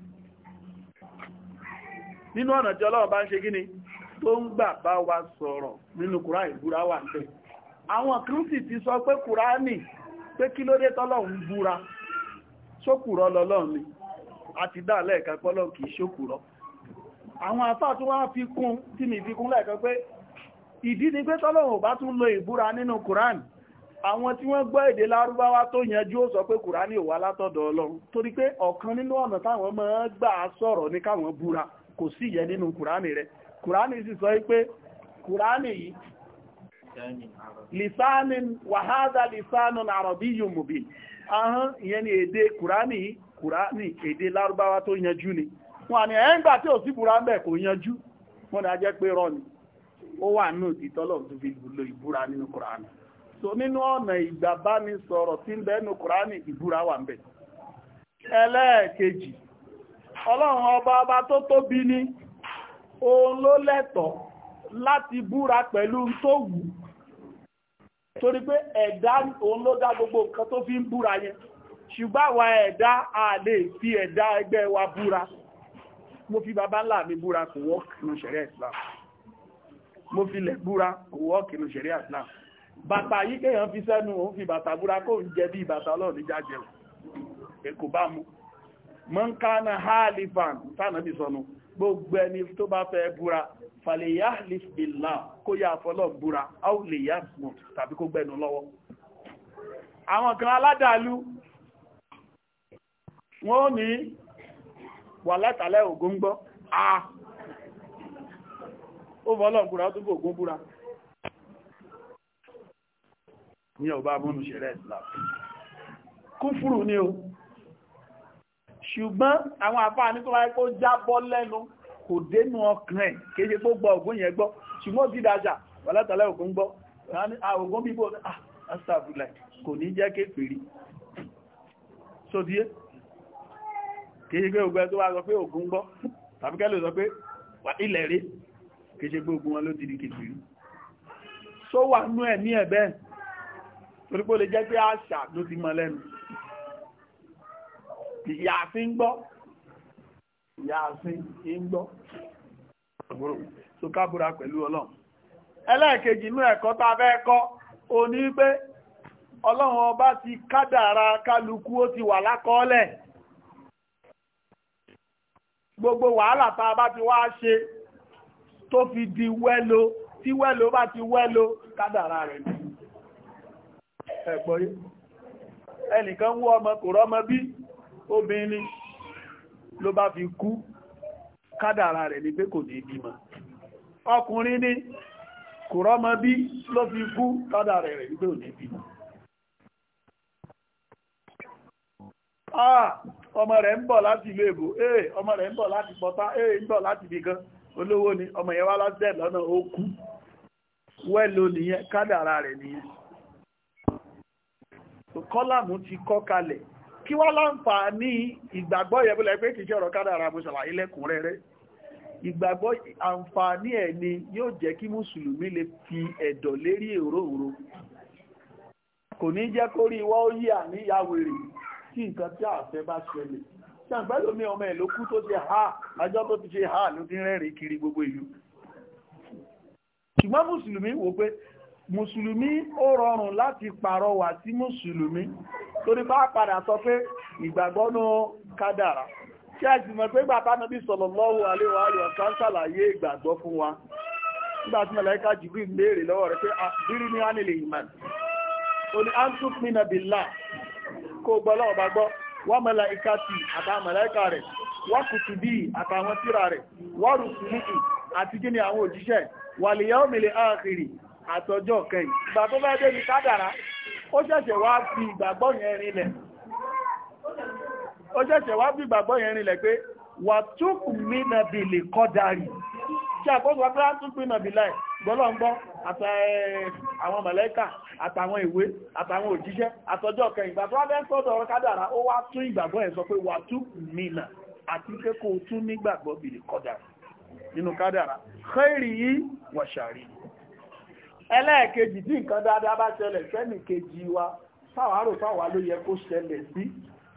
nínú ọ̀nà tí Ọlọ́run bá ń ṣe gíní tó ń gbà bá wa sọ̀rọ̀ nínú kùrá ìbúra wà ń bẹ̀ àwọn kan sì ti sọ pé kùránì pé kí ló dé tọ́lọ́run búra ṣókùrọ̀ lọ́lọ́run ni àti dá lẹ́ẹ̀kan pọ́lọ́ kìí ṣókùrọ̀ àwọn àfáà tó wá fi kún tí mi fi kún lẹ́ẹ̀kan pé ìdí ni pé tọ́lọ́run ò bá tún lo ìbúra nínú kùránì àwọn tí wọ́n gbọ́ èdè lárúbáwá tó yanjú ó sọ pé kùránì ò wá látọ̀dọ̀ ọlọ́run torí pé ọ̀kan nínú ọ̀nà táwọn máa gbà sọ̀rọ̀ ní káwọn búra kò sí yẹ nínú kùránì rẹ̀ kùránì sì sọ pé kùránì yìí lisanin wàhádà lisanin arabiyyun mubin ahán ìyẹn ni èdè kùránì yìí kùránì èdè lárúbáwá tó yanjú ni wọ́n ní ẹ̀ńgbà tí ò sí búra ń bẹ̀ kò yanjú wọ́n ní a jẹ́ pé rọ́ ni ó wà ní òtítọ́lọ̀ tó fi lo ìbúra nínú kùránì so nínú ọ̀nà ìgbàbánisọ̀rọ̀ tí ń bẹ nínú kùránì ìbúra wà ń bẹ ẹlẹ́ẹ̀kejì ọlọ́run ọba ọba tó tóbi ni òun ló lẹ́tọ̀ láti búra pẹ̀lú tó wù torí pé ẹ̀dá òun ló dá gbogbo nǹkan tó fi ń búra yẹn ṣùgbọ́n àwa ẹ̀dá a fi ẹ̀dá ẹgbẹ́ wa búra mo fi bàbá ńlá mi búra kò wọ́ kìnnú ṣẹ̀rẹ́ Islam mo fi lẹ̀ búra kò wọ́ kìnnú ṣẹ̀rẹ́ Islam bàtà yìí kéèyàn fi sẹ́nu òun fi bàtà búra kó ń jẹ bí bàtà ọlọ́run ní jájẹun kò bá mu mọ́nkánà halifan tánàbí sọnù gbogbo ẹni tó bá fẹ́ búra fàlèyà lìfìlà kó yá fọ́lọ̀ búra áwùlèyà mọ̀ tàbí kó gbẹ̀nù lọ́wọ́ àwọn kan aládàálú wọ́n ní wà látàlẹ́ ògún gbọ́ a ó fọ́lọ̀ búra ó tún fò ògún búra ní ọba mọ́nu ṣẹ̀rẹ̀ ìsìlá kúfùrù ni o ṣùgbọ́n àwọn àfáàní tó wáyé kó jábọ́ lẹ́nu kò dénú ọkàn ẹ̀ kéṣe tó gbọ́ ògùn yẹn gbọ́ ṣùgbọ́n ó ti dájà wàlátàlẹ́ ògùn gbọ́ ògùn bíbò ah, astagfirullah kò ní jẹ́ kéfèrí sódíé kéṣe pé ògùn ẹ tó wá sọ pé ògùn gbọ́ tàbí kẹ́lẹ̀ sọ pé ilẹ̀ rí kéṣe pé ògùn wọn ló ti di kéfèrí só nú ẹ̀ ní ẹ̀bẹ́ torípó lè jẹ́ pé àṣà ló ti mọ lẹ́nu ìyàfin gbọ́ ìyàfin ń gbọ́ ṣokábúra pẹ̀lú ọlọ́run ẹlẹ́ẹ̀kejì inú ẹ̀kọ́ ta fẹ́ kọ́ o ní ọlọ́run ọba ti kádàrá kálukú ó ti wà lákọọ́lẹ̀ gbogbo wàhálà ta bá ti wá ṣe tó fi di wẹ́lo tí wẹ́lo bá ti wẹ́lo rẹ̀ ọmọ kò obìnrin ló bá fi kú kádàrà rẹ̀ ní pé kò ní ma ọkùnrin ní kò rọ́mọ bí ló fi kú kádàrà rẹ̀ ní pé kò ní ah ọmọ rẹ̀ ń láti e, ọmọ rẹ̀ ń láti pọta eh ń láti olówó ni ọmọ kí wá ní ìgbàgbọ́ ìyẹ̀bílẹ̀ pé kìí ṣọ́rọ̀ ọ̀rọ̀ kádàrà bó ṣàlàyé lẹ́kùnrẹ́rẹ́ ìgbàgbọ́ àǹfà ní ni yóò jẹ́ kí mùsùlùmí lè fi ẹ̀dọ̀ lérí òróòró kò ní jẹ́ kó rí wọ́n yí àníyá wèrè tí nǹkan tí àfẹ́ bá ṣẹlẹ̀ tí ọmọ ẹ̀ ló kú ha lájọ́ tó ti ṣe ha ló ti kiri gbogbo ìlú ṣùgbọ́n mùsùlùmí wò pé mùsùlùmí ó rọrùn láti pàrọwà sí mùsùlùmí torí bá padà sọ pé ìgbàgbọ́nú kádàrà tí a sì mọ̀ pé bàbá nàbí sallallahu alaihi wa sallam ṣàlàyé ìgbàgbọ́ fún wa nígbà tí màláíkà Jibril léèrè lọ́wọ́ rẹ̀ pé àbírí ní ánìlè ìmàn ó ní antukmina billah kó gbọ́ lọ́wọ́ bá gbọ́ wọ́n màláíkà ti àbá màláíkà rẹ̀ wọ́n kutubi àtàwọn tírà rẹ̀ wọ́n rùsùlùmí àti gíní àwọn òjíṣẹ́ wal yawmil akhir àtọjọ́ kẹyìn ìgbà tó bẹ́ẹ̀ débi kádàrá ó ṣẹ̀ṣẹ̀ wá fi ìgbàgbọ́ yẹn rinlẹ̀ ó ṣẹ̀ṣẹ̀ wá fi ìgbàgbọ́ yẹn rinlẹ̀ pé wà túkù mí nàbì lè kọ́ darí ṣe àkóso ọgbà túkù mí nàbì láì gbọ́lọ́ngbọ́ àtàwọn mọ̀lẹ́kà àtàwọn ìwé àtàwọn òjíṣẹ́ àtọjọ́ kẹyìn ìgbà tó wá bẹ́ẹ̀ sọ́dọ̀ ọ̀rọ̀ kádàrá ó wá tún ìgbàgbọ́ yẹn sọ pé wà túkù mí àti pé tún nígbàgbọ́ bìlì kọ́ darí nínú kádàrá khairihi wa sharihi ẹlẹ́ẹ̀kejì tí nǹkan dáadáa bá ṣẹlẹ̀ sẹ́nì kejì wa táwa rò fáwa ló yẹ kó ṣẹlẹ̀ sí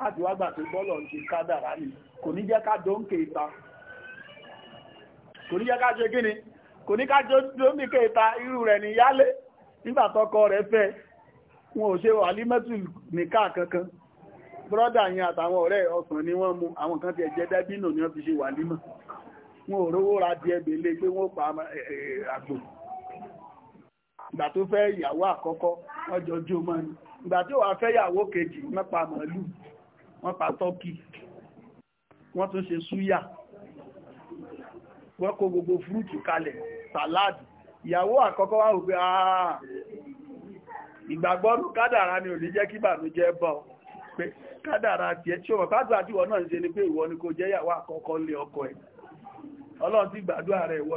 láti wá gbà pé bọ́lọ̀ ti kádàrá ni kò ní jẹ́ ká dóńkè ìta kò ní jẹ́ ká ṣe kíni kò ní ká ìta irú rẹ̀ ní yálé nígbà tọkọ rẹ̀ fẹ́ wọn ò ṣe nìka kankan yẹn àtàwọn ọ̀rẹ́ ni wọ́n mu àwọn kan ti eje dẹ́bínù ni wọ́n fi ṣe wọn ò rówó ra ìgbà tó fẹ́ ìyàwó àkọ́kọ́ ọjọ́ jọmọ́ ni ìgbà tó wà fẹ́ ìyàwó kejì wọ́n pa wọ́n pa tọ́kì wọ́n tún ṣe súyà wọ́n kó gbogbo fúrúùtù kalẹ̀ sàláàdì ìyàwó àkọ́kọ́ wá wùgbé àà ìgbàgbọ́nù kádàrá ni ò ní jẹ́ kí bọ́ pé tí ó mọ̀ ọkọ ẹ̀ ọlọ́run ti gbàdúrà rẹ̀ ìwọ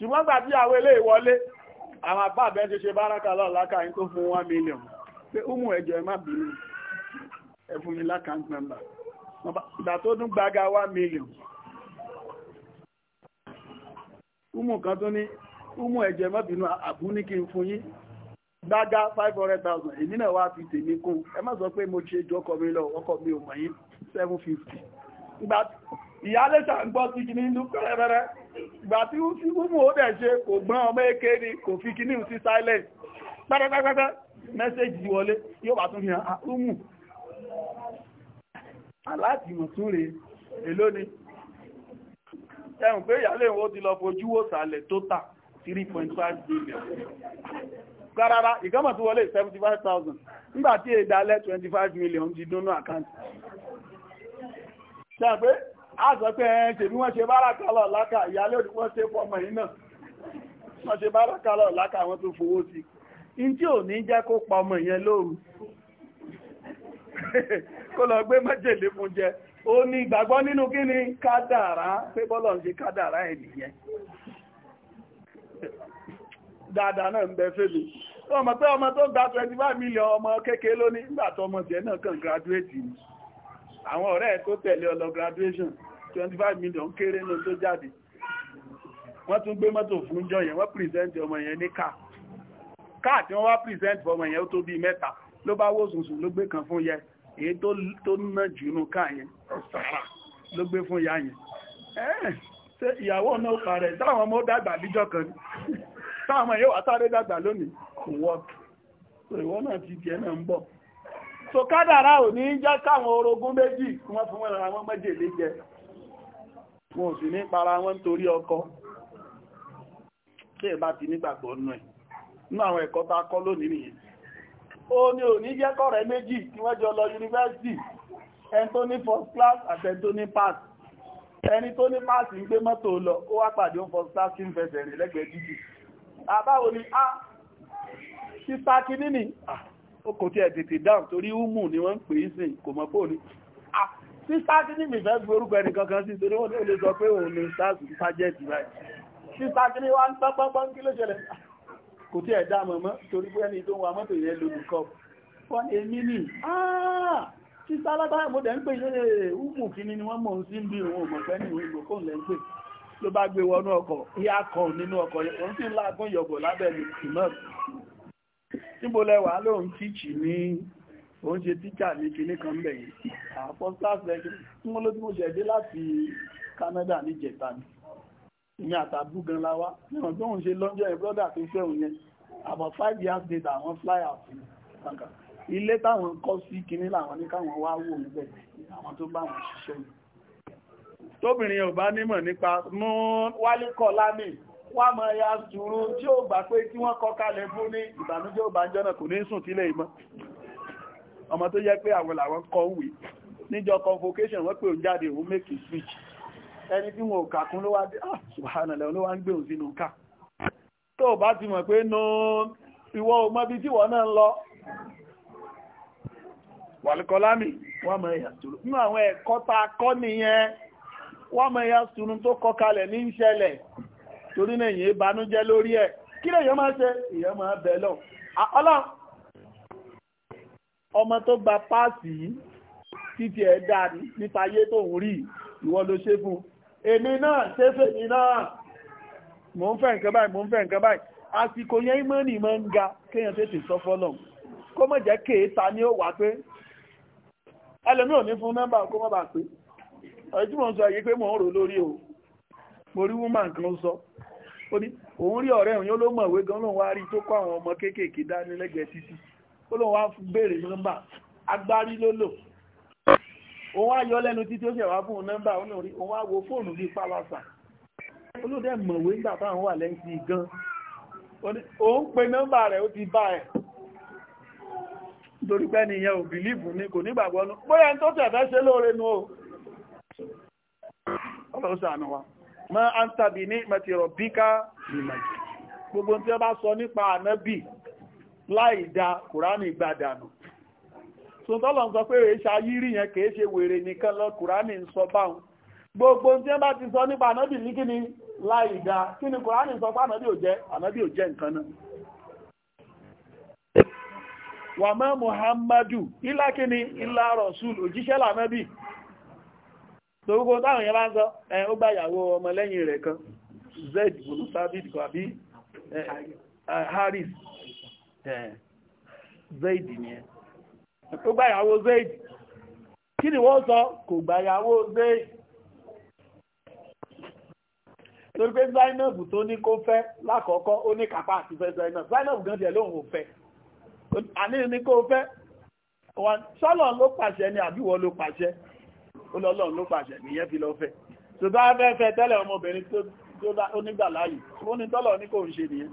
ṣùgbọ́n gbà tí àwọn ilé ìwọlé àwọn àbá àbẹ́ ṣe ṣe báraka lọ́láka yìí tó fún 1 million pé ó mú ẹjọ́ ẹ má bínú ẹ fún mi lákàntì nọ́mbà ìgbà tó dún gbaga 1 million umu kan tó ní umu ẹjọ́ ẹ má bínú àbú ní kí n fún yín gbaga 500,000 èmi náà wá fi tèmi kún ẹ má sọ pé mo ṣe ju ọkọ mi lọ ọkọ mi ò mọ̀ yín 750 ìyálé ṣàǹgbọ́ sí kí ní lúkọ́ rẹ́rẹ́rẹ́ ìgbà tí ó ti gúnmù ó dẹ̀ ṣe kò gbọ́n ọmọ èké ni kò fi kí ní ìtí silence pátápátá mẹ́sẹ̀jì wọlé yóò bá tún fi hàn áhùnmù ah, aláàtìmọ̀ tún rèé èló ni ẹ̀rùn pé ìyálé ìwọ́n ti lọ fojú wò sàlẹ̀ tótà 3.5 billion rárá ìgbọ́mọ̀ tó wọlé 75,000 nígbàtí èdè alẹ́ 25 million ti dúnú àkáǹtì a sọ wọ́n ṣe bárakálọ̀ láka ìyálé òdí wọ́n ṣe wọ́n ṣe bárakálọ̀ wọn tó fowó sí in tí ò ní jẹ́ ọmọ yẹn lóru kó lọ gbé májèlé fún jẹ ó ní ìgbàgbọ́ nínú kí ni kádàrá pé bọ́lọ̀ ṣe kádàrá ẹ̀ ọmọ àwọn 25 million kéré náà tó jáde wọ́n tún gbé mọ́tò fún jọ yẹn wọ́n present ọmọ yẹn ní káà káà tí wọ́n wá present ọmọ yẹn ó tó bí mẹ́ta ló bá wó sùnsùn ló gbé kan fún yẹ èyí tó ná jùnú káà yẹn ọ̀sára ló gbé fún ya yẹn ẹ́ẹ̀ ṣe ìyàwó náà parẹ̀ táwọn ọmọ dàgbà níjọ́ kan táwọn ọmọ yóò wá sáré dàgbà lónìí kò wọ́ọ̀kì ìwọ náà ti jẹ́ náà ń bọ̀ wọn ò sì ní para wọn torí ọkọ tí ẹ ti nígbàgbọ́ nù ẹ̀ nínú àwọn ẹ̀kọ́ tá a kọ́ lónìí nìyẹn ó ní ò ní jẹ́kọ̀ rẹ̀ méjì tí wọ́n jọ lọ yunifásitì ẹni tó ní first class àti ẹni tó ní pass ẹni tó ní pass ń gbé mọ́tò lọ ó wá pàdé first class kí ń fẹsẹ̀ rìn lẹ́gbẹ̀ẹ́ títì a sísá kínní ni ó kò tiẹ̀ tètè dáhùn torí húmù ni wọ́n ń pè é sí sáàtì ní ìfẹ́ fi orúkọ ẹni kankan sí torí wọ́n lè sọ pé òun lè sáàtì ní sájẹ́ẹ̀tì báyìí sí sáàtì ní wá ń pọ́npọ́n kí ló ṣẹlẹ̀ kò tí ẹ̀ dá mọ̀mọ́ torí pé ẹni tó ń wa mọ́tò yẹn lólùkọ́ fún èmi ní sí sálábà mo dẹ̀ ń pè ṣe ùmù kíní ni wọ́n mọ̀ ń sí ń bí òun òmò fẹ́ nìwé ìgbòkóhùn lẹ́ ń pè ló bá gbé wọnú ọkọ̀ ìyá kan nínú ọkọ̀ yẹn òun sì ń lágún yọ̀bọ̀ lábẹ́ mi ìmọ̀ níbo lẹwàá lóun tíìchì ní ó ń ṣe tíjà ní kinní kan bẹ̀yìn apostles lẹ́gbẹ̀ẹ́ tí wọ́n ló tí mo ṣẹ̀dé láti Canada ní jẹta ni ìyẹn àtàbù gan la wá níwọ̀n tó ń ṣe lọ́jọ́ ẹ̀ brọ́dà tó fẹ́ yẹn about five years later àwọn fly out ilé táwọn kọ́ sí kinní làwọn ní káwọn wá wò níbẹ̀ àwọn tó bá wọn ṣiṣẹ́ yìí tóbìnrin ò bá nímọ̀ nípa mú wálíkọ̀ lámì wá mọ̀ ya sùúrù tí ó gbà pé kí wọ́n kọ kalẹ̀ fún ní ìbànújẹ́ ò bá jọ́nà kò ní sùn tílé ìmọ̀ ọmọ tó yẹ pé àwọn làwọn kọ́ wì níjọ convocation wọ́n pé òun jáde òun make a speech. ẹni tí wọn ò kàkún ló wá dé ah subhanallah ló wá ń gbé òun sínú ká tó o bá ti mọ̀ pé no ìwọ ò mọ bí tí wọ́n náà ń lọ wàlùkọ́lámì wọ́n mọ̀ ẹ̀yà sùnú nínú àwọn ẹ̀kọ́ tá a kọ́ nìyẹn wọ́n mọ̀ ẹ̀yà sùnú tó kọ́ kalẹ̀ ní ìṣẹ̀lẹ̀ torí náà èyàn ìbànújẹ́ lórí ẹ̀ kí lèyàn máa ṣe èyàn máa bẹ̀ lọ ah, ọmọ tó gba páàsì yìí títí ẹ̀ dáa nípa ayé tó ń rí ìwọ ló ṣe fún èmi náà ṣe fèmi náà mò ń fẹ́ nǹkan báyìí mò ń fẹ́ nǹkan báyìí àsìkò yẹn ìmọ̀ọ́nì máa ń ga kéèyàn tètè sọ fọ́lọ̀ kó mọ̀ jẹ́ kéèta ni ó wà pé ẹlòmí ò ní fún nọ́mbà kó mọ̀ bà pé ọ̀rẹ́ tí mò ń sọ yìí pé mò ń rò lórí o mo rí wúmà nǹkan sọ ó ní òun rí ọ̀rẹ́ òun yóò ló mọ̀ ìwé gan lòun wá rí tó kọ́ àwọn ọmọ kéékèèké dání lẹ́gbẹ̀ẹ́ títí ó lóun wá béèrè nọ́mbà agbárí ló lò òun á yọ lẹ́nu títí ó ṣẹ̀wá fún nọ́mbà òun rí òun á wo fóònù bíi pálásà olóòdẹ mọ̀wé nígbà táwọn wà lẹ́yìn sí gan òun pe nọ́mbà rẹ̀ ó ti bá ẹ̀ nítorí pé nìyẹn ò bìlíìfù ni kò nígbàgbọ́ nú bóyá tó tẹ̀fẹ́ ṣe lóore nu o ọlọ́run ṣàánú wa mọ́ àǹtàbí ní mẹ́tìrọ̀ bíkà gbogbo tí wọ́n bá sọ nípa ànábì láì da kùránì gbàdànù tó tọ́lọ̀ ń sọ pé èyí ṣayírí yẹn kìí ṣe wèrè nìkan lọ kùránì ń sọ gbogbo tí wọ́n ti sọ nípa ànábì ní ni. láì da kíni kùránì sọ pé ànábì ò jẹ́ ànábì ò jẹ́ nǹkan náà wàmọ́ muhammadu ilá ilá òjíṣẹ́ táwọn yẹn bá gbà ìyàwó ọmọlẹ́yìn rẹ̀ kan haris zaid nìyẹn ó gba ìyàwó zaid kí ni wọ́n sọ kò gba ìyàwó zaid torí pé zainab tó ní kó fẹ́ lákọ̀ọ́kọ́ ó ní kápá àti fẹ́ zainab zainab gan tiẹ̀ lóhùn ò fẹ́ àní ní kó fẹ́ sọ́lọ̀ ló pàṣẹ ni àbíwọ ló pàṣẹ olọ́lọ́run ló pàṣẹ nìyẹn fi lọ fẹ́ tó bá fẹ́ fẹ́ tẹ́lẹ̀ ọmọbìnrin tó nígbà láàyè ó ní tọ́lọ̀ ní kò ń ṣe nìyẹn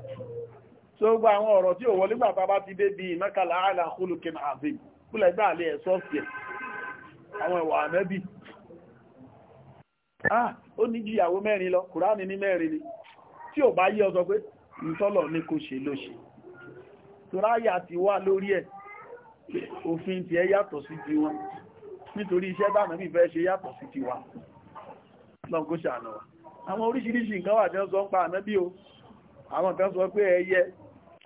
so gbogbo àwọn ọ̀rọ̀ tí ò wọlé gbà bá bá ti dé bí mẹ́kàlá àìlà kúlùkín àzim kúlẹ̀ gbà lè ẹ̀sọ́ sí ẹ̀ àwọn ẹ̀wà àmẹ́bí ah ó ní ju ìyàwó mẹ́rin lọ kùránì ní mẹ́rin ni tí ò bá yé ọ sọ pé ìtọ́lọ̀ ní kò ṣe ló ṣe tòráyà ti wá lórí ẹ̀ òfin ti ẹ yàtọ̀ sí ti wọn nítorí iṣẹ́ bá nàbí fẹ́ ṣe yàtọ̀ sí ti wa lọ́n kó ṣàánà àwọn oríṣiríṣi nǹkan wà tí wọ́n sọ ń pa àmẹ́bí o àwọn kan sọ pé ẹyẹ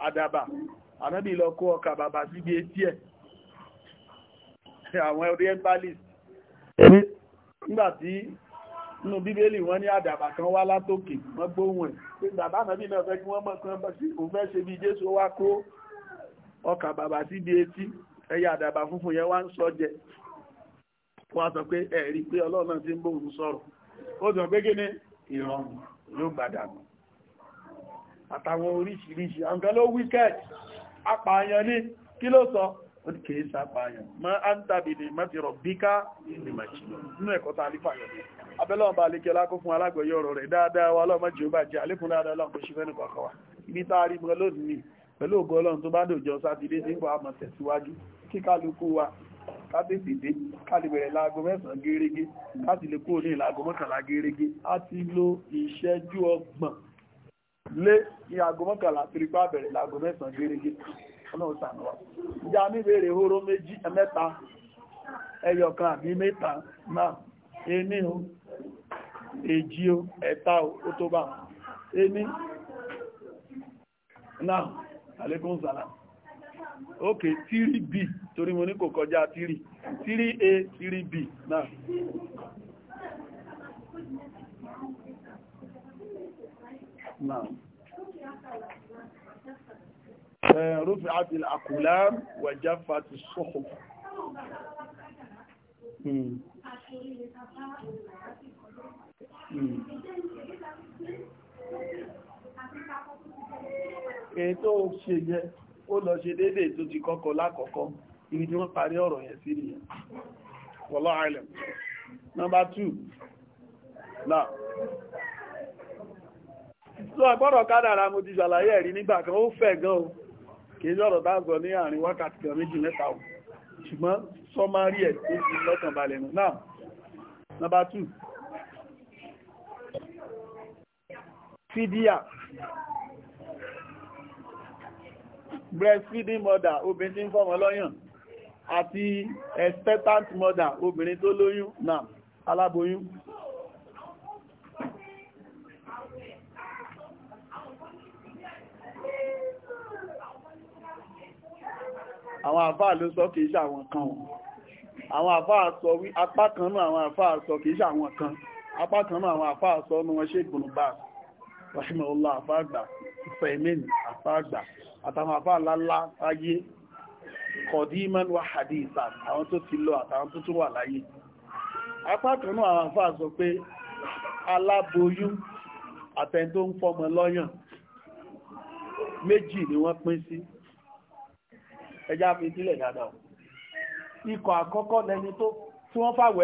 Adaba, ànábì lọ kó ọkà bàbà síbi etí ẹ̀ àwọn orientalist nígbàtí nínú bíbélì wọ́n ní àdàbà kan wá látòkè wọ́n gbóhùn ẹ̀ pé bàbá ànábì náà fẹ́ kí wọ́n mọ̀ kan bọ́ sí òun fẹ́ ṣe bí jésù wá kó ọkà bàbà síbi etí ẹyà àdàbà funfun yẹn wá ń sọ jẹ wọ́n sọ pé ẹ̀rí pé ọlọ́run ti ń bóhùn sọ̀rọ̀ ó sọ pé kí ni ìrọ̀rùn ló gbàdàgbà àtàwọn oríṣiríṣi àǹkan ló wíkẹ́t apààyàn ní kí ló sọ ó ní kìí sàpààyàn ma a ń tàbìdì mẹ́tì rọ̀ bíká ní màṣínà nínú ẹ̀kọ́ ta alífà yọ̀dẹ̀ abẹ́lọ́wọ̀n bá alékẹ́ lákó fún alágbẹ̀yọ́ ọ̀rọ̀ rẹ̀ dáadáa wa ọlọ́mọ jù bá jẹ́ alékún dáadáa ọlọ́run kò ṣe fẹ́nu kọ̀ọ̀kan wa a rí mọ́ lónìí pẹ̀lú ògo ọlọ́run tó bá dòjọ sátidé sí ipò àmọ̀ tẹ̀síwájú kí kálukú wa kábèsì dé káàdì bẹ̀rẹ̀ mẹ́sàn-án gérégé láti lè kúrò ní ìlàgọ́ mọ́kànlá gérégé á ti lo ìṣẹ́jú ọgbọ̀n lé ní aago mọ́kànlá tìrìpá bẹ̀rẹ̀ láago mẹ́sàn-án gẹ́gẹ́ ọlọ́run sànúwà ìjà mi béèrè horo méjì mẹ́ta ẹyọkan àbí mẹ́ta náà ení o èjì o ẹ̀ta o tó bá náà sàlá ok 3b torí mo ní kò kọjá 3 3a 3b náà rúfin àti àkùlá wàjáfà ti sọ́kọ̀ ètò ṣe yẹ ó lọ ṣe dédé tó ti kọ́kọ́ lákọ̀ọ́kọ́ ibi tí wọ́n parí ọ̀rọ̀ yẹn sí nìyẹn wọ́lọ́ island number two now lọ gbọ́dọ̀ kádàrà mo ti ṣàlàyé ẹ̀rí nígbà kan ó fẹ̀ gan o kì í sọ̀rọ̀ dáàgbọ́ ní àárín wákàtí kan méjì mẹ́ta o ṣùgbọ́n sọmarí ẹ̀ tó fi lọ́kàn balẹ̀ nù náà nọmba 2 fídíà breastfeeding mother obìnrin tí ń fọ́mọ lọ́yàn àti expectant mother obìnrin tó lóyún náà aláboyún àwọn àfáà ló sọ kìí ṣe àwọn kan wọn àwọn àfáà sọ wí apá kan náà àwọn àfáà sọ kìí ṣe àwọn kan apá kan náà àwọn àfáà sọ ní wọn ṣe gbùnùbà rahimahullah àfáàgbà fẹ̀mìn àfáàgbà àtàwọn àfáà lálá ayé kọ̀díman wa hadithan àwọn tó ti lọ àtàwọn tó tún wà láyé apá kan náà àwọn àfáà sọ pé aláboyún àtẹni tó ń fọmọ lọ́yàn méjì ni wọ́n pín sí ẹjá fi sílẹ̀ dáadáa ikọ̀ àkọ́kọ́ lẹni tó tí wọ́n fàwẹ́